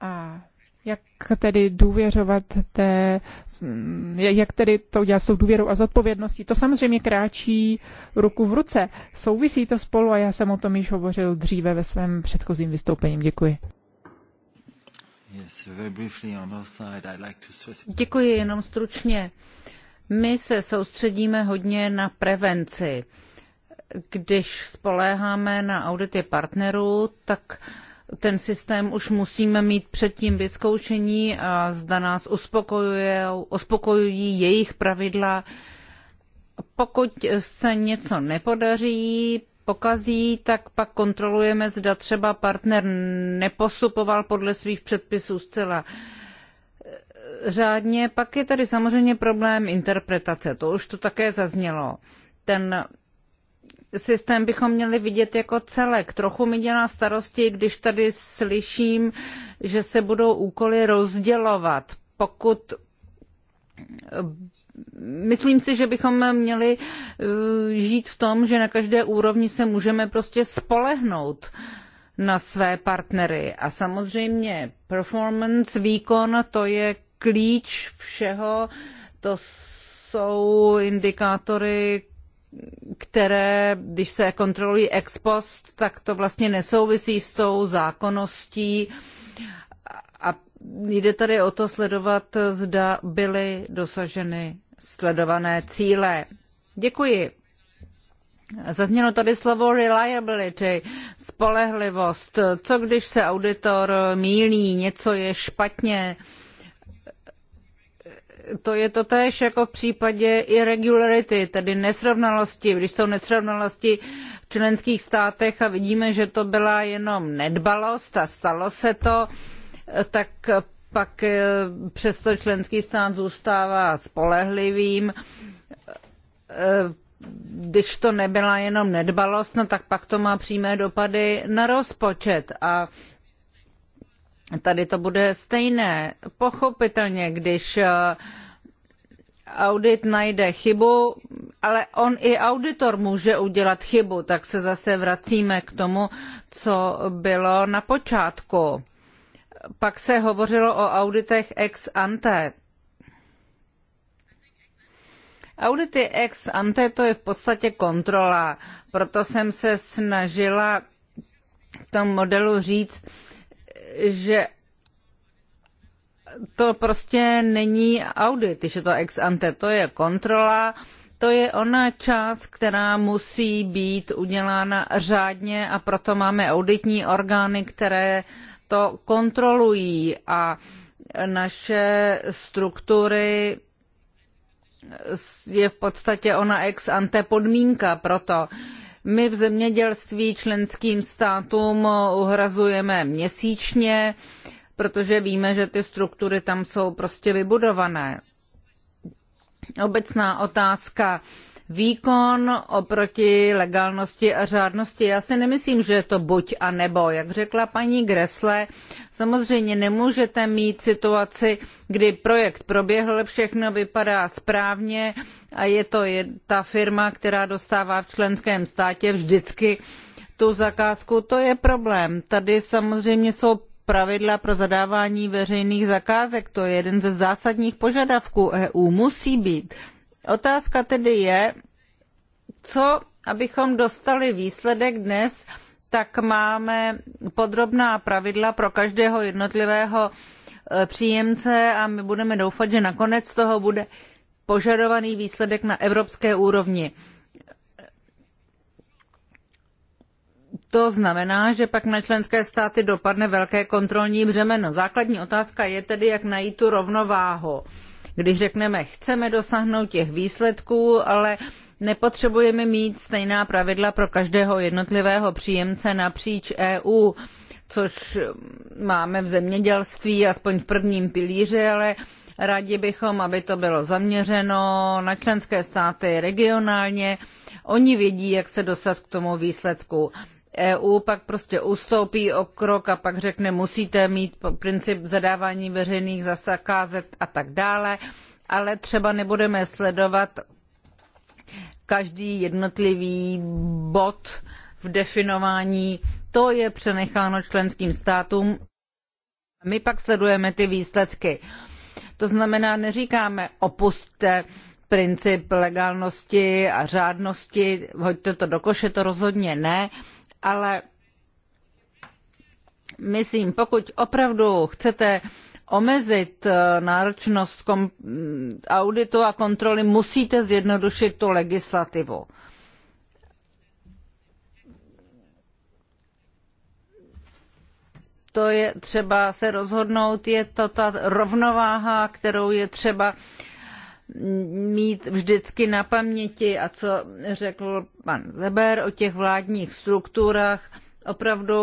A jak tedy důvěřovat té, jak tedy to udělat s tou důvěrou a zodpovědností. To samozřejmě kráčí ruku v ruce. Souvisí to spolu a já jsem o tom již hovořil dříve ve svém předchozím vystoupení. Děkuji. Děkuji, jenom stručně. My se soustředíme hodně na prevenci. Když spoléháme na audity partnerů, tak uh, ten systém už musíme mít předtím vyzkoušení a zda nás uspokojuje, uspokojují jejich pravidla. Pokud se něco nepodaří, pokazí, tak pak kontrolujeme, zda třeba partner nepostupoval podle svých předpisů zcela řádně. Pak je tady samozřejmě problém interpretace, to už to také zaznělo. Ten systém bychom měli vidět jako celek. Trochu mi dělá starosti, když tady slyším, že se budou úkoly rozdělovat. Pokud Myslím si, že bychom měli eh, žít v tom, že na každé úrovni se můžeme prostě spolehnout na své partnery. A samozřejmě performance, výkon, to je klíč všeho. To jsou indikátory, které, když se kontrolují ex post, tak to vlastně nesouvisí s tou zákonností. A jde tady o to sledovat, zda byly dosaženy sledované cíle. Děkuji. Zaznělo tady slovo reliability, spolehlivost. Co když se auditor mílí, něco je špatně, to je to též jako v případě irregularity, tedy nesrovnalosti. Když jsou nesrovnalosti v členských státech a vidíme, že to byla jenom nedbalost a stalo se to, tak pak eh, přesto členský stát zůstává spolehlivým. Eh, když to nebyla jenom nedbalost, no tak pak to má přímé dopady na rozpočet. A Tady to bude stejné. Pochopitelně, když eh, audit najde chybu, ale on i auditor může udělat chybu, tak se zase vracíme k tomu, co bylo na počátku. Pak se hovořilo o auditech ex ante. Audity ex ante to je v podstatě kontrola, proto jsem se snažila v tom modelu říct, že to prostě není audit, že to ex ante, to je kontrola, to je ona část, která musí být udělána řádně a proto máme auditní orgány, které to kontrolují a naše struktury je v podstatě ona ex ante podmínka pro to. My v zemědělství členským státům uhrazujeme měsíčně, protože víme, že ty struktury tam jsou prostě vybudované. Obecná otázka, výkon oproti legálnosti a řádnosti. Já si nemyslím, že je to buď a nebo. Jak řekla paní Gresle, samozřejmě nemůžete mít situaci, kdy projekt proběhl, všechno vypadá správně a je to ta firma, která dostává v členském státě vždycky tu zakázku, to je problém. Tady samozřejmě jsou pravidla pro zadávání veřejných zakázek. To je jeden ze zásadních požadavků EU. Musí být Otázka tedy je, co, abychom dostali výsledek dnes, tak máme podrobná pravidla pro každého jednotlivého e, příjemce a my budeme doufat, že nakonec toho bude požadovaný výsledek na evropské úrovni. To znamená, že pak na členské státy dopadne velké kontrolní břemeno. Základní otázka je tedy, jak najít tu rovnováhu. Když řekneme, chceme dosáhnout těch výsledků, ale nepotřebujeme mít stejná pravidla pro každého jednotlivého příjemce napříč EU, což máme v zemědělství, aspoň v prvním pilíři, ale rádi bychom, aby to bylo zaměřeno na členské státy regionálně. Oni vědí, jak se dostat k tomu výsledku. EU pak prostě ustoupí o krok a pak řekne, musíte mít princip zadávání veřejných zakázek a tak dále, ale třeba nebudeme sledovat každý jednotlivý bod v definování. To je přenecháno členským státům. My pak sledujeme ty výsledky. To znamená, neříkáme opustte princip legálnosti a řádnosti, hoďte to do koše, to rozhodně ne ale myslím, pokud opravdu chcete omezit eh, náročnost auditu a kontroly, musíte zjednodušit tu legislativu. To je třeba se rozhodnout, je to ta rovnováha, kterou je třeba uh, mít vždycky na paměti a co řekl pan Zeber o těch vládních strukturách, opravdu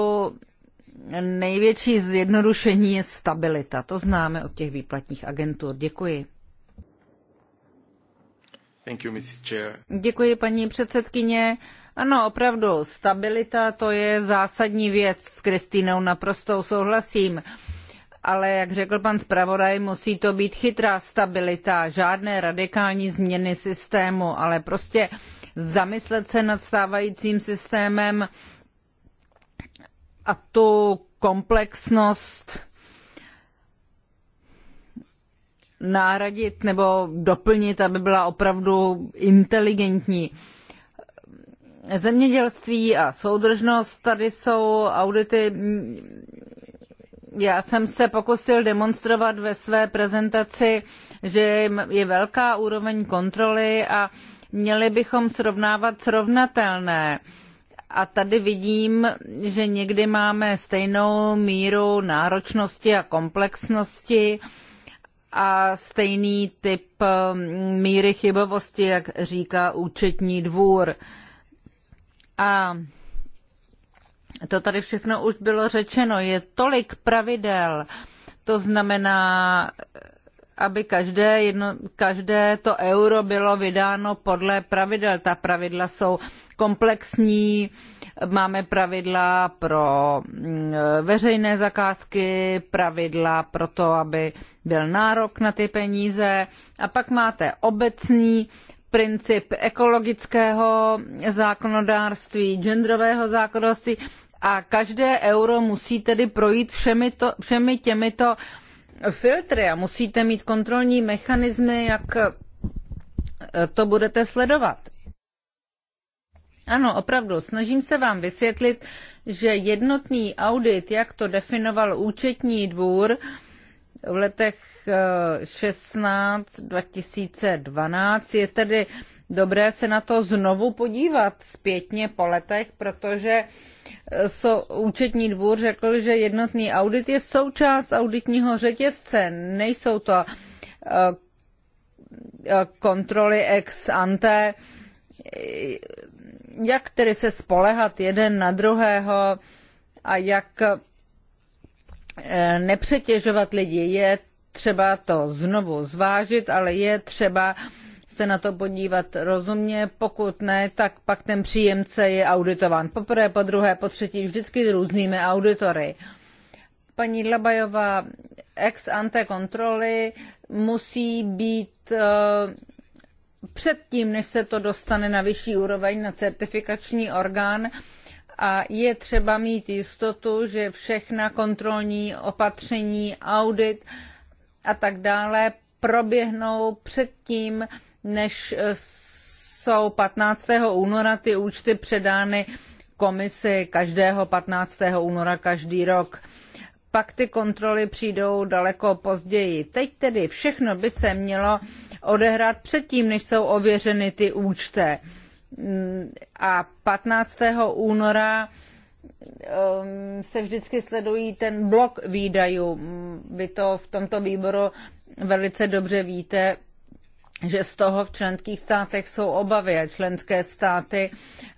největší zjednodušení je stabilita. To známe od těch výplatních agentur. Děkuji. Thank you, Mrs. Chair. Děkuji, paní předsedkyně. Ano, opravdu, stabilita to je zásadní věc. S Kristýnou naprosto souhlasím. Uh, ale jak řekl pan zpravodaj, musí to být chytrá stabilita, žádné radikální změny systému, ale prostě zamyslet se nad stávajícím systémem a tu komplexnost náradit nebo doplnit, aby byla opravdu inteligentní. Zemědělství a soudržnost, tady jsou audity já jsem se pokusil demonstrovat ve své prezentaci, že je velká úroveň kontroly a měli bychom srovnávat srovnatelné. A tady vidím, že někdy máme stejnou míru náročnosti a komplexnosti a stejný typ mm, míry chybovosti, jak říká účetní dvůr. A to tady všechno už bylo řečeno. Je tolik pravidel. To znamená, aby každé, jedno, každé to euro bylo vydáno podle pravidel. Ta pravidla jsou komplexní, máme pravidla pro mm, veřejné zakázky, pravidla pro to, aby byl nárok na ty peníze a pak máte obecný princip ekologického zákonodárství, genderového zákonodárství a každé euro musí tedy projít všemi, to, všemi těmito filtry a musíte mít kontrolní mechanismy, jak eh, to budete sledovat. Ano, opravdu, snažím se vám vysvětlit, že jednotný audit, jak to definoval účetní dvůr v letech 16-2012, eh, je tedy dobré se na to znovu podívat zpětně po letech, protože eh, so, účetní dvůr řekl, že jednotný audit je součást auditního řetězce. Nejsou to eh, eh, kontroly ex ante. Jak tedy se spolehat jeden na druhého a jak nepřetěžovat lidi? Je třeba to znovu zvážit, ale je třeba uh, se na to podívat rozumně, pokud ne, tak pak ten příjemce je auditován poprvé, po druhé, po třetí, vždycky různými auditory. Paní Dlabajová, ex ante kontroly musí být eh, předtím, než se to dostane na vyšší úroveň, na certifikační orgán, a je třeba mít jistotu, že všechna kontrolní opatření, audit a tak dále proběhnou předtím, než eh, jsou 15. února ty účty předány komisi každého 15. února každý rok. Pak ty kontroly přijdou daleko později. Teď tedy všechno by se mělo odehrát předtím, než jsou ověřeny ty účty. Mm, a 15. února ehm, se vždycky sledují ten blok výdajů. Mm, vy to v tomto výboru velice dobře víte, že z toho v členských státech jsou obavy a členské státy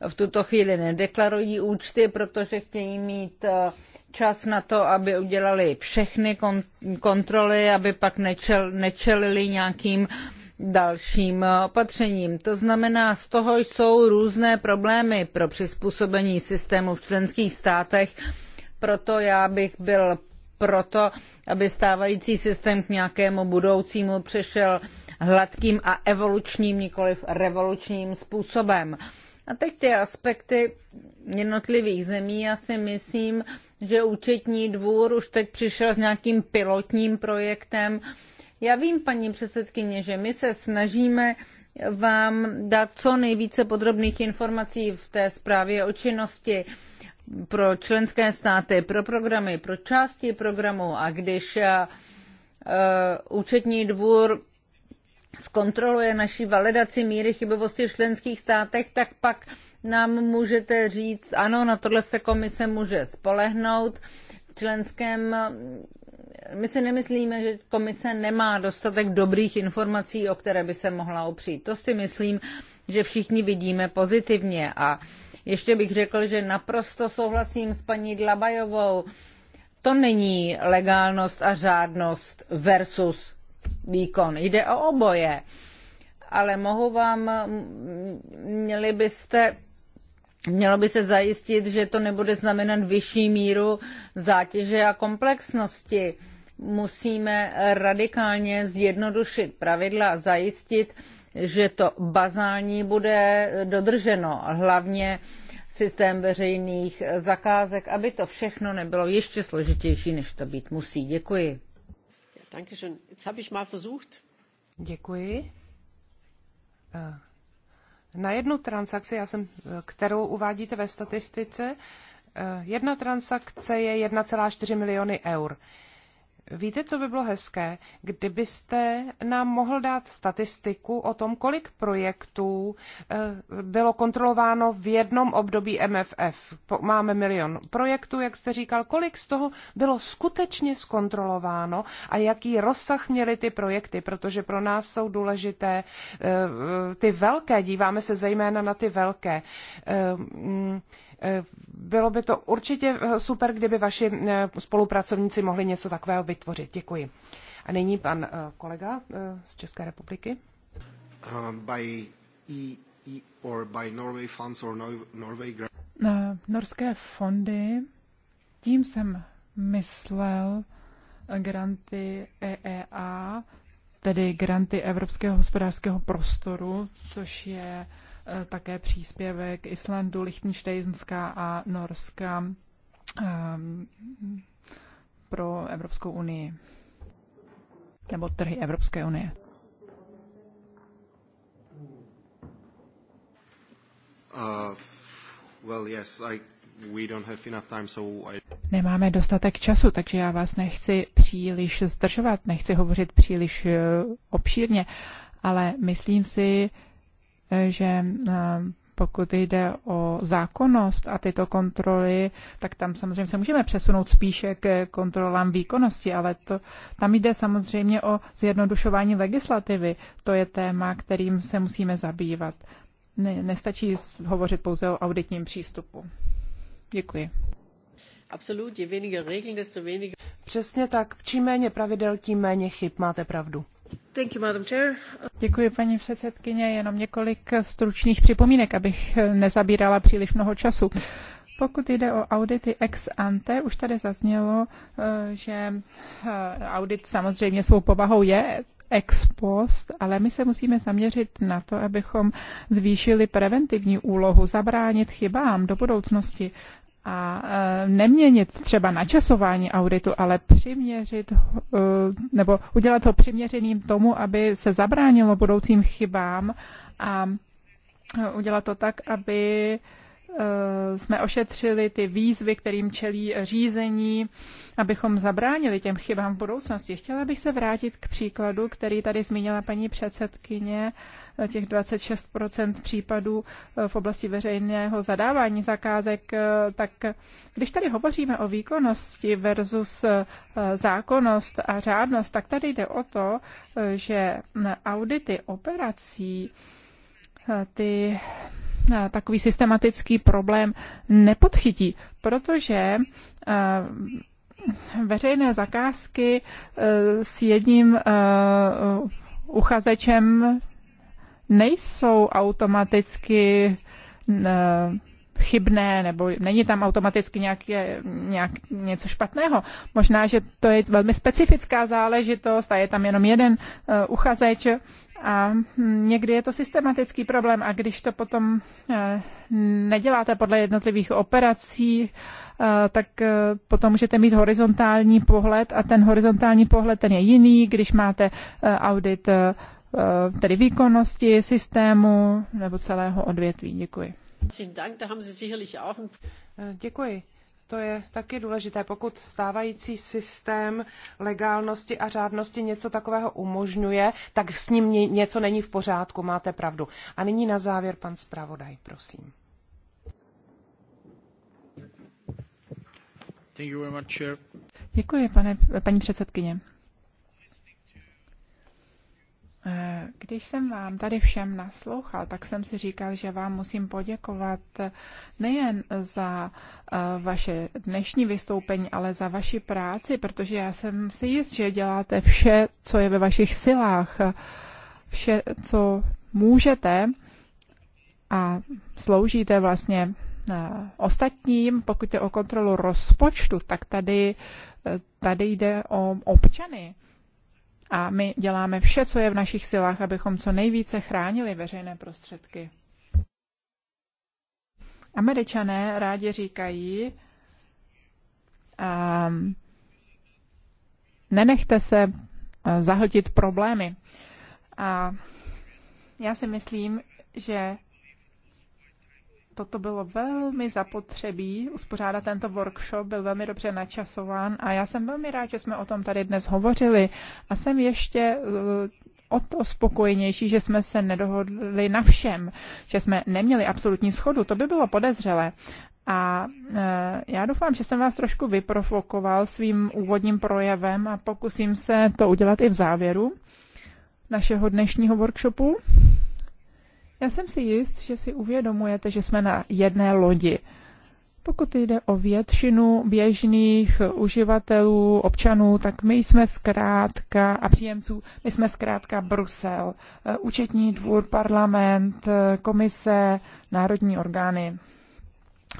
v tuto chvíli nedeklarují účty, protože chtějí mít eh, čas na to, aby udělali všechny kontroly, aby pak nečel, nečelili nějakým dalším eh, opatřením. To znamená, z toho jsou různé problémy pro přizpůsobení systému v členských státech, proto já bych byl proto, aby stávající systém k nějakému budoucímu přešel hladkým a evolučním, nikoliv revolučním způsobem. A teď ty aspekty jednotlivých zemí, já si myslím, že účetní dvůr už teď přišel s nějakým pilotním projektem. Já vím, paní předsedkyně, že my se snažíme vám dát co nejvíce podrobných informací v té zprávě o činnosti pro členské státy, pro programy, pro části programu. A když eh, účetní dvůr zkontroluje naši validaci míry chybovosti v členských státech, tak pak nám můžete říct, ano, na tohle se komise může spolehnout. V členském my si nemyslíme, že komise nemá dostatek dobrých informací, o které by se mohla opřít. To si myslím, že všichni vidíme pozitivně. A ještě bych řekl, že naprosto souhlasím s paní Dlabajovou. To není legálnost a řádnost versus výkon. Jde o oboje. Ale mohu vám, měli byste Mělo by se zajistit, že to nebude znamenat vyšší míru zátěže a komplexnosti. Musíme radikálně zjednodušit pravidla a zajistit, že to bazální bude dodrženo, hlavně systém veřejných zakázek, aby to všechno nebylo ještě složitější, než to být musí. Děkuji. Děkuji. Eh, na jednu transakci, já jsem, eh, kterou uvádíte ve statistice, eh, jedna transakce je 1,4 miliony eur. Víte, co by bylo hezké, kdybyste nám mohl dát statistiku o tom, kolik projektů eh, bylo kontrolováno v jednom období MFF. Máme milion projektů, jak jste říkal, kolik z toho bylo skutečně zkontrolováno a jaký rozsah měly ty projekty, protože pro nás jsou důležité eh, eh, ty velké, díváme se zejména na ty velké mm, Eh, bylo by to určitě eh, super, kdyby vaši eh, spolupracovníci mohli něco takového vytvořit. Děkuji. A nyní pan kolega z České republiky. Uh, by e, e, or by Norway funds or Norské fondy, tím jsem myslel granty EEA, tedy granty Evropského hospodářského prostoru, což je uh, Eh, také příspěvek Islandu, Lichtensteinska a Norska ehm, pro Evropskou unii nebo trhy Evropské unie. Uh, well, yes, I, we don't have enough time, so I... Nemáme dostatek času, takže já vás nechci příliš zdržovat, nechci hovořit příliš eh, obšírně, ale myslím si, že eh, pokud jde o zákonnost a tyto kontroly, tak tam samozřejmě se můžeme přesunout spíše k kontrolám výkonnosti, ale to, tam jde samozřejmě o zjednodušování legislativy. To je téma, kterým se musíme zabývat. Ne, nestačí hovořit pouze o auditním přístupu. Děkuji. Absolutně weniger Regeln, desto weniger... Přesně tak. Čím méně pravidel, tím méně chyb. Máte pravdu. Děkuji, paní předsedkyně. Jenom několik stručných připomínek, abych nezabírala příliš mnoho času. Pokud jde o audity ex ante, už tady zaznělo, eh, že eh, audit samozřejmě svou povahou je ex post, ale my se musíme zaměřit na to, abychom zvýšili preventivní úlohu, zabránit chybám do budoucnosti a e, neměnit třeba načasování auditu, ale přiměřit e, nebo udělat ho přiměřeným tomu, aby se zabránilo budoucím chybám a e, udělat to tak, aby jsme ošetřili ty výzvy, kterým čelí řízení, abychom zabránili těm chybám v budoucnosti. Chtěla bych se vrátit k příkladu, který tady zmínila paní předsedkyně těch 26 případů eh, v oblasti veřejného zadávání zakázek, eh, tak když tady hovoříme o výkonnosti versus eh, zákonnost a řádnost, tak tady jde o to, že audity operací ty takový systematický problém nepodchytí, protože veřejné zakázky s jedním uchazečem nejsou automaticky eh, chybné, nebo není tam automaticky nějaké, nějak, něco špatného. Možná, že to je velmi specifická záležitost a je tam jenom jeden eh, uchazeč a hm, někdy je to systematický problém a když to potom eh, neděláte podle jednotlivých operací, tak potom můžete mít horizontální pohled a ten horizontální pohled ten je jiný, když máte audit Eh, tedy výkonnosti systému nebo celého odvětví. Děkuji. Eh, děkuji. To je taky důležité. Pokud stávající systém legálnosti a řádnosti něco takového umožňuje, tak s ním něco není v pořádku, máte pravdu. A nyní na závěr pan zpravodaj, prosím. Děkuji, pane, paní předsedkyně. Když jsem vám tady všem naslouchal, tak jsem si říkal, že vám musím poděkovat nejen za eh, vaše dnešní vystoupení, ale za vaši práci, protože já jsem si jist, že děláte vše, co je ve vašich silách, vše, co můžete a sloužíte vlastně eh, ostatním. Pokud je o kontrolu rozpočtu, tak tady, eh, tady jde o občany a my děláme vše, co je v našich silách, abychom co nejvíce chránili veřejné prostředky. Američané rádi říkají, um, nenechte se eh, zahltit problémy. A já si myslím, že toto bylo velmi zapotřebí uspořádat tento workshop, byl velmi dobře načasován a já jsem velmi rád, že jsme o tom tady dnes hovořili a jsem ještě eh, o to spokojenější, že jsme se nedohodli na všem, že jsme neměli absolutní schodu, to by bylo podezřelé. A eh, já doufám, že jsem vás trošku vyprovokoval svým úvodním projevem a pokusím se to udělat i v závěru našeho dnešního workshopu. Já jsem si jist, že si uvědomujete, že jsme na jedné lodi. Pokud jde o většinu běžných uživatelů, občanů, tak my jsme zkrátka, a příjemců, my jsme zkrátka Brusel, eh, účetní dvůr, parlament, eh, komise, národní orgány.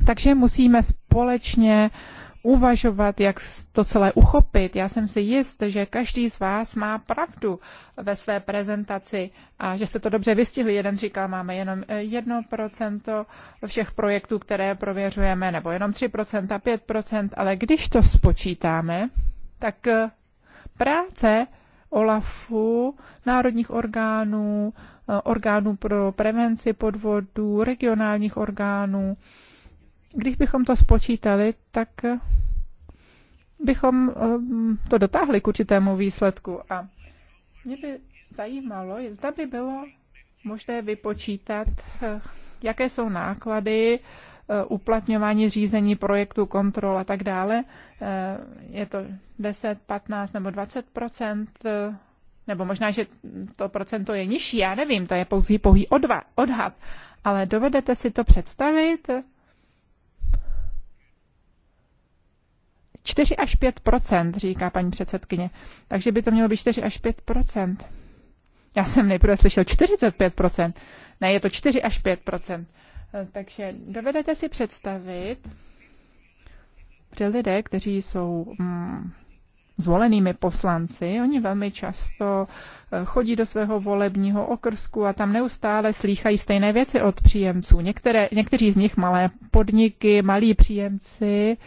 Takže musíme společně uh, uvažovat, jak to celé uchopit. Já jsem si jist, že každý z vás má pravdu ve své prezentaci a že jste to dobře vystihli. Jeden říkal, máme jenom 1% eh, všech projektů, které prověřujeme, nebo jenom 3%, 5%, ale když to spočítáme, tak eh, práce OLAFu, národních orgánů, eh, orgánů pro prevenci podvodů, regionálních orgánů, když bychom to spočítali, tak eh, bychom eh, to dotáhli k určitému výsledku. A mě by zajímalo, zda by bylo možné vypočítat, eh, jaké jsou náklady uplatňování řízení projektu, kontrol a tak dále. Je to 10, 15 nebo 20 nebo možná, že to procento je nižší, já nevím, to je pouze pouhý odva, odhad. Ale dovedete si to představit? 4 až 5 říká paní předsedkyně. Takže by to mělo být 4 až 5 Já jsem nejprve slyšel 45 Ne, je to 4 až 5 eh, Takže dovedete si představit, že lidé, kteří jsou mm, zvolenými poslanci, oni velmi často eh, chodí do svého volebního okrsku a tam neustále slýchají stejné věci od příjemců. Některé, někteří z nich malé podniky, malí příjemci,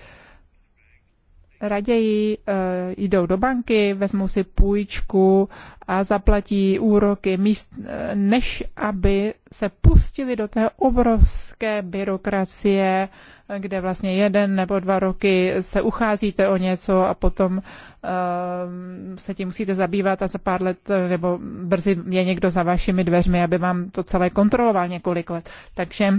raději eh, jdou do banky, vezmou si půjčku a zaplatí úroky, míst, eh, než aby se pustili do té obrovské byrokracie, kde vlastně jeden nebo dva roky se ucházíte o něco a potom uh, se tím musíte zabývat a za pár let nebo brzy je někdo za vašimi dveřmi, aby vám to celé kontroloval několik let. Takže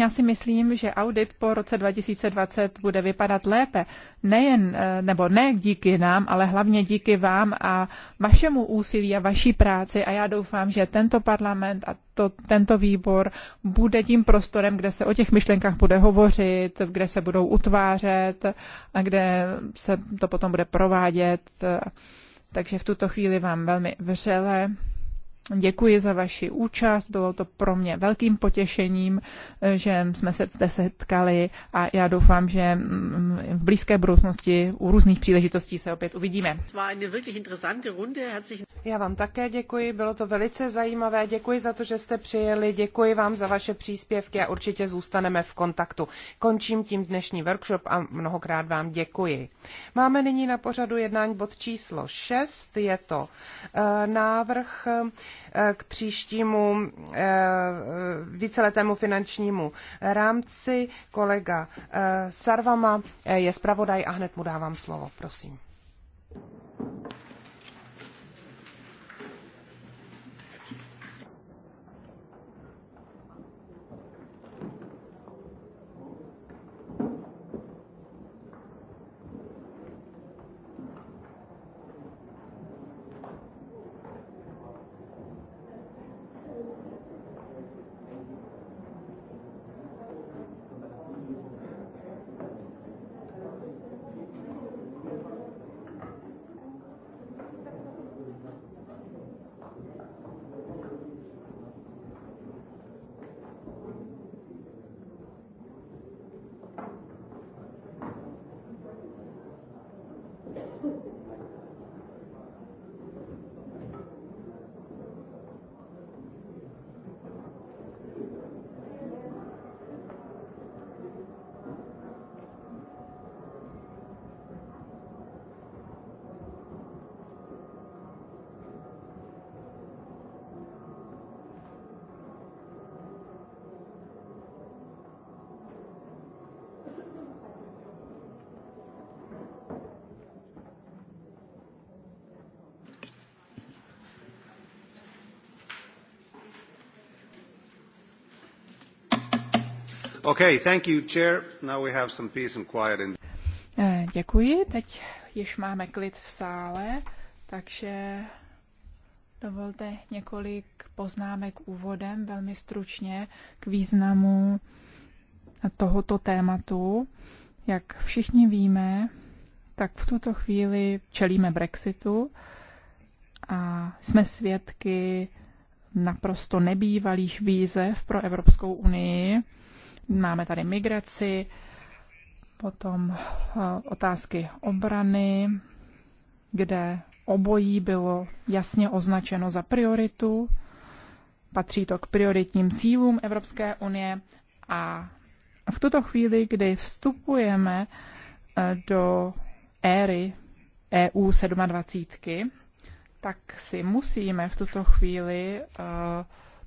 já si myslím, že audit po roce 2020 bude vypadat lépe. Nejen, eh, nebo ne díky nám, ale hlavně díky vám a vašemu úsilí a vaší práci. A já doufám, že tento parlament a to, tento výbor bude tím prostorem, kde se o těch myšlenkách bude hovořit, kde se budou utvářet a kde se to potom bude provádět. Eh, takže v tuto chvíli vám velmi vřele Děkuji za vaši účast, bylo to pro mě velkým potěšením, eh, že jsme se zde setkali a já doufám, že mm, v blízké budoucnosti u různých příležitostí se opět uvidíme. Já vám také děkuji, bylo to velice zajímavé, děkuji za to, že jste přijeli, děkuji vám za vaše příspěvky a určitě zůstaneme v kontaktu. Končím tím dnešní workshop a mnohokrát vám děkuji. Máme nyní na pořadu jednání bod číslo 6, je to eh, návrh Eh, k příštímu eh, víceletému finančnímu rámci. Kolega eh, Sarvama je zpravodaj a hned mu dávám slovo. Prosím. Děkuji, teď již máme klid v sále, takže dovolte několik poznámek úvodem, velmi stručně, k významu tohoto tématu. Jak všichni víme, tak v tuto chvíli čelíme Brexitu a jsme svědky naprosto nebývalých výzev pro Evropskou unii Máme tady migraci, potom eh, otázky obrany, kde obojí bylo jasně označeno za prioritu. Patří to k prioritním cílům Evropské unie a v tuto chvíli, kdy vstupujeme eh, do éry EU 27, tak si musíme v tuto chvíli eh,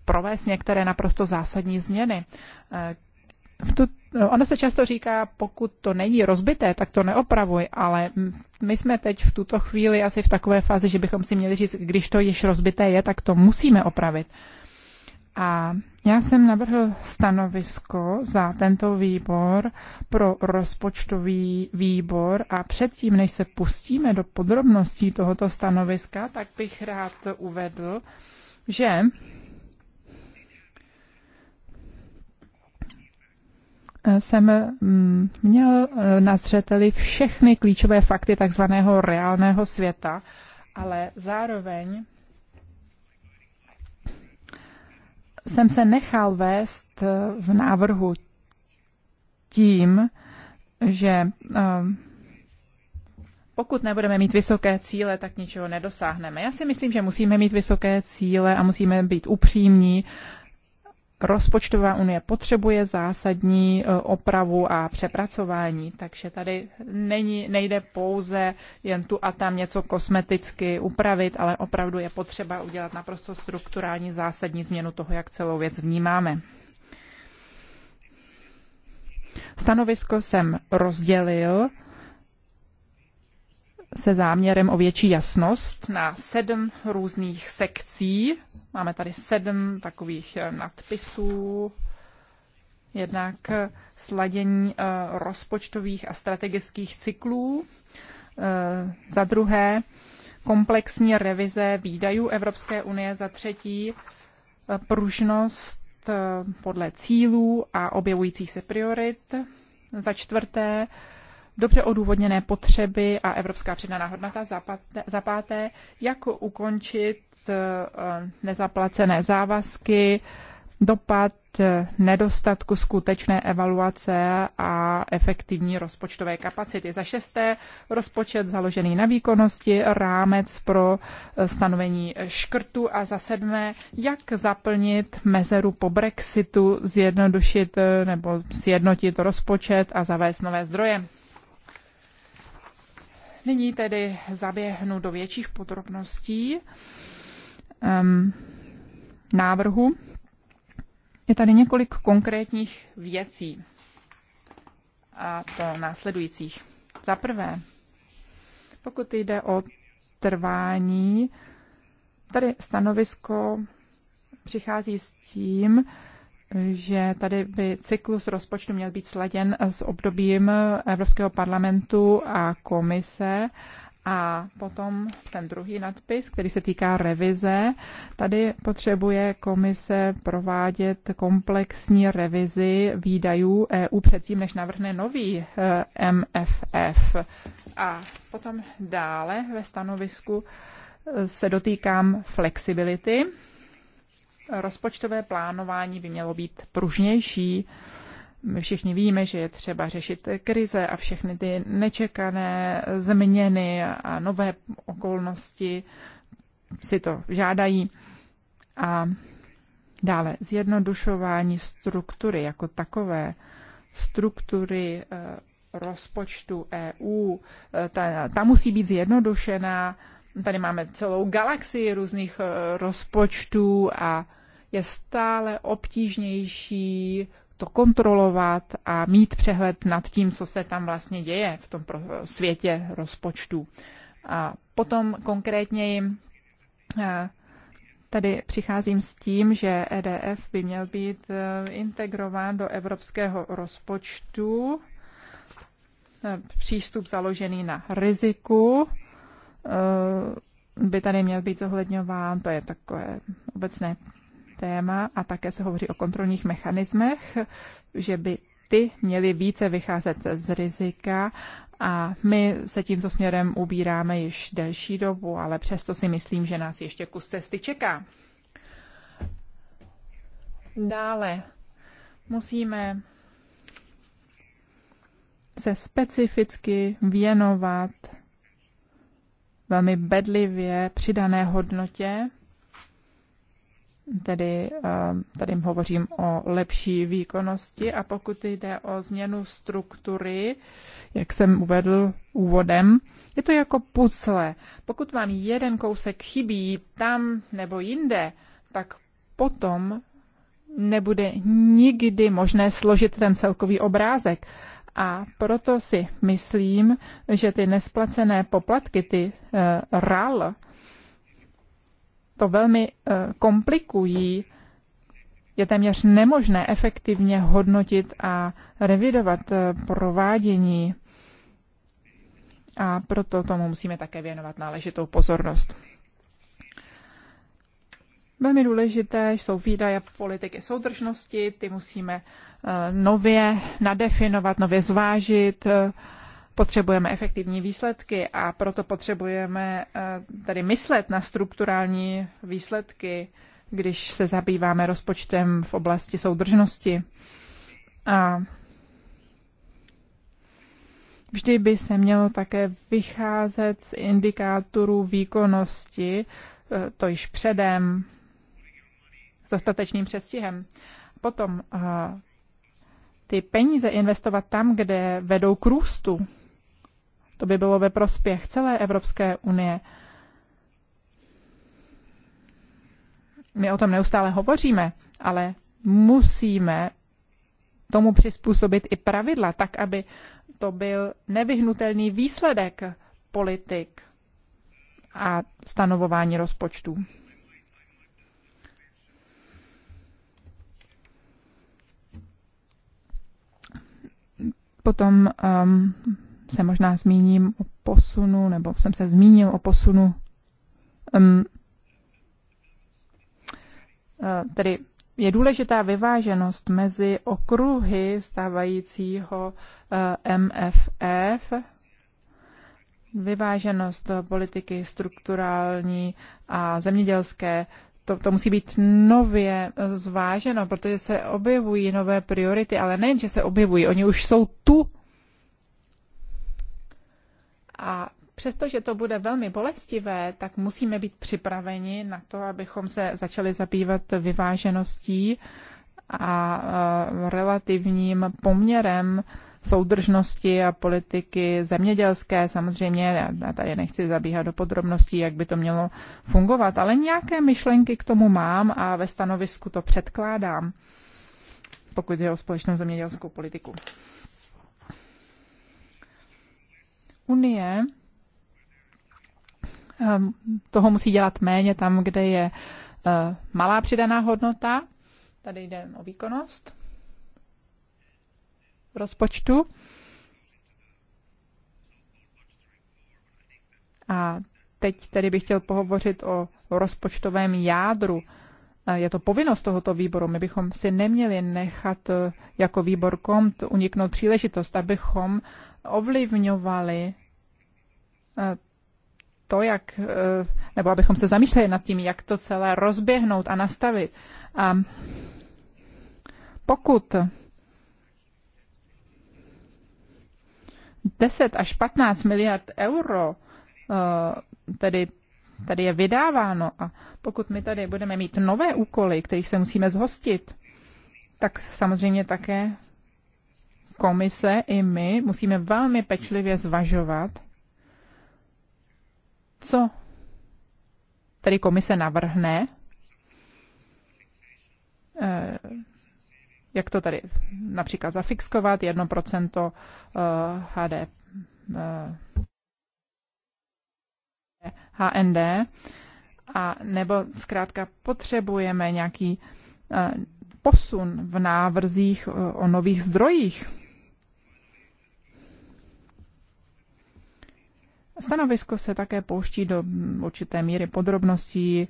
provést některé naprosto zásadní změny v tu, eh, ono se často říká, pokud to není rozbité, tak to neopravuj, ale my jsme teď v tuto chvíli asi v takové fázi, že bychom si měli říct, když to již rozbité je, tak to musíme opravit. A já jsem navrhl stanovisko za tento výbor pro rozpočtový výbor a předtím, než se pustíme do podrobností tohoto stanoviska, tak bych rád uvedl, že Eh, jsem mm, měl eh, na zřeteli všechny klíčové fakty takzvaného reálného světa, ale zároveň jsem se nechal vést eh, v návrhu tím, že pokud nebudeme mít vysoké cíle, tak ničeho nedosáhneme. Já si myslím, že musíme mít vysoké cíle a musíme být upřímní rozpočtová unie potřebuje zásadní e, opravu a přepracování, takže tady není, nejde pouze jen tu a tam něco kosmeticky upravit, ale opravdu je potřeba udělat naprosto strukturální zásadní změnu toho, jak celou věc vnímáme. Stanovisko jsem rozdělil se záměrem o větší jasnost na sedm různých sekcí. Máme tady sedm takových eh, nadpisů. Jednak eh, sladění eh, rozpočtových a strategických cyklů. Za druhé komplexní revize výdajů Evropské unie. Za třetí pružnost podle cílů a objevujících se priorit. Za čtvrté dobře odůvodněné potřeby a evropská přidaná hodnota. Za páté, jak ukončit eh, nezaplacené závazky, dopad eh, nedostatku skutečné evaluace a efektivní rozpočtové kapacity. Za šesté, rozpočet založený na výkonnosti, rámec pro eh, stanovení škrtu a za sedmé, jak zaplnit mezeru po Brexitu, zjednodušit nebo sjednotit rozpočet a zavést nové zdroje. Nyní tedy zaběhnu do větších podrobností um, návrhu. Je tady několik konkrétních věcí a to následujících. Za prvé, pokud jde o trvání, tady stanovisko přichází s tím, že tady by cyklus rozpočtu měl být sladěn s obdobím Evropského parlamentu a komise. A potom ten druhý nadpis, který se týká revize. Tady potřebuje komise provádět komplexní revizi výdajů EU předtím, než navrhne nový eh, MFF. A potom dále ve stanovisku se dotýkám flexibility rozpočtové plánování by mělo být pružnější. My všichni víme, že je třeba řešit krize a všechny ty nečekané změny a nové okolnosti si to žádají. A dále zjednodušování struktury jako takové, struktury eh, rozpočtu EU, eh, ta, ta musí být zjednodušená. Tady máme celou galaxii různých eh, rozpočtů a je stále obtížnější to kontrolovat a mít přehled nad tím, co se tam vlastně děje v tom světě rozpočtu. A potom jim eh, tady přicházím s tím, že EDF by měl být eh, integrován do evropského rozpočtu, eh, přístup založený na riziku, by tady měl být zohledňován, to je takové obecné téma a také se hovoří o kontrolních mechanismech, že by ty měly více vycházet z rizika a my se tímto směrem ubíráme již delší dobu, ale přesto si myslím, že nás ještě kus cesty čeká. Dále musíme se specificky věnovat velmi bedlivě přidané hodnotě tedy eh, tady hovořím o lepší výkonnosti a pokud jde o změnu struktury, jak jsem uvedl úvodem, je to jako pucle. Pokud vám jeden kousek chybí tam nebo jinde, tak potom nebude nikdy možné složit ten celkový obrázek. A proto si myslím, že ty nesplacené poplatky, ty uh, RAL, to velmi eh, komplikují, je téměř nemožné efektivně hodnotit a revidovat eh, provádění. A proto tomu musíme také věnovat náležitou pozornost. Velmi důležité jsou výdaje politiky soudržnosti, ty musíme eh, nově nadefinovat, nově zvážit, potřebujeme efektivní výsledky a proto potřebujeme eh, tady myslet na strukturální výsledky, když se zabýváme rozpočtem v oblasti soudržnosti. A vždy by se mělo také vycházet z indikátorů výkonnosti, eh, to již předem, s dostatečným předstihem. Potom eh, ty peníze investovat tam, kde vedou k růstu, to by bylo ve prospěch celé Evropské unie. My o tom neustále hovoříme, ale musíme tomu přizpůsobit i pravidla, tak aby to byl nevyhnutelný výsledek politik a stanovování rozpočtů. Potom um, se možná zmíním o posunu, nebo jsem se zmínil o posunu um, tedy je důležitá vyváženost mezi okruhy stávajícího eh, MFF, vyváženost politiky strukturální a zemědělské. To, to musí být nově eh, zváženo, protože se objevují nové priority, ale nejen, že se objevují, oni už jsou tu a přestože to bude velmi bolestivé, tak musíme být připraveni na to, abychom se začali zabývat vyvážeností a e, relativním poměrem soudržnosti a politiky zemědělské. Samozřejmě, já tady nechci zabíhat do podrobností, jak by to mělo fungovat, ale nějaké myšlenky k tomu mám a ve stanovisku to předkládám, pokud je o společnou zemědělskou politiku. unie ehm, toho musí dělat méně tam, kde je eh, malá přidaná hodnota. Tady jde o výkonnost rozpočtu. A teď tedy bych chtěl pohovořit o rozpočtovém jádru. Eh, je to povinnost tohoto výboru. My bychom si neměli nechat eh, jako výbor kont uniknout příležitost, abychom ovlivňovali Eh, to, jak, eh, nebo abychom se zamýšleli nad tím, jak to celé rozběhnout a nastavit. A pokud 10 až 15 miliard euro eh, tedy tady je vydáváno a pokud my tady budeme mít nové úkoly, kterých se musíme zhostit, tak samozřejmě také komise i my musíme velmi pečlivě zvažovat, co tedy komise navrhne, eh, jak to tady například zafixkovat, 1% HD, HND, a nebo zkrátka potřebujeme nějaký eh, posun v návrzích eh, o nových zdrojích Stanovisko se také pouští do určité míry podrobností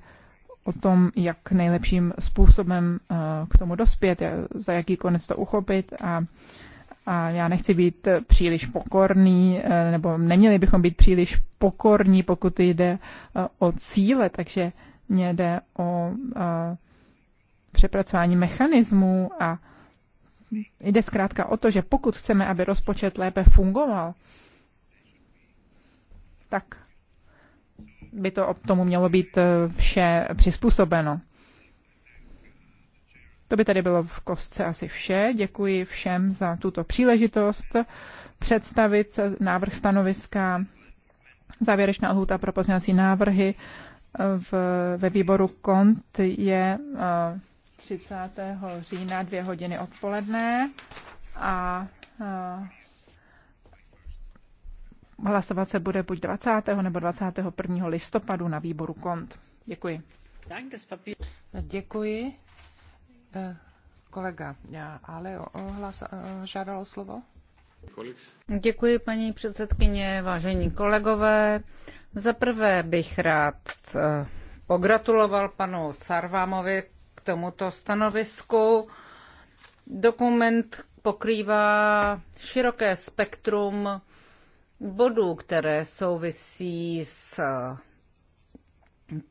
o tom, jak nejlepším způsobem eh, k tomu dospět, eh, za jaký konec to uchopit a a já nechci být příliš pokorný, eh, nebo neměli bychom být příliš pokorní, pokud jde o cíle, takže mě jde o přepracování mechanismů a jde zkrátka o to, že pokud chceme, aby rozpočet lépe fungoval, tak by to tomu mělo být eh, vše přizpůsobeno. To by tady bylo v kostce asi vše. Děkuji všem za tuto příležitost představit návrh stanoviska, závěrečná lhůta pro pozměňovací návrhy eh, v, ve výboru KONT je 30. Eh, října 2 hodiny odpoledne a Hlasovat se bude buď 20. nebo 21. listopadu na výboru KONT. Děkuji. Děkuji. Eh, kolega eh, Ale ohlas, eh, žádalo slovo. Děkuji, paní předsedkyně, vážení kolegové. Za prvé bych rád pogratuloval panu Sarvámovi k tomuto stanovisku. Dokument pokrývá široké spektrum bodů, které souvisí s eh,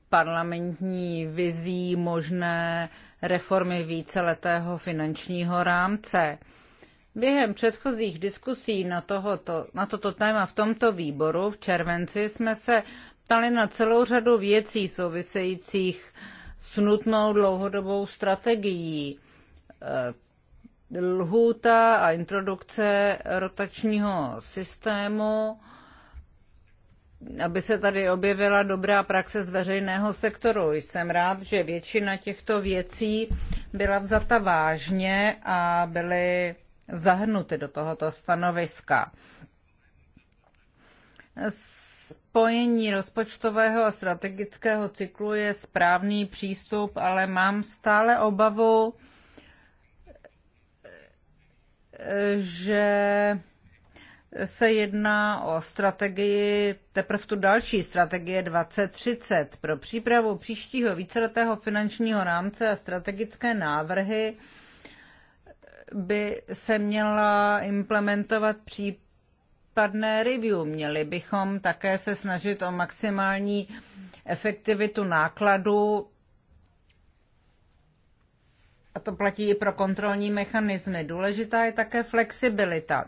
parlamentní vizí možné reformy víceletého finančního rámce. Během předchozích diskusí na, tohoto, na toto téma v tomto výboru v červenci jsme se ptali na celou řadu věcí souvisejících s nutnou dlouhodobou strategií eh, lhůta a introdukce rotačního systému, aby se tady objevila dobrá praxe z veřejného sektoru. Jsem rád, že většina těchto věcí byla vzata vážně a byly zahrnuty do tohoto stanoviska. Spojení rozpočtového a strategického cyklu je správný přístup, ale mám stále obavu, že se jedná o strategii, teprve tu další strategie 2030 pro přípravu příštího víceletého finančního rámce a strategické návrhy by se měla implementovat případné review. Měli bychom také se snažit o maximální efektivitu nákladu a to platí i pro kontrolní mechanismy. Důležitá je také flexibilita.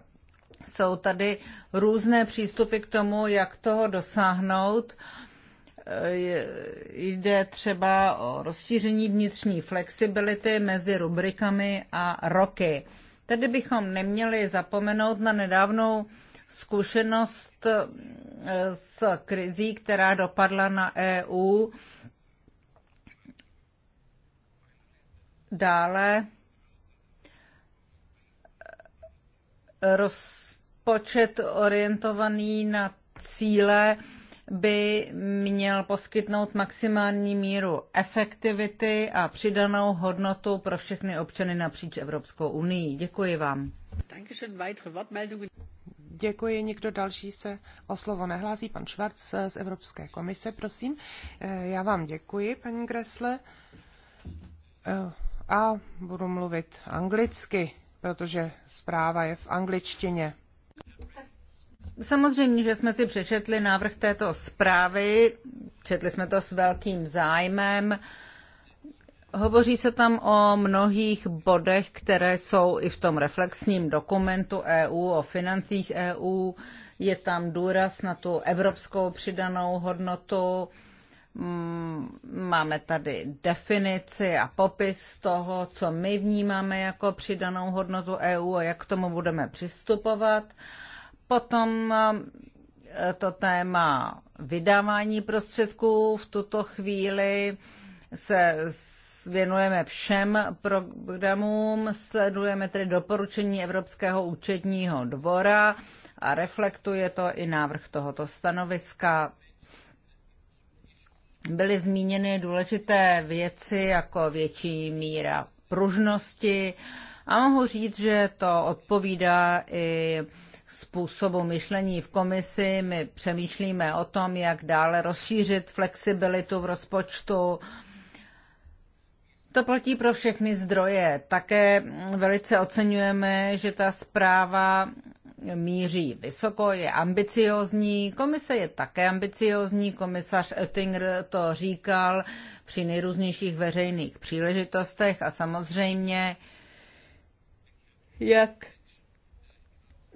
Jsou tady různé přístupy k tomu, jak toho dosáhnout. Jde třeba o rozšíření vnitřní flexibility mezi rubrikami a roky. Tedy bychom neměli zapomenout na nedávnou zkušenost eh, s krizí, která dopadla na EU Dále eh, rozpočet orientovaný na cíle by měl poskytnout maximální míru efektivity a přidanou hodnotu pro všechny občany napříč Evropskou unii. Děkuji vám. Děkuji. Nikdo další se o slovo nehlásí. Pan Švarc eh, z Evropské komise, prosím. Eh, já vám děkuji, paní Gresle a budu mluvit anglicky, protože zpráva je v angličtině. Samozřejmě, že jsme si přečetli návrh této zprávy, četli jsme to s velkým zájmem. Hovoří se tam o mnohých bodech, které jsou i v tom reflexním dokumentu EU, o financích EU. Je tam důraz na tu evropskou přidanou hodnotu. Mm, máme tady definici a popis toho, co my vnímáme jako přidanou hodnotu EU a jak k tomu budeme přistupovat. Potom eh, to téma vydávání prostředků. V tuto chvíli se věnujeme všem programům, sledujeme tedy doporučení Evropského účetního dvora a reflektuje to i návrh tohoto stanoviska byly zmíněny důležité věci jako větší míra pružnosti a mohu říct, že to odpovídá i způsobu myšlení v komisi. My přemýšlíme o tom, jak dále rozšířit flexibilitu v rozpočtu. To platí pro všechny zdroje. Také velice oceňujeme, že ta zpráva míří vysoko, je ambiciozní, komise je také ambiciozní, komisař Oettinger to říkal při nejrůznějších veřejných příležitostech a samozřejmě, jak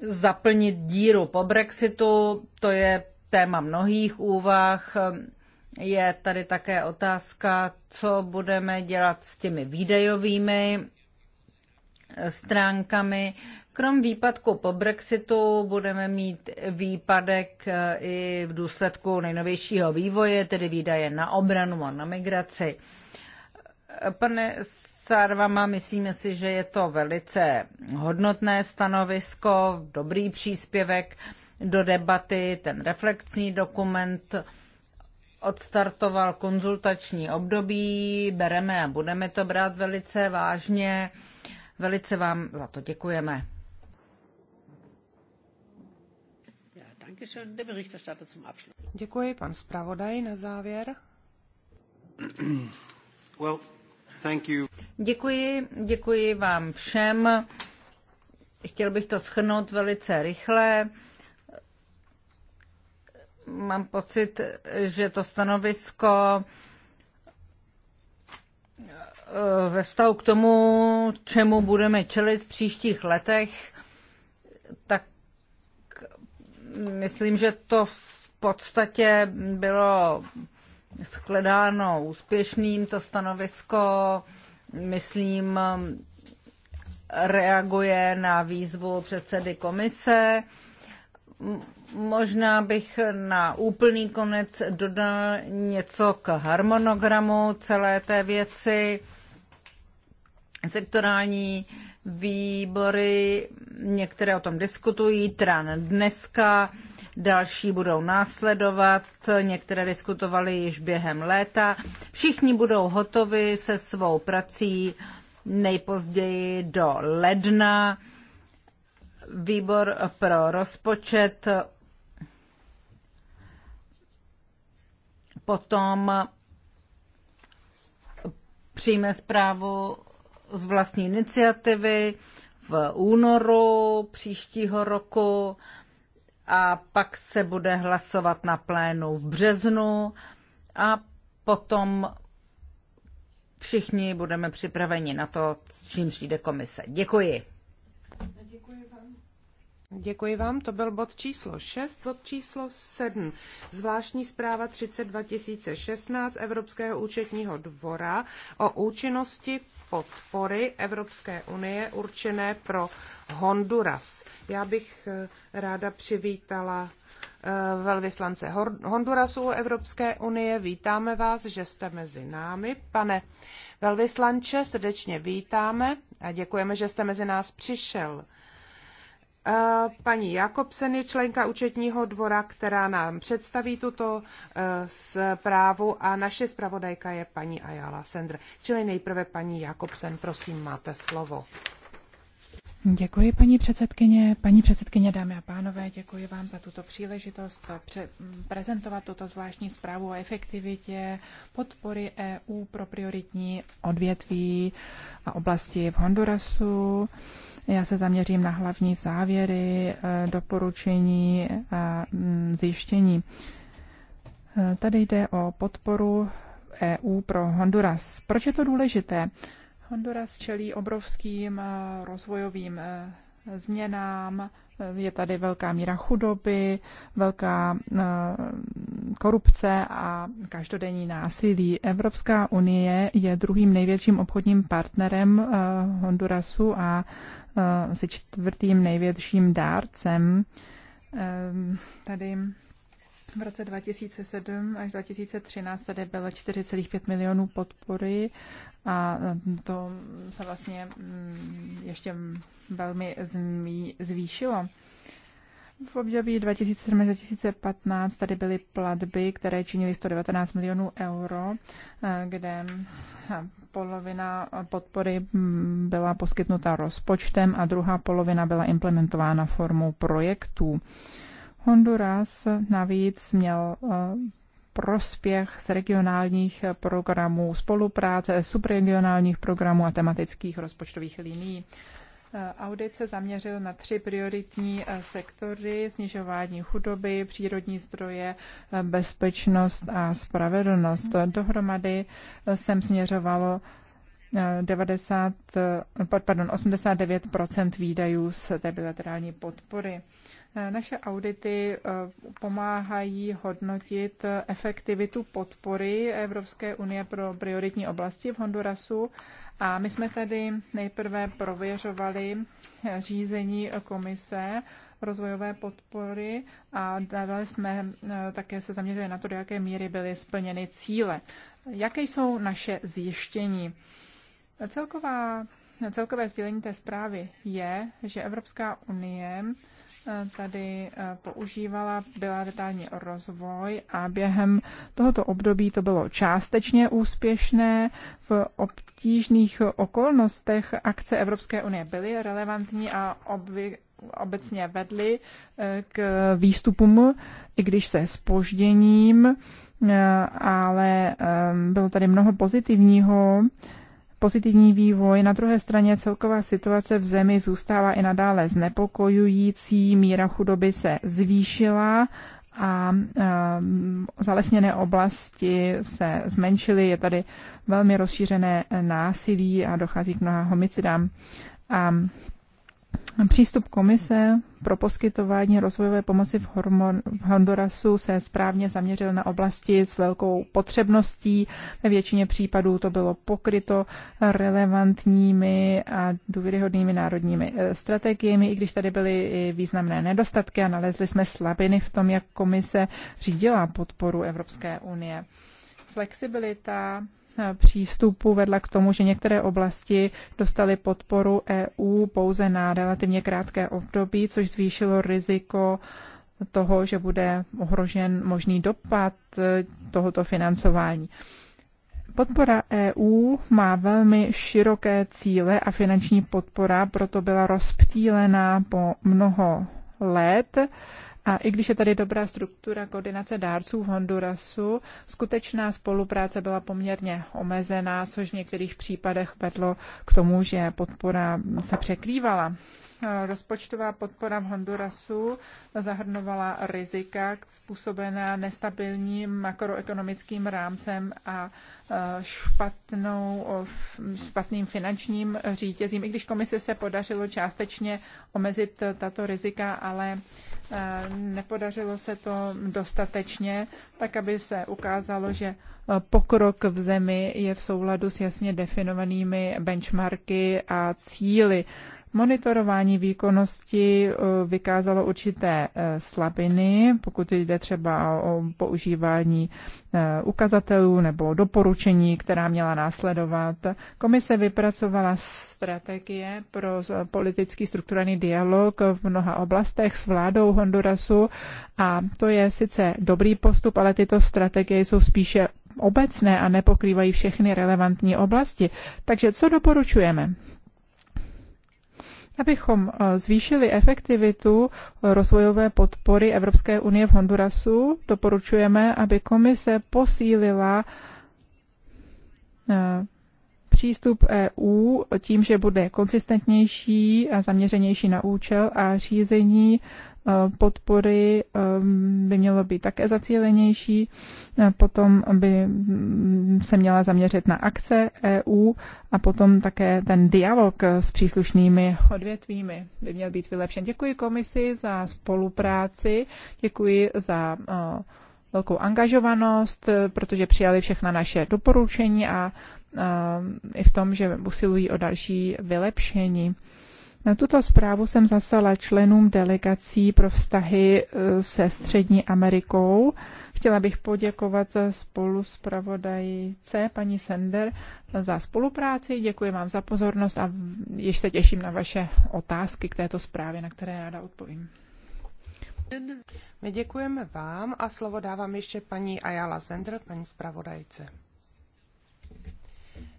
zaplnit díru po Brexitu, to je téma mnohých úvah. Je tady také otázka, co budeme dělat s těmi výdejovými stránkami. Krom výpadku po Brexitu budeme mít výpadek eh, i v důsledku nejnovějšího vývoje, tedy výdaje na obranu a na migraci. Pane Sarvama, myslíme si, že je to velice hodnotné stanovisko, dobrý příspěvek do debaty, ten reflexní dokument odstartoval konzultační období, bereme a budeme to brát velice vážně. Velice vám za to děkujeme. Děkuji, pan zpravodaj na závěr. Well, thank you. Děkuji, děkuji vám všem. Chtěl bych to schrnout velice rychle. Mám pocit, že to stanovisko eh, ve vztahu k tomu, čemu budeme čelit v příštích letech, tak Myslím, že to v podstatě bylo shledáno úspěšným. To stanovisko, myslím, reaguje na výzvu předsedy komise. Možná bych na úplný konec dodal něco k harmonogramu celé té věci. Sektorální výbory, některé o tom diskutují, TRAN dneska, další budou následovat, některé diskutovali již během léta. Všichni budou hotovi se svou prací nejpozději do ledna. Výbor pro rozpočet potom přijme zprávu z vlastní iniciativy v únoru příštího roku a pak se bude hlasovat na plénu v březnu a potom všichni budeme připraveni na to, s čím přijde komise. Děkuji. Děkuji vám. Děkuji vám, to byl bod číslo 6, bod číslo 7. Zvláštní zpráva 32 016 Evropského účetního dvora o účinnosti podpory Evropské unie určené pro Honduras. Já bych eh, ráda přivítala eh, velvyslance Hondurasu Evropské unie. Vítáme vás, že jste mezi námi. Pane velvyslanče, srdečně vítáme a děkujeme, že jste mezi nás přišel. Eh, paní Jakobsen je členka účetního dvora, která nám představí tuto eh, zprávu a naše zpravodajka je paní Ayala Sender. Čili nejprve paní Jakobsen, prosím, máte slovo. Děkuji, paní předsedkyně. Paní předsedkyně, dámy a pánové, děkuji vám za tuto příležitost pře- prezentovat tuto zvláštní zprávu o efektivitě podpory EU pro prioritní odvětví a oblasti v Hondurasu. Uh, já se zaměřím na hlavní závěry, eh, doporučení a mm, zjištění. Eh, tady jde o podporu EU pro Honduras. Proč je to důležité? Honduras čelí obrovským eh, rozvojovým změnám, je tady velká míra chudoby, velká eh, korupce a každodenní násilí. Evropská unie je druhým největším obchodním partnerem eh, Hondurasu a eh, se čtvrtým největším dárcem. Tady v roce 2007 až 2013 tady bylo 4,5 milionů podpory a mm, to se vlastně mm, ještě velmi zvýšilo. V období 2007-2015 až tady byly platby, které činily 119 milionů euro, eh, kde eh, polovina podpory mm, byla poskytnuta rozpočtem a druhá polovina byla implementována formou projektů. Honduras navíc měl eh, prospěch z regionálních programů spolupráce, subregionálních programů a tematických rozpočtových linií. Eh, audit se zaměřil na tři prioritní eh, sektory, snižování chudoby, přírodní zdroje, bezpečnost a spravedlnost. Dohromady sem směřovalo 90, pardon, 89 výdajů z té bilaterální podpory. Naše audity eh, pomáhají hodnotit efektivitu podpory Evropské unie pro prioritní oblasti v Hondurasu a my jsme tady nejprve prověřovali eh, řízení komise rozvojové podpory a dále jsme eh, také se zaměřili na to, do jaké míry byly splněny cíle. Jaké jsou naše zjištění? Celková, celkové sdělení té zprávy je, že Evropská unie tady eh, používala, byla detailní rozvoj a během tohoto období to bylo částečně úspěšné. V obtížných okolnostech akce Evropské unie byly relevantní a obvy, obecně vedly eh, k výstupům, i když se spožděním, eh, ale bylo tady mnoho pozitivního pozitivní vývoj. Na druhé straně celková situace v zemi zůstává i nadále znepokojující, míra chudoby se zvýšila a eh, zalesněné oblasti se zmenšily, je tady velmi rozšířené násilí a dochází k mnoha homicidám. A Přístup komise pro poskytování rozvojové pomoci v, Hormon, v Hondurasu se správně zaměřil na oblasti s velkou potřebností. Ve většině případů to bylo pokryto relevantními a důvěryhodnými národními eh, strategiemi, i když tady byly i významné nedostatky a nalezli jsme slabiny v tom, jak komise řídila podporu Evropské unie. Flexibilita přístupu vedla k tomu, že některé oblasti dostaly podporu EU pouze na relativně krátké období, což zvýšilo riziko toho, že bude ohrožen možný dopad eh, tohoto financování. Podpora EU má velmi široké cíle a finanční podpora proto byla rozptýlená po mnoho let a i když je tady dobrá struktura koordinace dárců v Hondurasu, skutečná spolupráce byla poměrně omezená, což v některých případech vedlo k tomu, že podpora se překrývala rozpočtová podpora v Hondurasu zahrnovala rizika způsobená nestabilním makroekonomickým rámcem a e, špatnou, špatným finančním řítězím. I když komise se podařilo částečně omezit tato rizika, ale e, nepodařilo se to dostatečně, tak aby se ukázalo, že e, pokrok v zemi je v souladu s jasně definovanými benchmarky a cíly. Monitorování výkonnosti eh, vykázalo určité eh, slabiny, pokud jde třeba o používání eh, ukazatelů nebo doporučení, která měla následovat. Komise vypracovala strategie pro politický strukturální dialog v mnoha oblastech s vládou Hondurasu a to je sice dobrý postup, ale tyto strategie jsou spíše obecné a nepokrývají všechny relevantní oblasti. Takže co doporučujeme? Abychom eh, zvýšili efektivitu eh, rozvojové podpory Evropské unie v Hondurasu, doporučujeme, aby komise posílila eh, přístup EU tím, že bude konsistentnější a zaměřenější na účel a řízení Eh, podpory eh, by mělo být také zacílenější. Eh, potom by mm, se měla zaměřit na akce EU a potom také ten dialog s příslušnými odvětvími by měl být vylepšen. Děkuji komisi za spolupráci, děkuji za velkou angažovanost, protože přijali všechna naše doporučení a i v tom, že usilují o další vylepšení. Na tuto zprávu jsem zaslala členům delegací pro vztahy e, se Střední Amerikou. Chtěla bych poděkovat spolu zpravodajice paní Sender za spolupráci. Děkuji vám za pozornost a již se těším na vaše otázky k této zprávě, na které ráda odpovím. My děkujeme vám a slovo dávám ještě paní Ayala Sender, paní zpravodajce.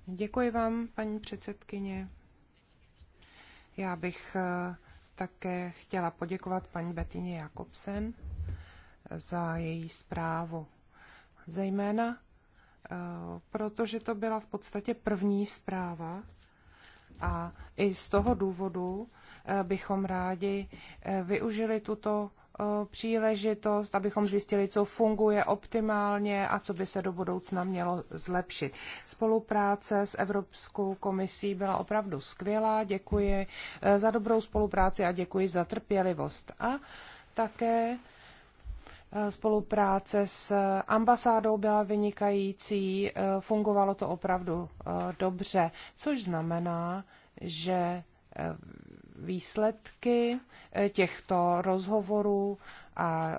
Děkuji vám, paní předsedkyně. Já bych eh, také chtěla poděkovat paní Betině Jakobsen eh, za její zprávu. Zejména eh, protože to byla v podstatě první zpráva a i z toho důvodu bychom rádi využili tuto příležitost, abychom zjistili, co funguje optimálně a co by se do budoucna mělo zlepšit. Spolupráce s Evropskou komisí byla opravdu skvělá. Děkuji e, za dobrou spolupráci a děkuji za trpělivost. A také e, Spolupráce s ambasádou byla vynikající, e, fungovalo to opravdu dobře, což znamená, že výsledky eh, těchto rozhovorů a eh,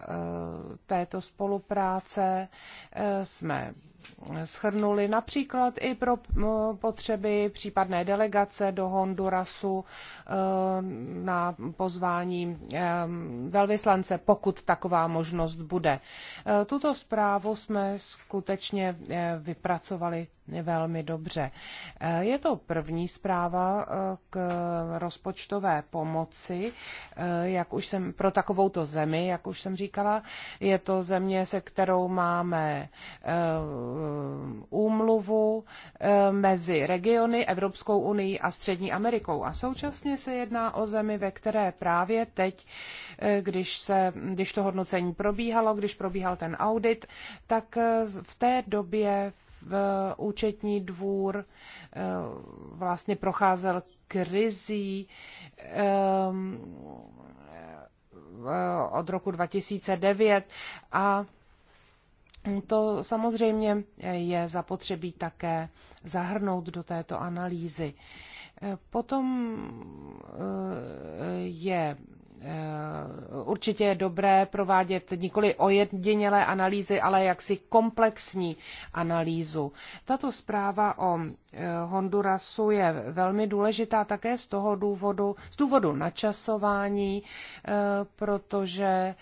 této spolupráce eh, jsme schrnuli například i pro potřeby případné delegace do Hondurasu na pozvání velvyslance, pokud taková možnost bude. Tuto zprávu jsme skutečně vypracovali velmi dobře. Eh, je to první zpráva eh, k rozpočtové pomoci, eh, jak už jsem pro takovouto zemi, jak už jsem říkala, je to země, se kterou máme úmluvu mezi regiony Evropskou unii a Střední Amerikou. A současně se jedná o zemi, ve které právě teď, když, se, když to hodnocení probíhalo, když probíhal ten audit, tak v té době v eh, účetní dvůr eh, vlastně procházel krizí ehm, eh, od roku 2009 a to samozřejmě je zapotřebí také zahrnout do této analýzy. Potom je Eh, určitě je dobré provádět nikoli ojedinělé analýzy, ale jaksi komplexní analýzu. Tato zpráva o eh, Hondurasu je velmi důležitá také z toho důvodu, z důvodu načasování, eh, protože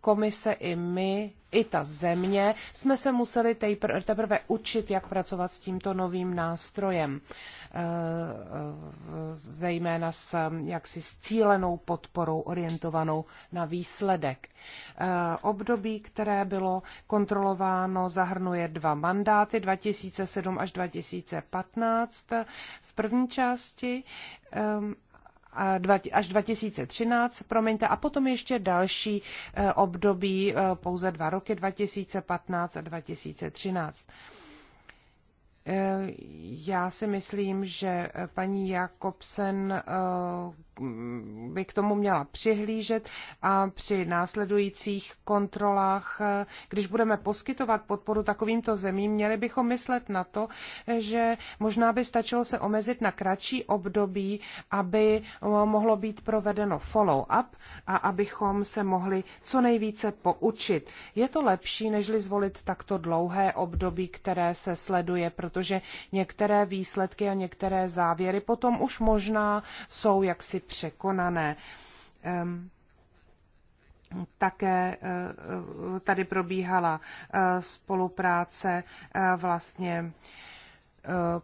komise i my, i ta země jsme se museli teprve učit, jak pracovat s tímto novým nástrojem. Eh, zejména s mm, jaksi s cílenou podporou orientovanou na výsledek. Eh, období, které bylo kontrolováno, zahrnuje dva mandáty 2007 až 2015. V první části ehm, až 2013, promiňte, a potom ještě další eh, období, pouze dva roky, 2015 a 2013. Eh, já si myslím, že eh, paní Jakobsen eh, by k tomu měla přihlížet a při následujících kontrolách, eh, když budeme poskytovat podporu takovýmto zemím, měli bychom myslet na to, že možná by stačilo se omezit na kratší období, aby eh, mohlo být provedeno follow-up a abychom se mohli co nejvíce poučit. Je to lepší, nežli zvolit takto dlouhé období, které se sleduje, protože některé výsledky a některé závěry potom už možná jsou jaksi překonané. Také e, e, tady probíhala e, spolupráce vlastně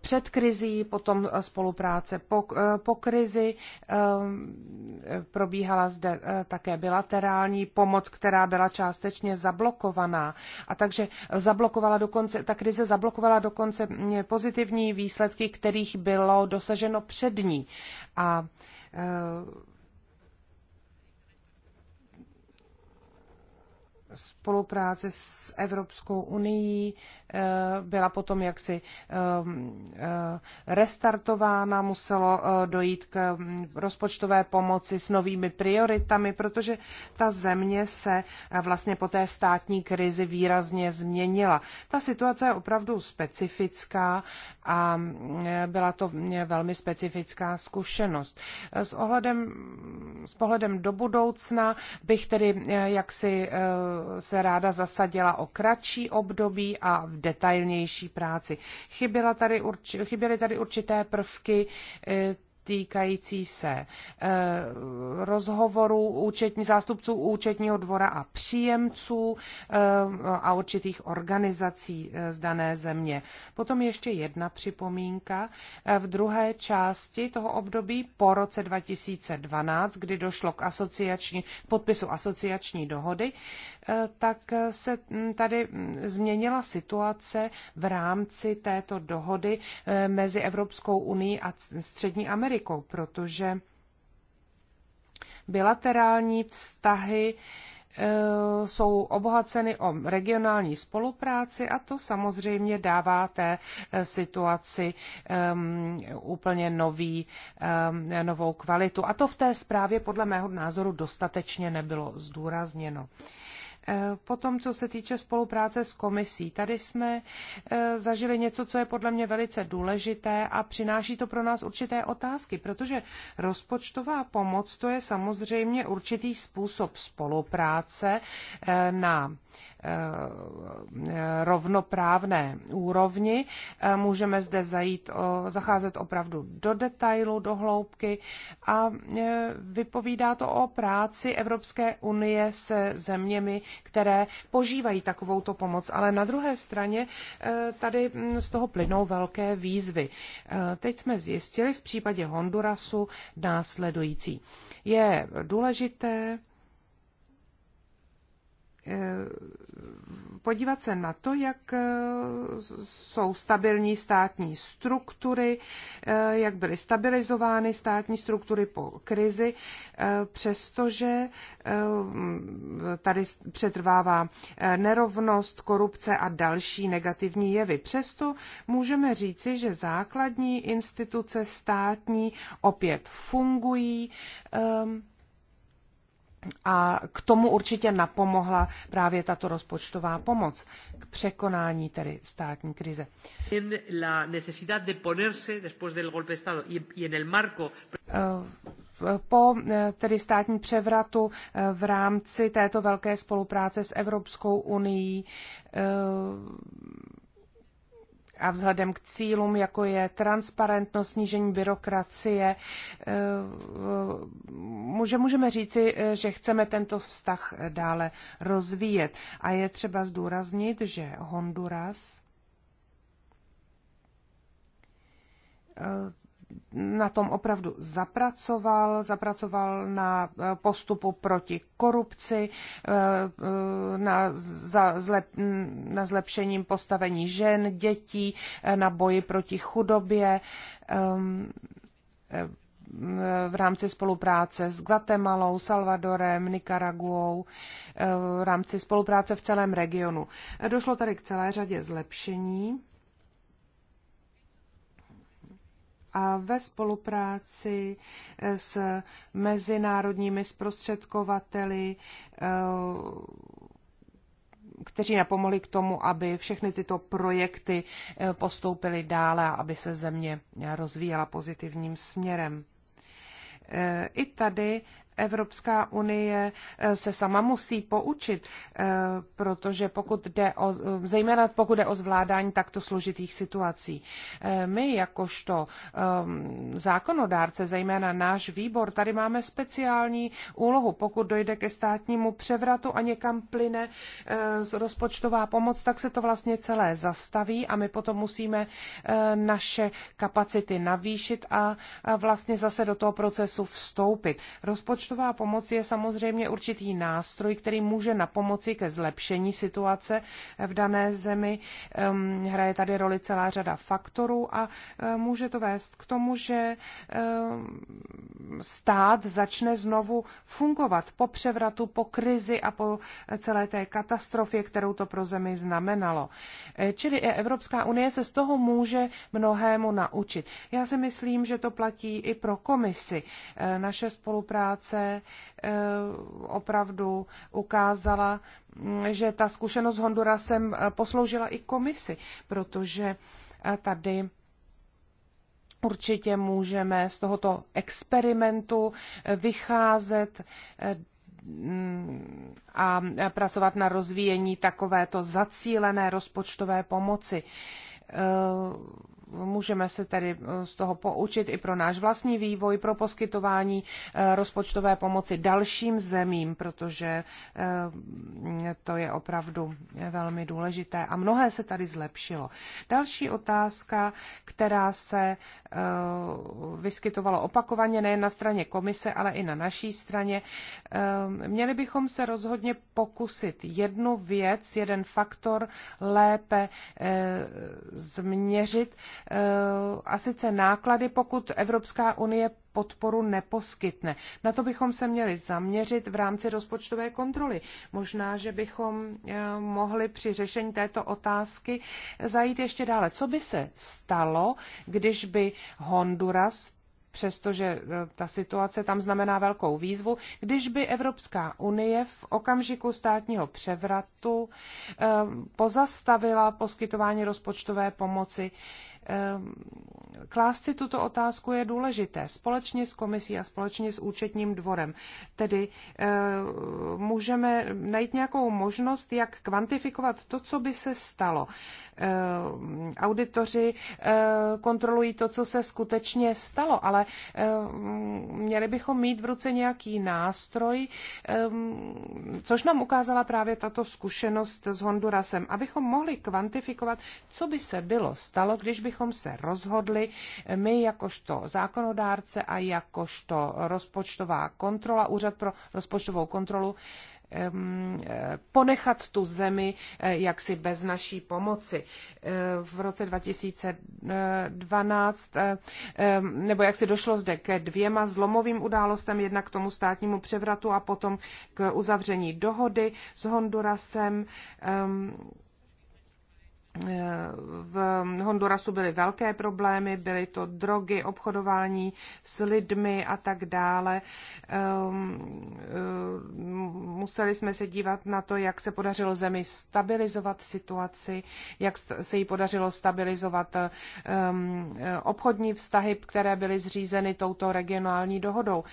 před krizí, potom spolupráce po, po krizi. Probíhala zde také bilaterální pomoc, která byla částečně zablokovaná. A takže zablokovala dokonce, ta krize zablokovala dokonce pozitivní výsledky, kterých bylo dosaženo před ní. A spolupráce s Evropskou unii Eh, byla potom jaksi ehm, eh, restartována, muselo eh, dojít k mm, rozpočtové pomoci s novými prioritami, protože ta země se vlastně po té státní krizi výrazně změnila. Ta situace je opravdu specifická a mm, byla to mm, velmi specifická zkušenost. S, ohledem, s pohledem do budoucna bych tedy jaksi se ráda zasadila o kratší období a v detailnější práci. Chyběla tady urč- chyběly tady určité prvky, eh, týkající se eh, rozhovorů účetní, zástupců účetního dvora a příjemců eh, a určitých organizací eh, z dané země. Potom ještě jedna připomínka. V druhé části toho období po roce 2012, kdy došlo k asociační, podpisu asociační dohody, tak se hm, tady hm, změnila situace v rámci této dohody mezi Evropskou unii a Střední Amerikou politikou, protože bilaterální vztahy e, jsou obohaceny o regionální spolupráci a to samozřejmě dává té e, situaci um, úplně nový, um, novou kvalitu. A to v té zprávě podle mého názoru dostatečně nebylo zdůrazněno. Uh, Potom, co se týče spolupráce s komisí, tady jsme eh, zažili něco, co je podle mě velice důležité a přináší to pro nás určité otázky, protože rozpočtová pomoc to je samozřejmě určitý způsob spolupráce eh, na Eh, rovnoprávné úrovni. Eh, můžeme zde zajít zacházet opravdu do detailu, do hloubky a eh, vypovídá to o práci Evropské unie se zeměmi, které požívají takovouto pomoc. Ale na druhé straně tady hm, z toho plynou velké výzvy. Teď jsme zjistili v případě Hondurasu následující. Je důležité, Eh, podívat se na to, jak eh, jsou stabilní státní struktury, eh, jak byly stabilizovány státní struktury po krizi, přestože tady přetrvává nerovnost, korupce a další negativní jevy. Přesto můžeme říci, že základní instituce státní opět fungují. A k tomu určitě napomohla právě tato rozpočtová pomoc k překonání tedy státní krize. Eh, po eh, tedy státní převratu eh, v rámci této velké spolupráce s Evropskou unii a vzhledem k cílům, jako je transparentnost, snížení byrokracie, může, eh, eh, můžeme říci, eh, že chceme tento vztah dále rozvíjet. A je třeba zdůraznit, že Honduras na tom opravdu zapracoval, zapracoval na eh, postupu proti korupci, eh, eh, na, za, zlep, na zlepšením postavení žen, dětí, na boji proti chudobě, ehm, v rámci spolupráce s Guatemalou, Salvadorem, Nikaraguou, v rámci spolupráce v celém regionu. Došlo tady k celé řadě zlepšení a ve spolupráci eh, s mezinárodními zprostředkovateli, eh, kteří napomohli k tomu, aby všechny tyto projekty eh, postoupily dále a aby se země rozvíjela pozitivním směrem. I tady Evropská unie eh, se sama musí poučit, eh, protože pokud jde o, eh, zejména pokud jde o zvládání takto složitých situací. My jakožto ehm, zákonodárce, zejména náš výbor, tady máme speciální úlohu. Pokud dojde ke státnímu převratu a někam plyne rozpočtová pomoc, tak se to vlastně celé zastaví a my potom musíme naše kapacity navýšit a vlastně zase do toho procesu vstoupit. Rozpočtová Rozpočtová pomoc je samozřejmě určitý nástroj, který může na pomoci ke zlepšení situace v dané zemi. Hraje tady roli celá řada faktorů a eh, může to vést k tomu, že eh, stát začne znovu fungovat po převratu, po krizi a po eh, celé té katastrofě, kterou to pro zemi znamenalo. Čili i Evropská unie se z toho může mnohému naučit. Já si myslím, že to platí i pro komisi. Naše spolupráce se eh, opravdu ukázala, mm, že ta zkušenost s Hondurasem eh, posloužila i komisi, protože eh, tady určitě můžeme z tohoto experimentu vycházet mm, a pracovat na rozvíjení takovéto zacílené rozpočtové pomoci Můžeme se tedy eh, z toho poučit i pro náš vlastní vývoj, pro poskytování eh, rozpočtové pomoci dalším zemím, protože eh, to je opravdu velmi důležité a mnohé se tady zlepšilo. Další otázka, která se Eh, vyskytovalo opakovaně nejen na straně komise, ale i na naší straně. Eh, měli bychom se rozhodně pokusit jednu věc, jeden faktor lépe eh, změřit, a sice náklady, pokud Evropská unie podporu neposkytne. Na to bychom se měli zaměřit v rámci rozpočtové kontroly. Možná, že bychom eh, mohli při řešení této otázky zajít ještě dále. Co by se stalo, když by Honduras přestože eh, ta situace tam znamená velkou výzvu, když by Evropská unie v okamžiku státního převratu eh, pozastavila poskytování rozpočtové pomoci Ehm, klást si tuto otázku je důležité společně s komisí a společně s účetním dvorem. Tedy ehm, můžeme najít nějakou možnost, jak kvantifikovat to, co by se stalo. Eh, auditoři eh, kontrolují to, co se skutečně stalo, ale eh, měli bychom mít v ruce nějaký nástroj, což nám ukázala právě tato zkušenost s Hondurasem, abychom mohli kvantifikovat, co by se bylo stalo, když bychom se rozhodli my jakožto zákonodárce a jakožto rozpočtová kontrola, úřad pro rozpočtovou kontrolu, Eh, ponechat tu zemi eh, jaksi bez naší pomoci. Eh, v roce 2012, nebo jak se došlo zde ke dvěma zlomovým událostem, jednak k tomu státnímu převratu a potom k uzavření dohody s Hondurasem v Hondurasu byly velké problémy, byly to drogy, obchodování s lidmi a tak dále. Ehm, ehm, museli jsme se dívat na to, jak se podařilo zemi stabilizovat situaci, jak se jí podařilo stabilizovat ehm, obchodní vztahy, které byly zřízeny touto regionální dohodou.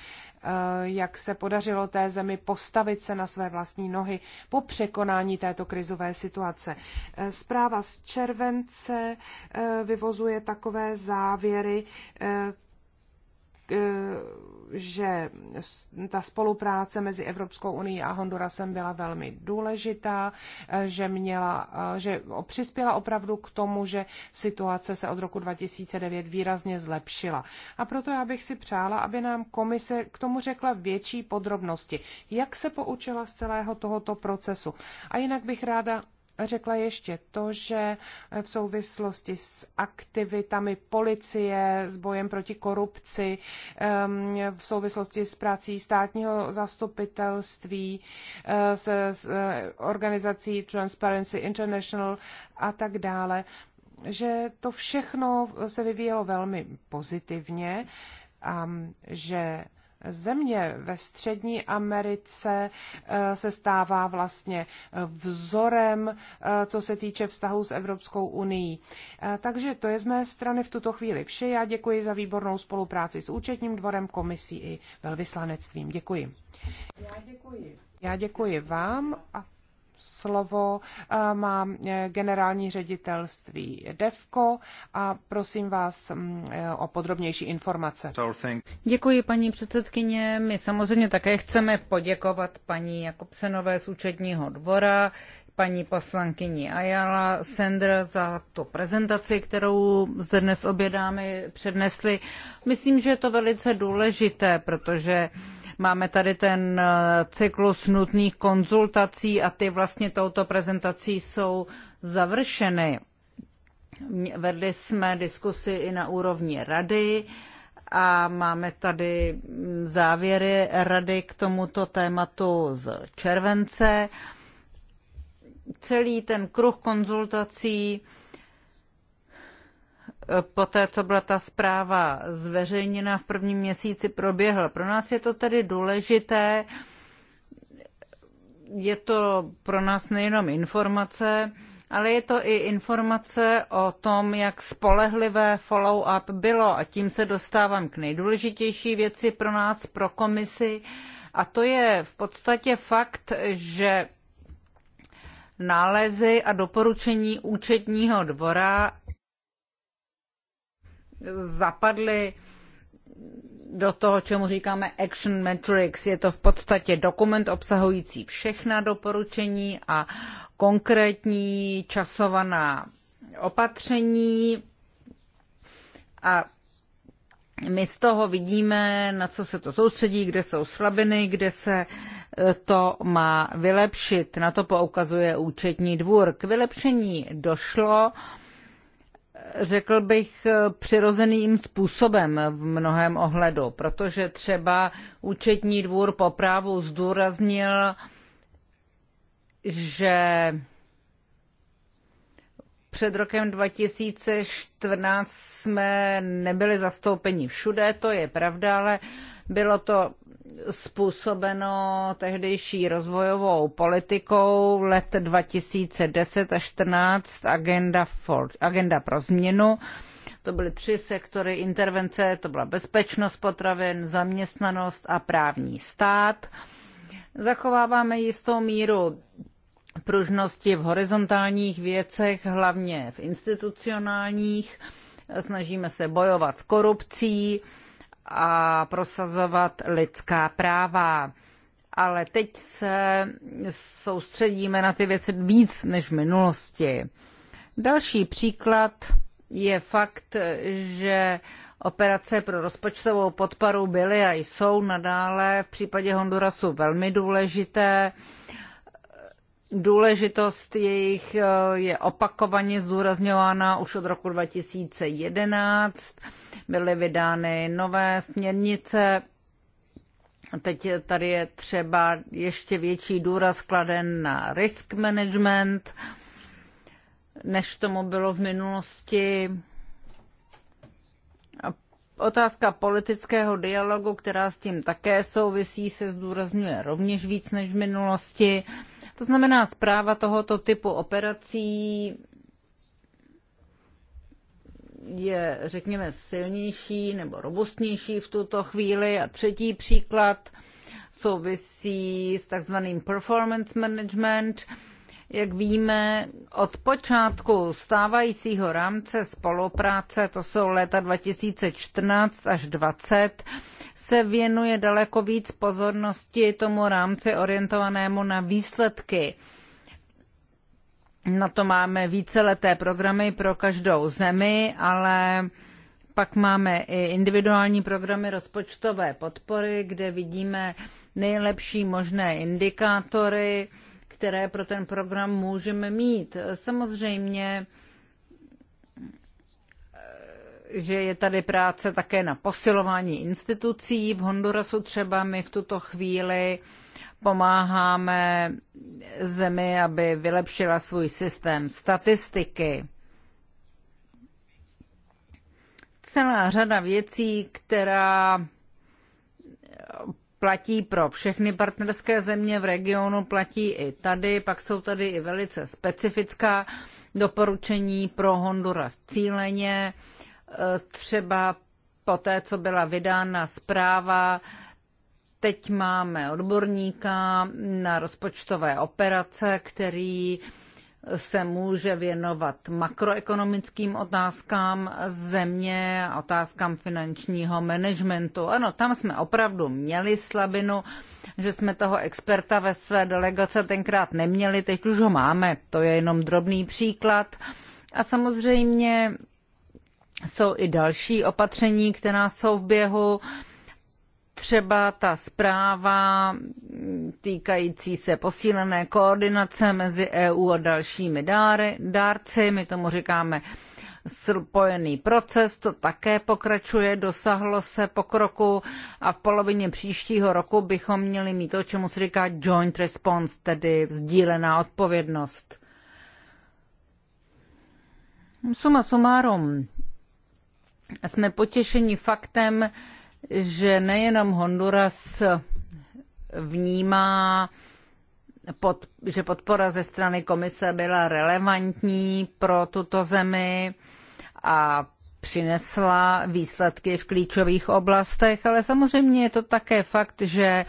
Eh, jak se podařilo té zemi postavit se na své vlastní nohy po překonání této krizové situace. Eh, zpráva z července eh, vyvozuje takové závěry, Eh, že ta spolupráce mezi Evropskou unii a Hondurasem byla velmi důležitá, eh, že, měla, eh, že přispěla opravdu k tomu, že situace se od roku 2009 výrazně zlepšila. A proto já bych si přála, aby nám komise k tomu řekla větší podrobnosti, jak se poučila z celého tohoto procesu. A jinak bych ráda řekla ještě to, že v souvislosti s aktivitami policie, s bojem proti korupci, v souvislosti s prací státního zastupitelství, eh, s, eh, organizací Transparency International a tak dále, že to všechno se vyvíjelo velmi pozitivně a že země ve Střední Americe eh, se stává vlastně eh, vzorem, eh, co se týče vztahu s Evropskou unii. Takže to je z mé strany v tuto chvíli vše. Já děkuji za výbornou spolupráci s účetním dvorem, komisí i velvyslanectvím. Děkuji. Já děkuji. Já děkuji vám a slovo eh, má eh, generální ředitelství DEVKO a prosím vás mm, eh, o podrobnější informace. Děkuji paní předsedkyně. My samozřejmě také chceme poděkovat paní Jakobsenové z účetního dvora, paní poslankyni Ayala Sender za tu prezentaci, kterou zde dnes obědáme přednesli. Myslím, že je to velice důležité, protože Máme tady ten eh, cyklus nutných konzultací a ty vlastně touto prezentací jsou završeny. Vedli jsme diskusy i na úrovni rady a máme tady mm, závěry rady k tomuto tématu z července. Celý ten kruh konzultací poté, co byla ta zpráva zveřejněna v prvním měsíci, proběhl. Pro nás je to tedy důležité, je to pro nás nejenom informace, ale je to i informace o tom, jak spolehlivé follow-up bylo. A tím se dostávám k nejdůležitější věci pro nás, pro komisi. A to je v podstatě fakt, že nálezy a doporučení účetního dvora zapadli do toho, čemu říkáme Action Metrics. Je to v podstatě dokument obsahující všechna doporučení a konkrétní časovaná opatření. A my z toho vidíme, na co se to soustředí, kde jsou slabiny, kde se eh, to má vylepšit. Na to poukazuje účetní dvůr. K vylepšení došlo, řekl bych, eh, přirozeným způsobem v mnohem ohledu, protože třeba účetní dvůr po právu zdůraznil, že před rokem 2014 jsme nebyli zastoupeni všude, to je pravda, ale bylo to způsobeno tehdejší rozvojovou politikou let 2010 a 14 Agenda, for, Agenda pro změnu. To byly tři sektory intervence, to byla bezpečnost potravin, zaměstnanost a právní stát. Zachováváme jistou míru pružnosti v horizontálních věcech, hlavně v institucionálních. Snažíme se bojovat s korupcí, a prosazovat lidská práva. Ale teď se soustředíme na ty věci víc než v minulosti. Další příklad je fakt, že operace pro rozpočtovou podporu byly a jsou nadále v případě Hondurasu velmi důležité Důležitost jejich eh, je opakovaně zdůrazňována už od roku 2011. Byly vydány nové směrnice. Teď tady je třeba ještě větší důraz kladen na risk management, než tomu bylo v minulosti. Otázka politického dialogu, která s tím také souvisí, se zdůrazňuje rovněž víc než v minulosti. To znamená, zpráva tohoto typu operací je, řekněme, silnější nebo robustnější v tuto chvíli. A třetí příklad souvisí s takzvaným performance management. Jak víme, od počátku stávajícího rámce spolupráce, to jsou léta 2014 až 2020, se věnuje daleko víc pozornosti tomu rámci orientovanému na výsledky. Na to máme víceleté programy pro každou zemi, ale pak máme i individuální programy rozpočtové podpory, kde vidíme nejlepší možné indikátory, které pro ten program můžeme mít. Samozřejmě, eh, že je tady práce také na posilování institucí. V Hondurasu třeba my v tuto chvíli pomáháme zemi, aby vylepšila svůj systém statistiky. Celá řada věcí, která platí pro všechny partnerské země v regionu, platí i tady, pak jsou tady i velice specifická doporučení pro Honduras cíleně, e, třeba po té, co byla vydána zpráva, teď máme odborníka na rozpočtové operace, který se může věnovat makroekonomickým otázkám země, otázkám finančního managementu. Ano, tam jsme opravdu měli slabinu, že jsme toho experta ve své delegace tenkrát neměli, teď už ho máme. To je jenom drobný příklad. A samozřejmě jsou i další opatření, která jsou v běhu třeba ta zpráva týkající se posílené koordinace mezi EU a dalšími dáry, dárci, my tomu říkáme spojený proces, to také pokračuje, dosahlo se pokroku a v polovině příštího roku bychom měli mít to, čemu se říká joint response, tedy vzdílená odpovědnost. Suma sumárom jsme potěšeni faktem, že nejenom Honduras vnímá, pod, že podpora ze strany komise byla relevantní pro tuto zemi a přinesla výsledky v klíčových oblastech, ale samozřejmě je to také fakt, že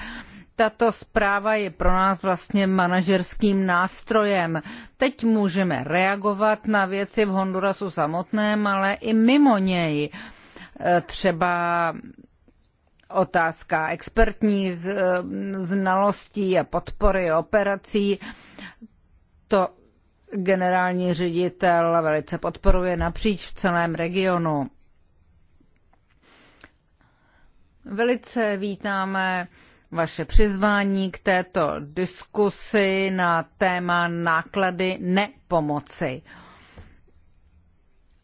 tato zpráva je pro nás vlastně manažerským nástrojem. Teď můžeme reagovat na věci v Hondurasu samotném, ale i mimo něj. E, třeba otázka expertních eh, znalostí a podpory operací. To generální ředitel velice podporuje napříč v celém regionu. Velice vítáme vaše přizvání k této diskusi na téma náklady nepomoci.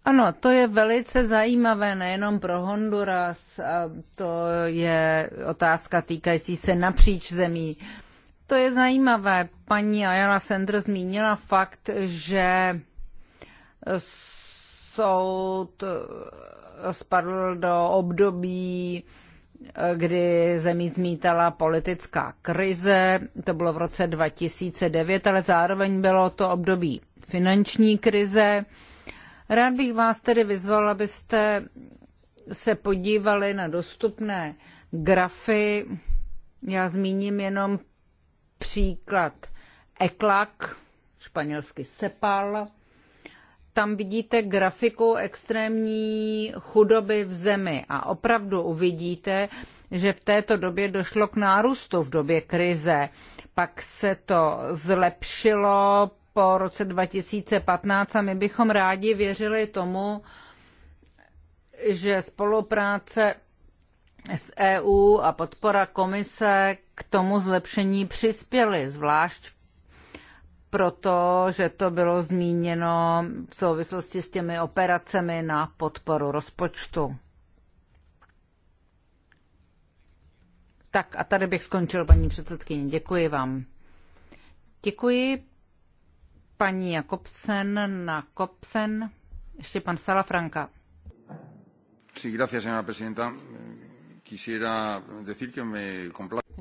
Ano, to je velice zajímavé nejenom pro Honduras, to je otázka týkající se napříč zemí. To je zajímavé. Paní Ayala Sender zmínila fakt, že soud spadl do období, kdy zemí zmítala politická krize. To bylo v roce 2009, ale zároveň bylo to období finanční krize. Rád bych vás tedy vyzval, abyste se podívali na dostupné grafy. Já zmíním jenom příklad ECLAC, španělsky SEPAL. Tam vidíte grafiku extrémní chudoby v zemi a opravdu uvidíte, že v této době došlo k nárůstu v době krize. Pak se to zlepšilo po roce 2015 a my bychom rádi věřili tomu, že spolupráce s EU a podpora komise k tomu zlepšení přispěly, zvlášť proto, že to bylo zmíněno v souvislosti s těmi operacemi na podporu rozpočtu. Tak a tady bych skončil, paní předsedkyně. Děkuji vám. Děkuji paní Jakobsen na Kopsen. Ještě pan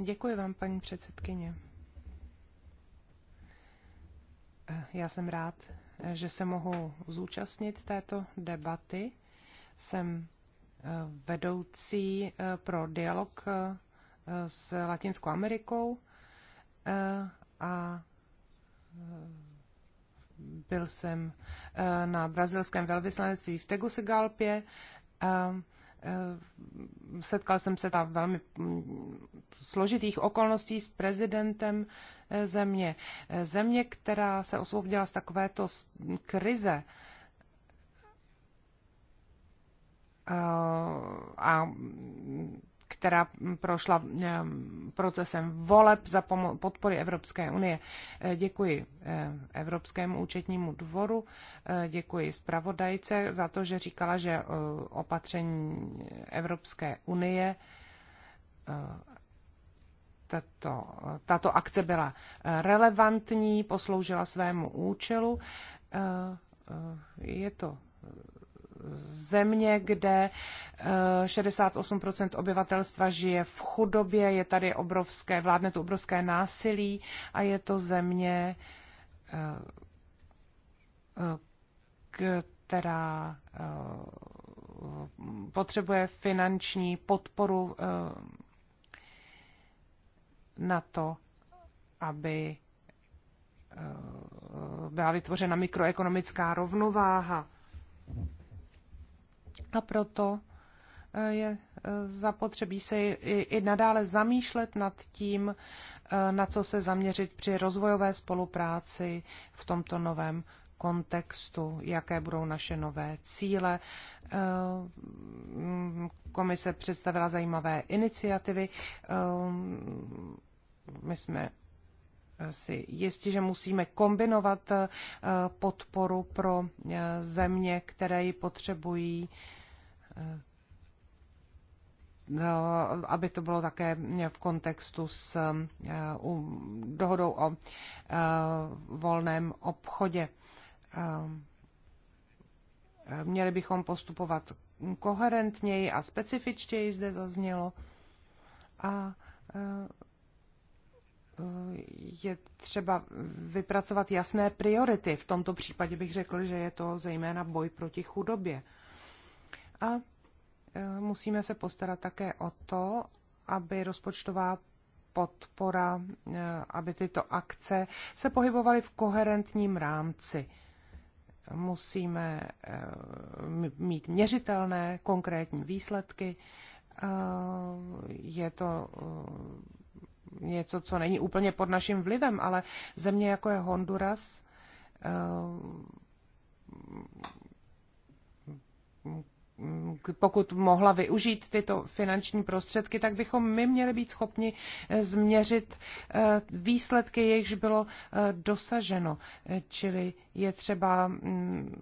Děkuji vám, paní předsedkyně. Já jsem rád, že se mohu zúčastnit této debaty. Jsem eh, vedoucí eh, pro dialog eh, s Latinskou Amerikou a byl jsem eh, na brazilském velvyslanectví v Tegucigalpě. Eh, setkal jsem se tam velmi mm, složitých okolností s prezidentem eh, země. Země, která se osvobodila z takovéto krize, a mm, která prošla eh, procesem voleb za podpory Evropské unie. Eh, děkuji eh, Evropskému účetnímu dvoru, děkuji zpravodajce za to, že říkala, že opatření Evropské unie tato, tato akce byla relevantní, posloužila svému účelu. Je to země, kde 68% eh, obyvatelstva žije v chudobě, je tady obrovské, vládne tu obrovské násilí a je to země, eh, eh, která potřebuje finanční podporu na to, aby byla vytvořena mikroekonomická rovnováha. A proto eh, je eh, zapotřebí se i nadále zamýšlet nad tím, eh, na co se zaměřit při rozvojové spolupráci v tomto novém kontextu, jaké budou naše nové cíle. Komise představila zajímavé iniciativy. My jsme si jistí, že musíme kombinovat eh, podporu pro eh, země, které ji potřebují, eh, no, aby to bylo také v kontextu s dohodou o volném obchodě. Měli bychom postupovat koherentněji a specifičtěji, zde zaznělo. A je třeba vypracovat jasné priority. V tomto případě bych řekl, že je to zejména boj proti chudobě. A e, musíme se postarat také o to, aby rozpočtová podpora, e, aby tyto akce se pohybovaly v koherentním rámci. Musíme e, mít měřitelné konkrétní výsledky. Je to něco, co není úplně pod naším vlivem, ale země jako je Honduras, eh, pokud mohla využít tyto finanční prostředky, tak bychom my měli být schopni eh, změřit eh, výsledky, jejichž bylo dosaženo. Čili je třeba mm,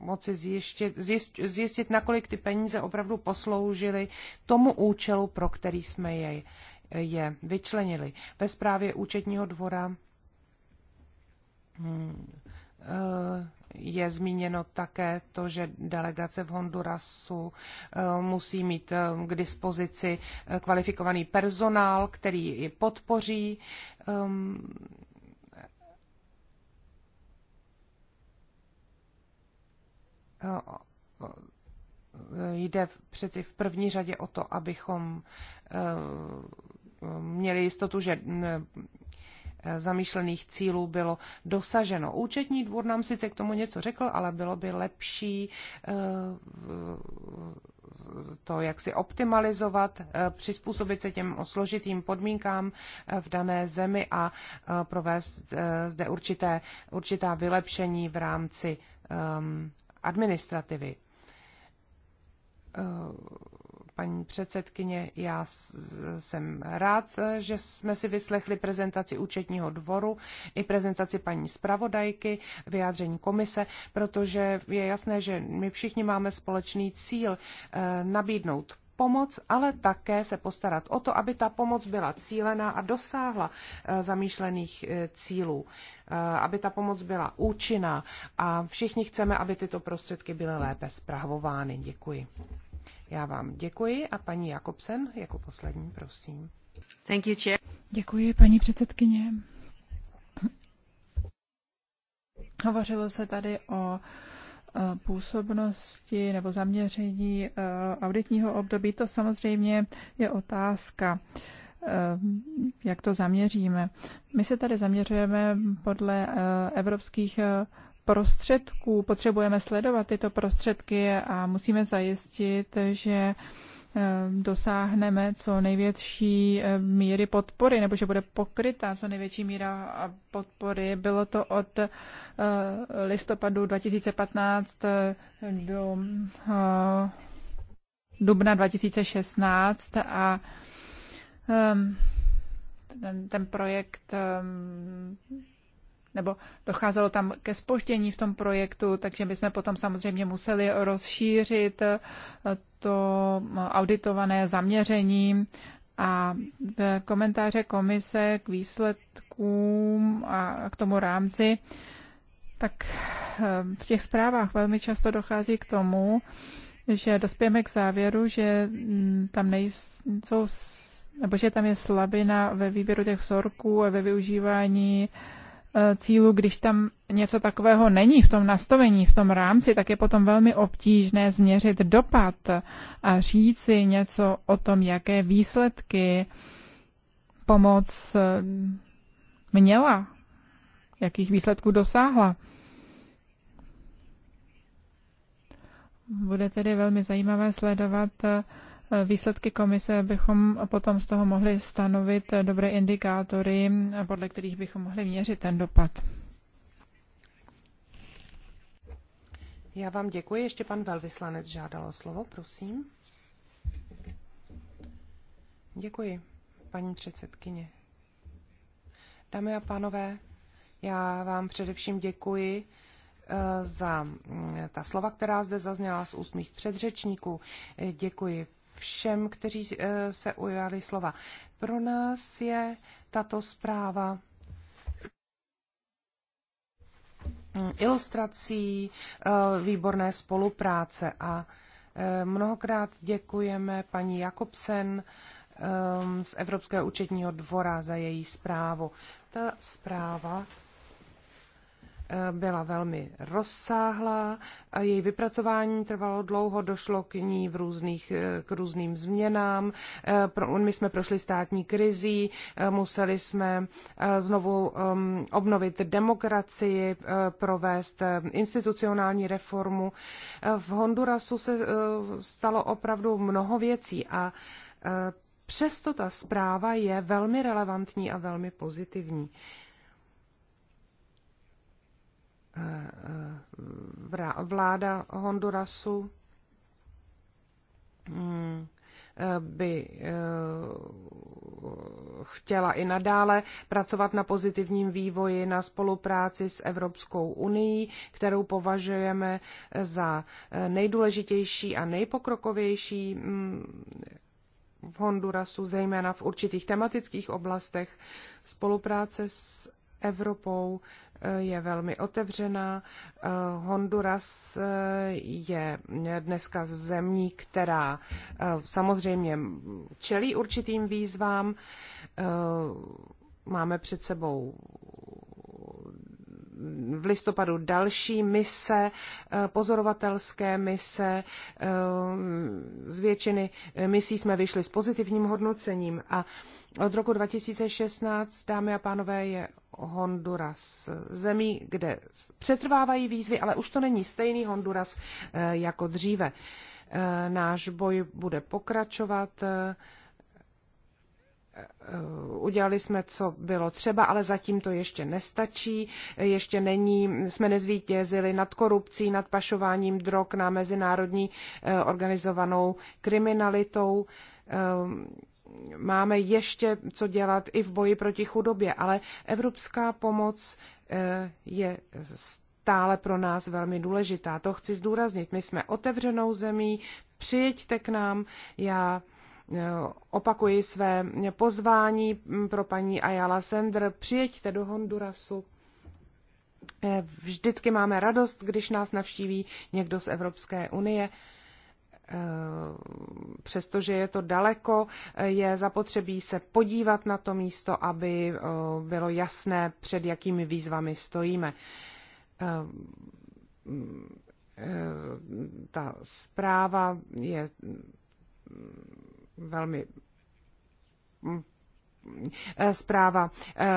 moci zjistit, zjist, zjistit, nakolik ty peníze opravdu posloužily tomu účelu, pro který jsme jej je vyčlenili. Ve zprávě účetního dvora hmm, eh, je zmíněno také to, že delegace v Hondurasu eh, musí mít eh, k dispozici kvalifikovaný personál, který ji podpoří. Ehm, jde přeci v první řadě o to, abychom měli jistotu, že zamýšlených cílů bylo dosaženo. Účetní dvůr nám sice k tomu něco řekl, ale bylo by lepší e, to, jak si optimalizovat, e, přizpůsobit se těm složitým podmínkám e, v dané zemi a provést zde určité, určitá vylepšení v rámci administrativy paní předsedkyně. Já jsem rád, že jsme si vyslechli prezentaci účetního dvoru i prezentaci paní zpravodajky, vyjádření komise, protože je jasné, že my všichni máme společný cíl eh, nabídnout pomoc, ale také se postarat o to, aby ta pomoc byla cílená a dosáhla eh, zamýšlených eh, cílů, aby ta pomoc byla účinná a všichni chceme, aby tyto prostředky byly lépe zpravovány. Děkuji. Já vám děkuji a paní Jakobsen jako poslední, prosím. Thank you, chair. Děkuji, paní předsedkyně. Hovořilo se tady o e, působnosti nebo zaměření e, auditního období. To samozřejmě je otázka e, jak to zaměříme. My se tady zaměřujeme podle evropských prostředků, potřebujeme sledovat tyto prostředky a musíme zajistit, že eh, dosáhneme co největší eh, míry podpory, nebo že bude pokrytá co největší míra podpory. Bylo to od eh, listopadu 2015 do dubna 2016 a ten, ten projekt nebo docházelo tam ke spoždění v tom projektu, takže my jsme potom samozřejmě museli rozšířit eh, to eh, auditované zaměření a eh, komentáře komise k výsledkům a k tomu rámci, tak v těch zprávách velmi často dochází k tomu, že dospějeme k závěru, že mm, tam nejsou, nebo že tam je slabina ve výběru těch vzorků a ve využívání uh, E, cílu, když tam něco takového není v tom nastavení, v tom rámci, tak je potom velmi obtížné změřit dopad a říci něco o tom, jaké výsledky pomoc e, měla, jakých výsledků dosáhla. Bude tedy velmi zajímavé sledovat e, výsledky komise bychom potom z toho mohli stanovit dobré indikátory, podle kterých bychom mohli měřit ten dopad. Já vám děkuji. Ještě pan velvyslanec žádal o slovo, prosím. Děkuji, paní předsedkyně. Dámy a pánové, já vám především děkuji eh, za mm, ta slova, která zde zazněla z úst mých předřečníků. Eh, děkuji všem, kteří eh, se ujali slova. Pro nás je tato zpráva mm, ilustrací eh, výborné spolupráce a eh, mnohokrát děkujeme paní Jakobsen z Evropského účetního dvora za její zprávu. Ta zpráva byla velmi rozsáhlá. A její vypracování trvalo dlouho, došlo k ní v různých, k různým změnám. My jsme prošli státní krizí, museli jsme eh, znovu ehm, obnovit demokracii, eh, provést eh, institucionální reformu. V Hondurasu se stalo opravdu mnoho věcí a Přesto ta zpráva je velmi relevantní a velmi pozitivní. Eh, eh, vláda Hondurasu hmm, eh, by chtěla i nadále pracovat na pozitivním vývoji, na spolupráci s Evropskou unii, kterou považujeme za nejdůležitější a nejpokrokovější hmm, v Hondurasu, zejména v určitých tematických oblastech. Spolupráce s Evropou Eh, je velmi otevřená. Eh, Honduras eh, je dneska zemí, která samozřejmě čelí určitým výzvám. Máme před sebou v listopadu další mise, pozorovatelské mise. Z většiny misí jsme vyšli s pozitivním hodnocením a od roku 2016, dámy a pánové, je Honduras, zemí, kde přetrvávají výzvy, ale už to není stejný Honduras eh, jako dříve. Eh, náš boj bude pokračovat. Eh, udělali jsme, co bylo třeba, ale zatím to ještě nestačí. Ještě není, jsme nezvítězili nad korupcí, nad pašováním drog na mezinárodní organizovanou kriminalitou máme ještě co dělat i v boji proti chudobě, ale evropská pomoc eh, je stále pro nás velmi důležitá. To chci zdůraznit. My jsme otevřenou zemí, přijďte k nám, já eh, opakuji své pozvání mm, pro paní Ayala Sender, přijďte do Hondurasu. Eh, vždycky máme radost, když nás navštíví někdo z Evropské unie. Eh, přestože je to daleko, eh, je zapotřebí se podívat na to místo, aby eh, bylo jasné, před jakými výzvami stojíme. Mm, ta zpráva je mm, velmi mm, Eh, zpráva eh, eh,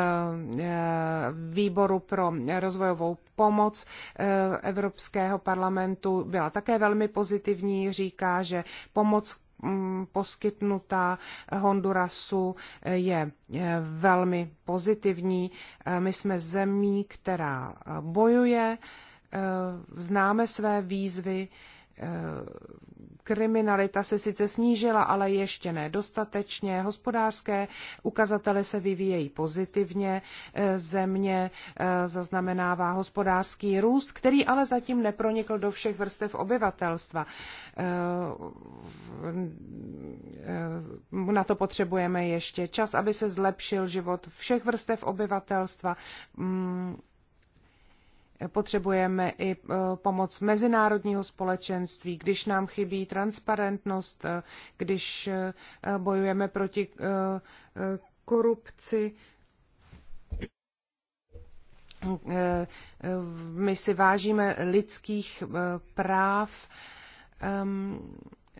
výboru pro rozvojovou pomoc Evropského parlamentu byla také velmi pozitivní. Říká, že pomoc mm, poskytnutá Hondurasu je velmi pozitivní. My jsme zemí, která bojuje, známe své výzvy, Eh, kriminalita se sice snížila, ale ještě ne dostatečně. Hospodářské ukazatele se vyvíjejí pozitivně. Eh, země eh, zaznamenává hospodářský růst, který ale zatím nepronikl do všech vrstev obyvatelstva. Na to potřebujeme ještě čas, aby se zlepšil život všech vrstev obyvatelstva mm, Potřebujeme i e, pomoc mezinárodního společenství, když nám chybí transparentnost, e, když e, bojujeme proti korupci. My si vážíme lidských práv,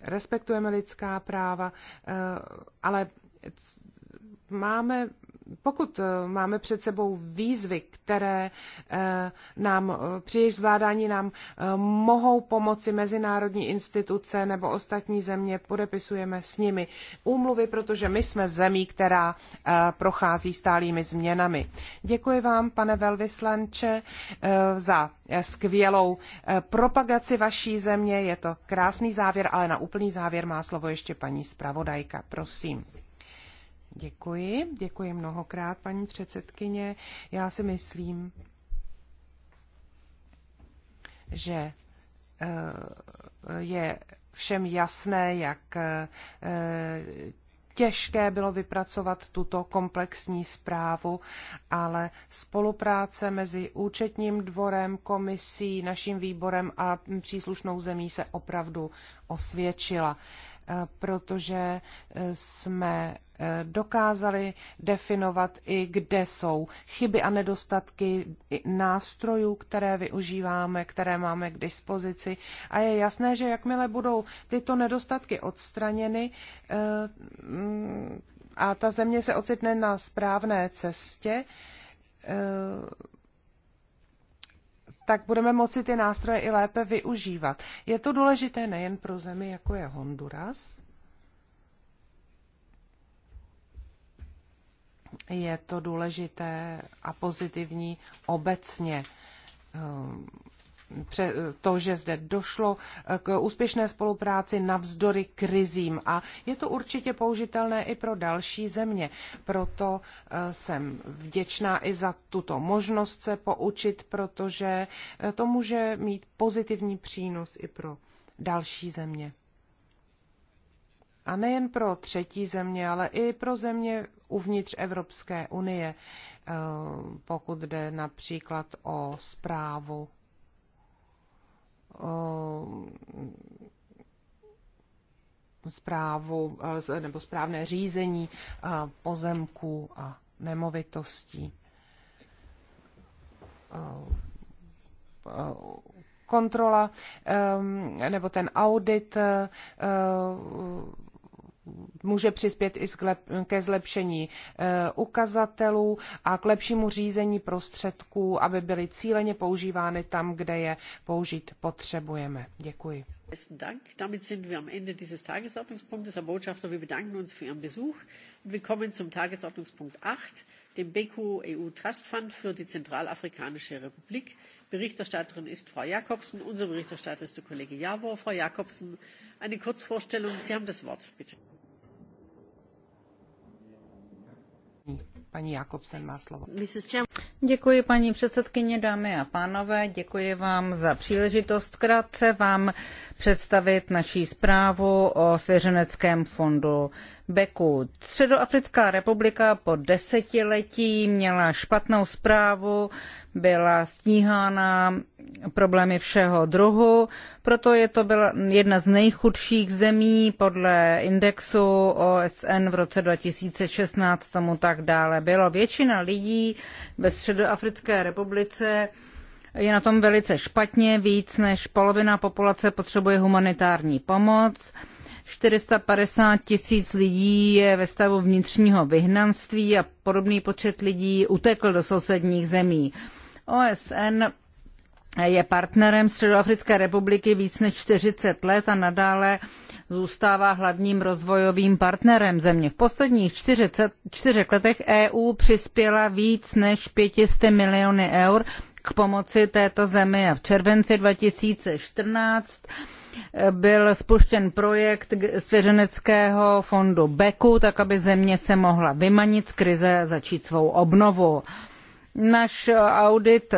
respektujeme lidská práva, ale máme pokud eh, máme před sebou výzvy, které eh, nám eh, při jejich zvládání nám mohou pomoci mezinárodní instituce nebo ostatní země, podepisujeme s nimi úmluvy, protože my jsme zemí, která prochází stálými změnami. Děkuji vám, pane velvyslanče, za skvělou propagaci vaší země. Je to krásný závěr, ale na úplný závěr má slovo ještě paní zpravodajka. Prosím. Děkuji, děkuji mnohokrát, paní předsedkyně. Já si myslím, že eh, je všem jasné, jak eh, těžké bylo vypracovat tuto komplexní zprávu, ale spolupráce mezi účetním dvorem, komisí, naším výborem a příslušnou zemí se opravdu osvědčila. Eh, protože eh, jsme eh, dokázali definovat i, kde jsou chyby a nedostatky nástrojů, které využíváme, které máme k dispozici. A je jasné, že jakmile budou tyto nedostatky odstraněny, mm, a ta země se ocitne na správné cestě, tak budeme moci ty nástroje i lépe využívat. Je to důležité nejen pro zemi, jako je Honduras, je to důležité a pozitivní obecně um, to, že zde došlo eh, k úspěšné spolupráci navzdory krizím. A je to určitě použitelné i pro další země. Proto eh, jsem vděčná i za tuto možnost se poučit, protože eh, to může mít pozitivní přínos i pro další země. A nejen pro třetí země, ale i pro země uvnitř Evropské unie, pokud jde například o zprávu Eh, zprávu eh, nebo správné řízení eh, pozemků a nemovitostí. Kontrola nebo ten audit může přispět i ke zlepšení eh, ukazatelů a k lepšímu řízení prostředků, aby byly cíleně používány tam, kde je použít potřebujeme. Děkuji. Besten Dank. Damit sind wir am Ende dieses Tagesordnungspunktes. Herr Botschafter, wir bedanken uns für Ihren Besuch. Und wir kommen zum Tagesordnungspunkt 8, dem BECO EU Trust Fund für die Zentralafrikanische Republik. Berichterstatterin ist Frau Jakobsen. Unser Berichterstatter ist der Kollege Jawor. Frau Jakobsen, eine Kurzvorstellung. Sie haben das Wort, bitte. Paní Jakobsen má slovo. Děkuji paní předsedkyně, dámy a pánové. Děkuji vám za příležitost krátce vám představit naší zprávu o svěřeneckém fondu Beku. Středoafrická republika po desetiletí měla špatnou zprávu, byla stíhána problémy všeho druhu, proto je to byla jedna z nejchudších zemí podle indexu OSN v roce 2016 tomu tak dále bylo. Většina lidí ve Středoafrické republice je na tom velice špatně, víc než polovina populace potřebuje humanitární pomoc. 450 tisíc lidí je ve stavu vnitřního vyhnanství a podobný počet lidí utekl do sousedních zemí. OSN je partnerem Středoafrické republiky víc než 40 let a nadále zůstává hlavním rozvojovým partnerem země. V posledních čtyřech letech EU přispěla víc než 500 miliony eur k pomoci této zemi a v červenci 2014 byl spuštěn projekt svěřeneckého fondu Beku, tak aby země se mohla vymanit z krize a začít svou obnovu. Náš audit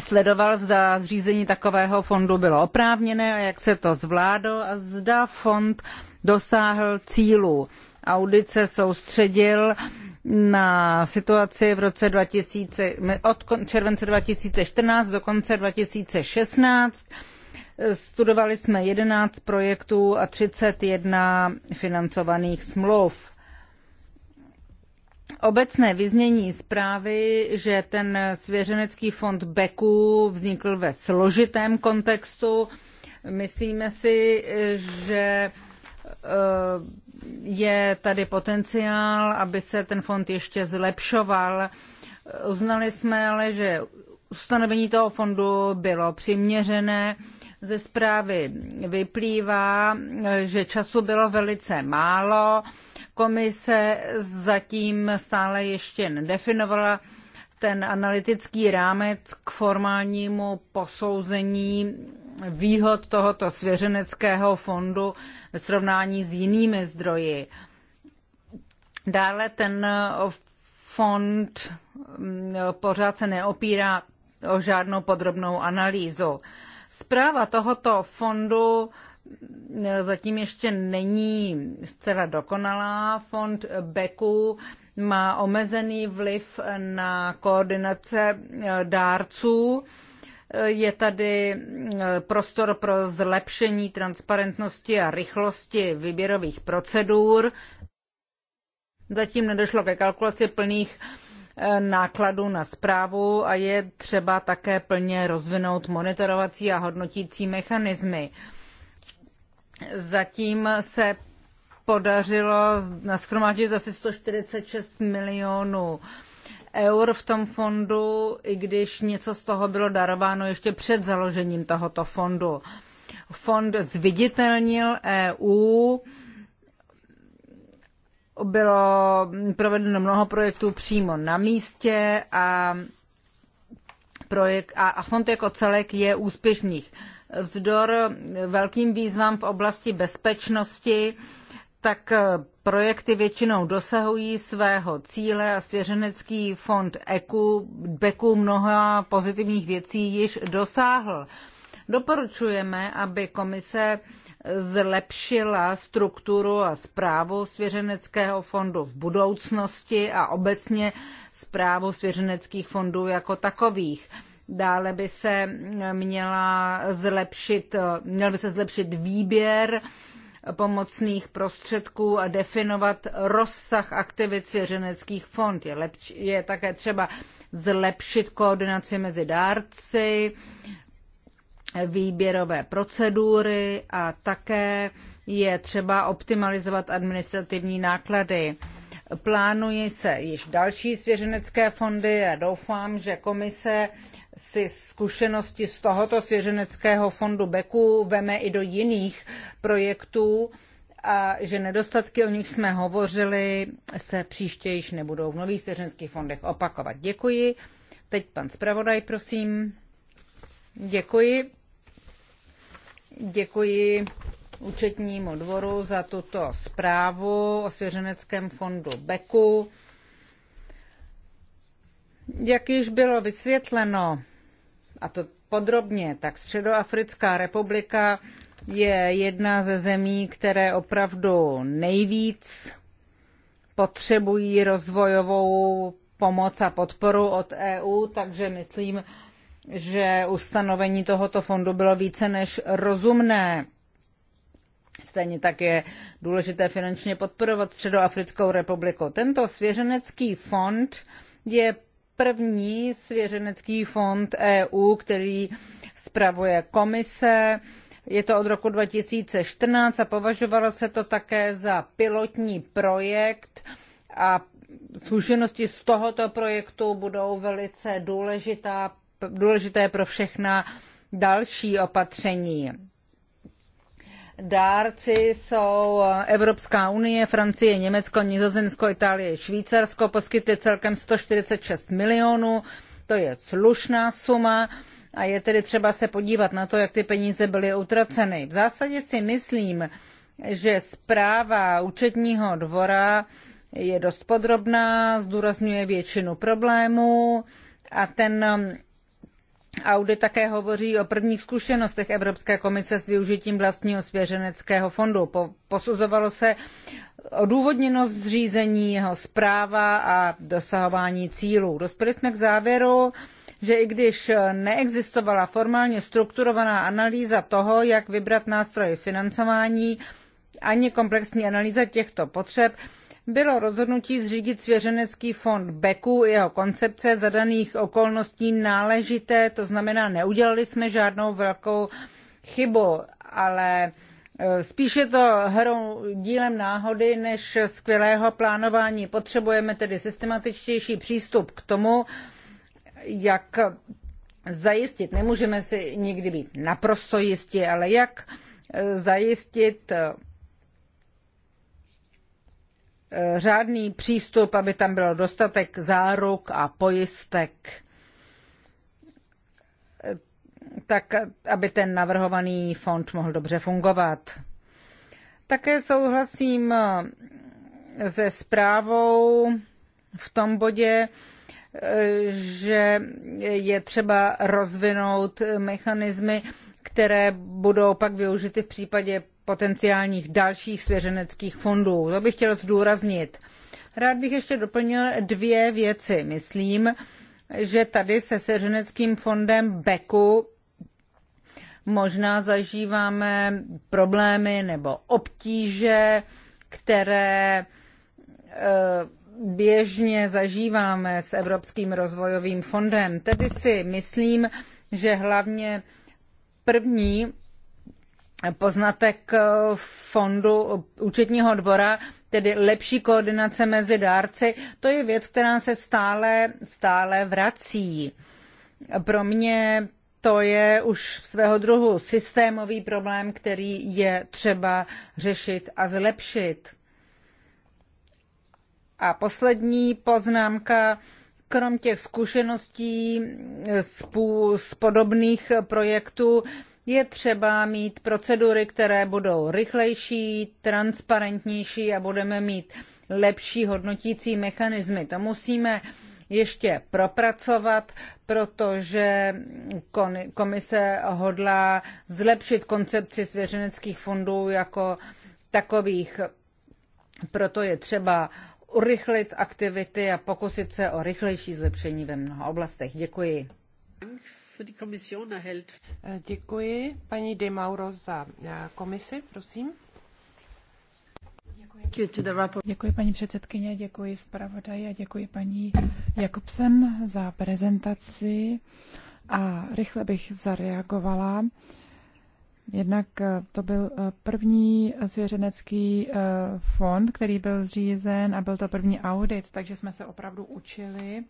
sledoval, zda zřízení takového fondu bylo oprávněné a jak se to zvládlo a zda fond dosáhl cílů. Audit se soustředil na situaci v roce 2000, od července 2014 do konce 2016 Studovali jsme 11 projektů a 31 financovaných smluv. Obecné vyznění zprávy, že ten svěřenecký fond Beku vznikl ve složitém kontextu. Myslíme si, že eh, je tady potenciál, aby se ten fond ještě zlepšoval. Uznali jsme ale, že ustanovení toho fondu bylo přiměřené ze zprávy vyplývá, že času bylo velice málo. Komise zatím stále ještě nedefinovala ten analytický rámec k formálnímu posouzení výhod tohoto svěřeneckého fondu ve srovnání s jinými zdroji. Dále ten fond mm, pořád se neopírá o žádnou podrobnou analýzu. Zpráva tohoto fondu eh, zatím ještě není zcela dokonalá. Fond Beku má omezený vliv na koordinace eh, dárců. Eh, je tady prostor pro zlepšení transparentnosti a rychlosti vyběrových procedur. Zatím nedošlo ke kalkulaci plných nákladů na správu a je třeba také plně rozvinout monitorovací a hodnotící mechanismy. Zatím se podařilo nashromáždit asi 146 milionů eur v tom fondu, i když něco z toho bylo darováno ještě před založením tohoto fondu. Fond zviditelnil EU, bylo provedeno mnoho projektů přímo na místě a, projekt, a, a fond jako celek je úspěšných. Vzdor velkým výzvám v oblasti bezpečnosti, tak projekty většinou dosahují svého cíle a svěřenecký fond EKU, BEKu mnoha pozitivních věcí již dosáhl. Doporučujeme, aby komise zlepšila strukturu a zprávu svěřeneckého fondu v budoucnosti a obecně zprávu svěřeneckých fondů jako takových. Dále by se měla zlepšit, měl by se zlepšit výběr pomocných prostředků a definovat rozsah aktivit svěřeneckých fond. Je, lepši, je také třeba zlepšit koordinaci mezi dárci, výběrové procedury a také je třeba optimalizovat administrativní náklady. Plánují se již další svěřenecké fondy a doufám, že komise si zkušenosti z tohoto svěřeneckého fondu Beku veme i do jiných projektů a že nedostatky, o nich jsme hovořili, se příště již nebudou v nových svěřenských fondech opakovat. Děkuji. Teď pan zpravodaj, prosím. Děkuji. Děkuji účetnímu dvoru za tuto zprávu o svěřeneckém fondu Beku. Jak již bylo vysvětleno, a to podrobně, tak Středoafrická republika je jedna ze zemí, které opravdu nejvíc potřebují rozvojovou pomoc a podporu od EU, takže myslím, že ustanovení tohoto fondu bylo více než rozumné. Stejně tak je důležité finančně podporovat Středoafrickou republiku. Tento svěřenecký fond je první svěřenecký fond EU, který spravuje komise. Je to od roku 2014 a považovalo se to také za pilotní projekt a zkušenosti z tohoto projektu budou velice důležitá důležité pro všechna další opatření. Dárci jsou Evropská unie, Francie, Německo, Nizozemsko, Itálie, Švýcarsko, poskytly celkem 146 milionů, to je slušná suma a je tedy třeba se podívat na to, jak ty peníze byly utraceny. V zásadě si myslím, že zpráva účetního dvora je dost podrobná, zdůrazňuje většinu problémů a ten Audit také hovoří o prvních zkušenostech Evropské komise s využitím vlastního svěřeneckého fondu. Posuzovalo se odůvodněnost zřízení, jeho správa a dosahování cílů. Dospěli jsme k závěru, že i když neexistovala formálně strukturovaná analýza toho, jak vybrat nástroje financování, ani komplexní analýza těchto potřeb, bylo rozhodnutí zřídit svěřenecký fond Beku, jeho koncepce zadaných okolností náležité, to znamená, neudělali jsme žádnou velkou chybu, ale e, Spíše to hrou dílem náhody než skvělého plánování. Potřebujeme tedy systematičtější přístup k tomu, jak zajistit, nemůžeme si nikdy být naprosto jistí, ale jak e, zajistit e, Eh, řádný přístup, aby tam byl dostatek záruk a pojistek, eh, tak aby ten navrhovaný fond mohl dobře fungovat. Také souhlasím eh, se zprávou v tom bodě, že je třeba rozvinout mechanismy, které budou pak využity v případě potenciálních dalších svěřeneckých fondů. To bych chtěl zdůraznit. Rád bych ještě doplnil dvě věci. Myslím, že tady se svěřeneckým fondem Beku možná zažíváme problémy nebo obtíže, které eh, běžně zažíváme s Evropským rozvojovým fondem. Tedy si myslím, že hlavně první poznatek eh, fondu účetního dvora, tedy lepší koordinace mezi dárci, to je věc, která se stále, stále vrací. Pro mě to je už svého druhu systémový problém, který je třeba řešit a zlepšit. A poslední poznámka, krom těch zkušeností z podobných projektů, je třeba mít procedury, které budou rychlejší, transparentnější a budeme mít lepší hodnotící mechanismy. To musíme ještě propracovat, protože komise hodlá zlepšit koncepci svěřeneckých fondů jako takových. Proto je třeba urychlit aktivity a pokusit se o rychlejší zlepšení ve mnoha oblastech. Děkuji. Eh, děkuji. Paní De Mauro za eh, komisi, prosím. Děkuji paní předsedkyně, děkuji zpravodaji a děkuji paní Jakobsen za prezentaci. A rychle bych zareagovala. Jednak eh, to byl první svěřenecký fond, který byl zřízen a byl to první audit, takže jsme se opravdu učili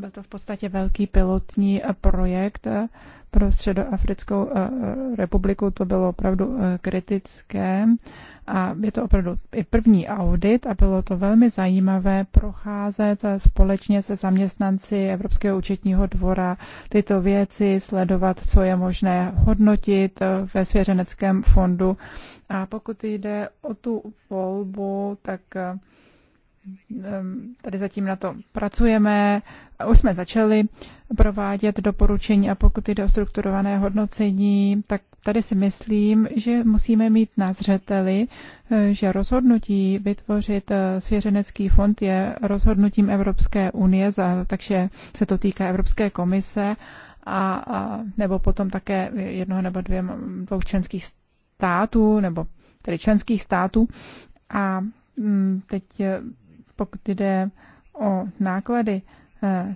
byl to v podstatě velký pilotní eh, projekt eh, pro Středoafrickou eh, republiku. To bylo opravdu kritické a je to opravdu i první audit a bylo to velmi zajímavé procházet společně se zaměstnanci Evropského účetního dvora tyto věci, sledovat, co je možné hodnotit ve svěřeneckém fondu. A pokud jde o tu volbu, tak Ehm, tady zatím na to pracujeme. Už jsme začali provádět doporučení a pokud jde o strukturované hodnocení, tak tady si myslím, že musíme mít na zřeteli, eh, že rozhodnutí vytvořit eh, svěřenecký fond je rozhodnutím Evropské unie, takže se to týká Evropské komise a, a nebo potom také jednoho nebo dvě, dvou členských států, nebo tedy členských států. A mm, teď eh, pokud jde o náklady eh,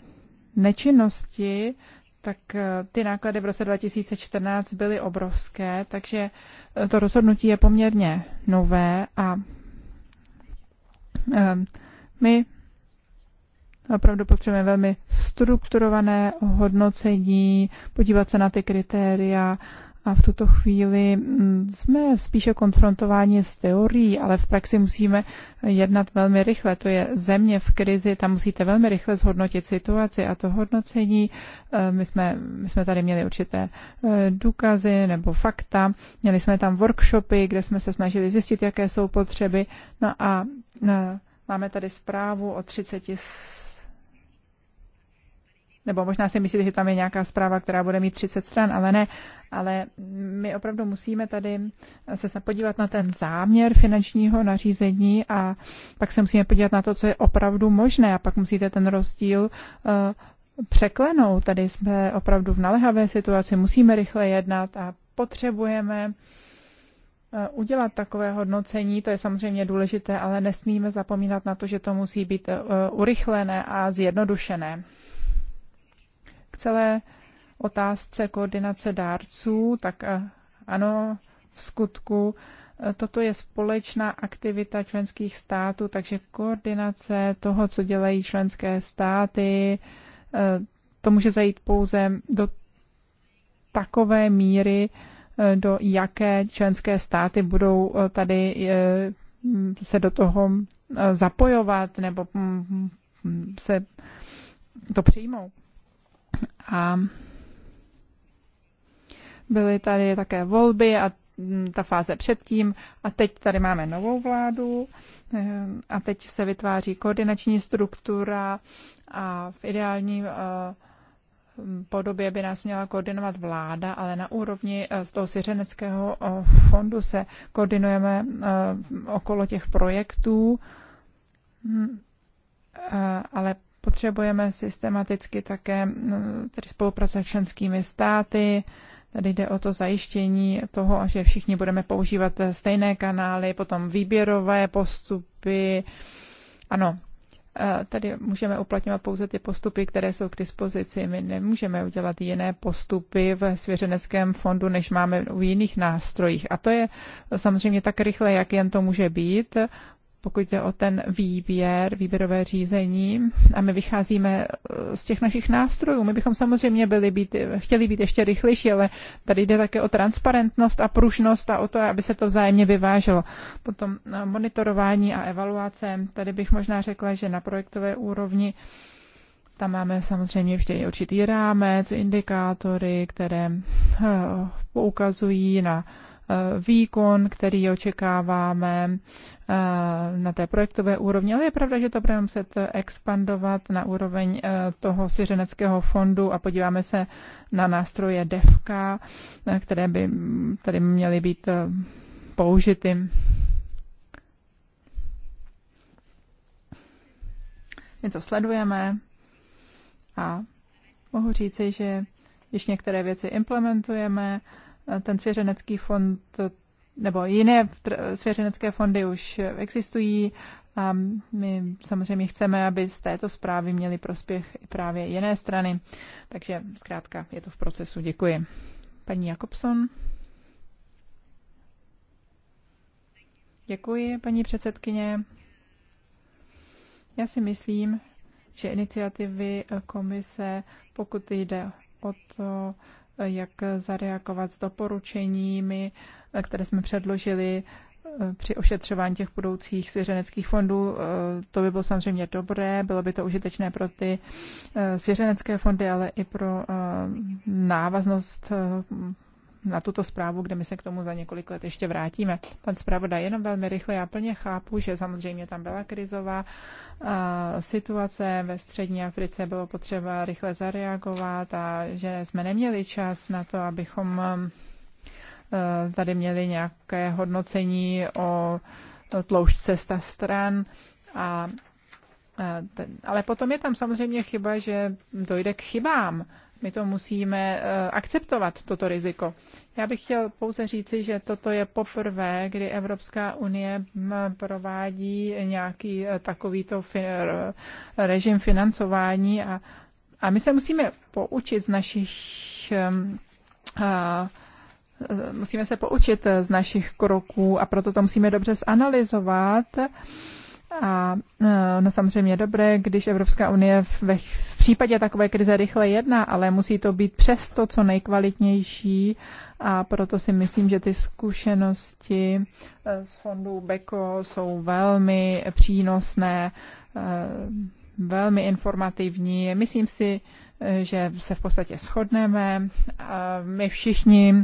nečinnosti, tak eh, ty náklady v roce 2014 byly obrovské, takže eh, to rozhodnutí je poměrně nové a ehm, my opravdu potřebujeme velmi strukturované hodnocení, podívat se na ty kritéria a v tuto chvíli mm, jsme spíše konfrontováni s teorií, ale v praxi musíme jednat velmi rychle. To je země v krizi, tam musíte velmi rychle zhodnotit situaci a to hodnocení. Eh, my jsme, my jsme tady měli určité eh, důkazy nebo fakta, měli jsme tam workshopy, kde jsme se snažili zjistit, jaké jsou potřeby. No a eh, máme tady zprávu o 30 nebo možná si myslíte, že tam je nějaká zpráva, která bude mít 30 stran, ale ne. Ale my opravdu musíme tady se podívat na ten záměr finančního nařízení a pak se musíme podívat na to, co je opravdu možné a pak musíte ten rozdíl eh, překlenou. Tady jsme opravdu v nalehavé situaci, musíme rychle jednat a potřebujeme eh, udělat takové hodnocení, to je samozřejmě důležité, ale nesmíme zapomínat na to, že to musí být eh, urychlené a zjednodušené celé otázce koordinace dárců, tak eh, ano, v skutku eh, toto je společná aktivita členských států, takže koordinace toho, co dělají členské státy, eh, to může zajít pouze do takové míry, do jaké členské státy budou tady se do toho zapojovat nebo mm, mm, se to přijmou. A byly tady také volby a mm, ta fáze předtím a teď tady máme novou vládu eh, a teď se vytváří koordinační struktura a v ideální eh, podobě by nás měla koordinovat vláda, ale na úrovni eh, z toho svěřeneckého fondu se koordinujeme okolo těch projektů, hm, ale Potřebujeme systematicky také mm, tedy spolupracovat s členskými státy. Tady jde o to zajištění toho, že všichni budeme používat stejné kanály, potom výběrové postupy. Ano, e, tady můžeme uplatňovat pouze ty postupy, které jsou k dispozici. My nemůžeme udělat jiné postupy v svěřeneckém fondu, než máme u jiných nástrojích. A to je samozřejmě tak rychle, jak jen to může být pokud jde o ten výběr, výběrové řízení a my vycházíme eh, z těch našich nástrojů. My bychom samozřejmě byli být, chtěli být ještě rychlejší, ale tady jde také o transparentnost a pružnost a o to, aby se to vzájemně vyváželo. Potom eh, monitorování a evaluace. Tady bych možná řekla, že na projektové úrovni tam máme samozřejmě vždy určitý rámec, indikátory, které eh, poukazují na Eh, výkon, který očekáváme eh, na té projektové úrovni, ale je pravda, že to budeme muset expandovat na úroveň eh, toho svěřeneckého fondu a podíváme se na nástroje DEFKA, které by tady měly být použity. My to sledujeme a mohu říci, že již některé věci implementujeme, ten svěřenecký fond nebo jiné svěřenecké fondy už existují a my samozřejmě chceme, aby z této zprávy měli prospěch i právě jiné strany. Takže zkrátka je to v procesu. Děkuji. Paní Jakobson. Děkuji, paní předsedkyně. Já si myslím, že iniciativy komise, pokud jde o to, jak zareagovat s doporučeními, které jsme předložili eh, při ošetřování těch budoucích svěřeneckých fondů. Eh, to by bylo samozřejmě dobré, bylo by to užitečné pro ty eh, svěřenecké fondy, ale i pro návaznost na tuto zprávu, kde my se k tomu za několik let ještě vrátíme. Pan zpravodaj, jenom velmi rychle, já plně chápu, že samozřejmě tam byla krizová eh, situace ve střední Africe, bylo potřeba rychle zareagovat a že jsme neměli čas na to, abychom eh, tady měli nějaké hodnocení o tloušťce sta stran a eh, ale potom je tam samozřejmě chyba, že dojde k chybám my to musíme eh, akceptovat, toto riziko. Já bych chtěl pouze říci, že toto je poprvé, kdy Evropská unie mm, provádí nějaký eh, takovýto režim financování a, a my se musíme poučit z našich. Ehm, a, eh, musíme se poučit z našich kroků a proto to musíme dobře zanalizovat. A no, samozřejmě je dobré, když Evropská unie ve případě takové krize rychle jedná, ale musí to být přesto co nejkvalitnější a proto si myslím, že ty zkušenosti eh, z fondu BECO jsou velmi přínosné, eh, velmi informativní. Myslím si, eh, že se v podstatě shodneme. My všichni,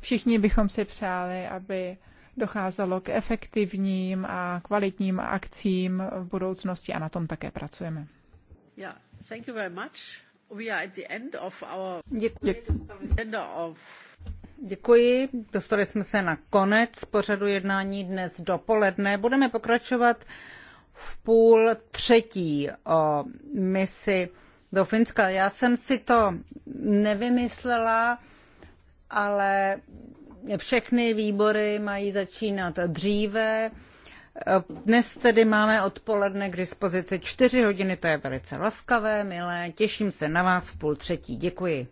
všichni bychom si přáli, aby docházelo k efektivním a kvalitním akcím v budoucnosti a na tom také pracujeme. Ja, Thank you very much. We are at the end of our... Děkuji. Děkuji. Dostali jsme se na konec pořadu jednání dnes dopoledne. Budeme pokračovat v půl třetí o misi do Finska. Já jsem si to nevymyslela, ale všechny výbory mají začínat dříve. Dnes tedy máme odpoledne k dispozici čtyři hodiny, to je velice laskavé, milé. Těším se na vás v půl třetí. Děkuji.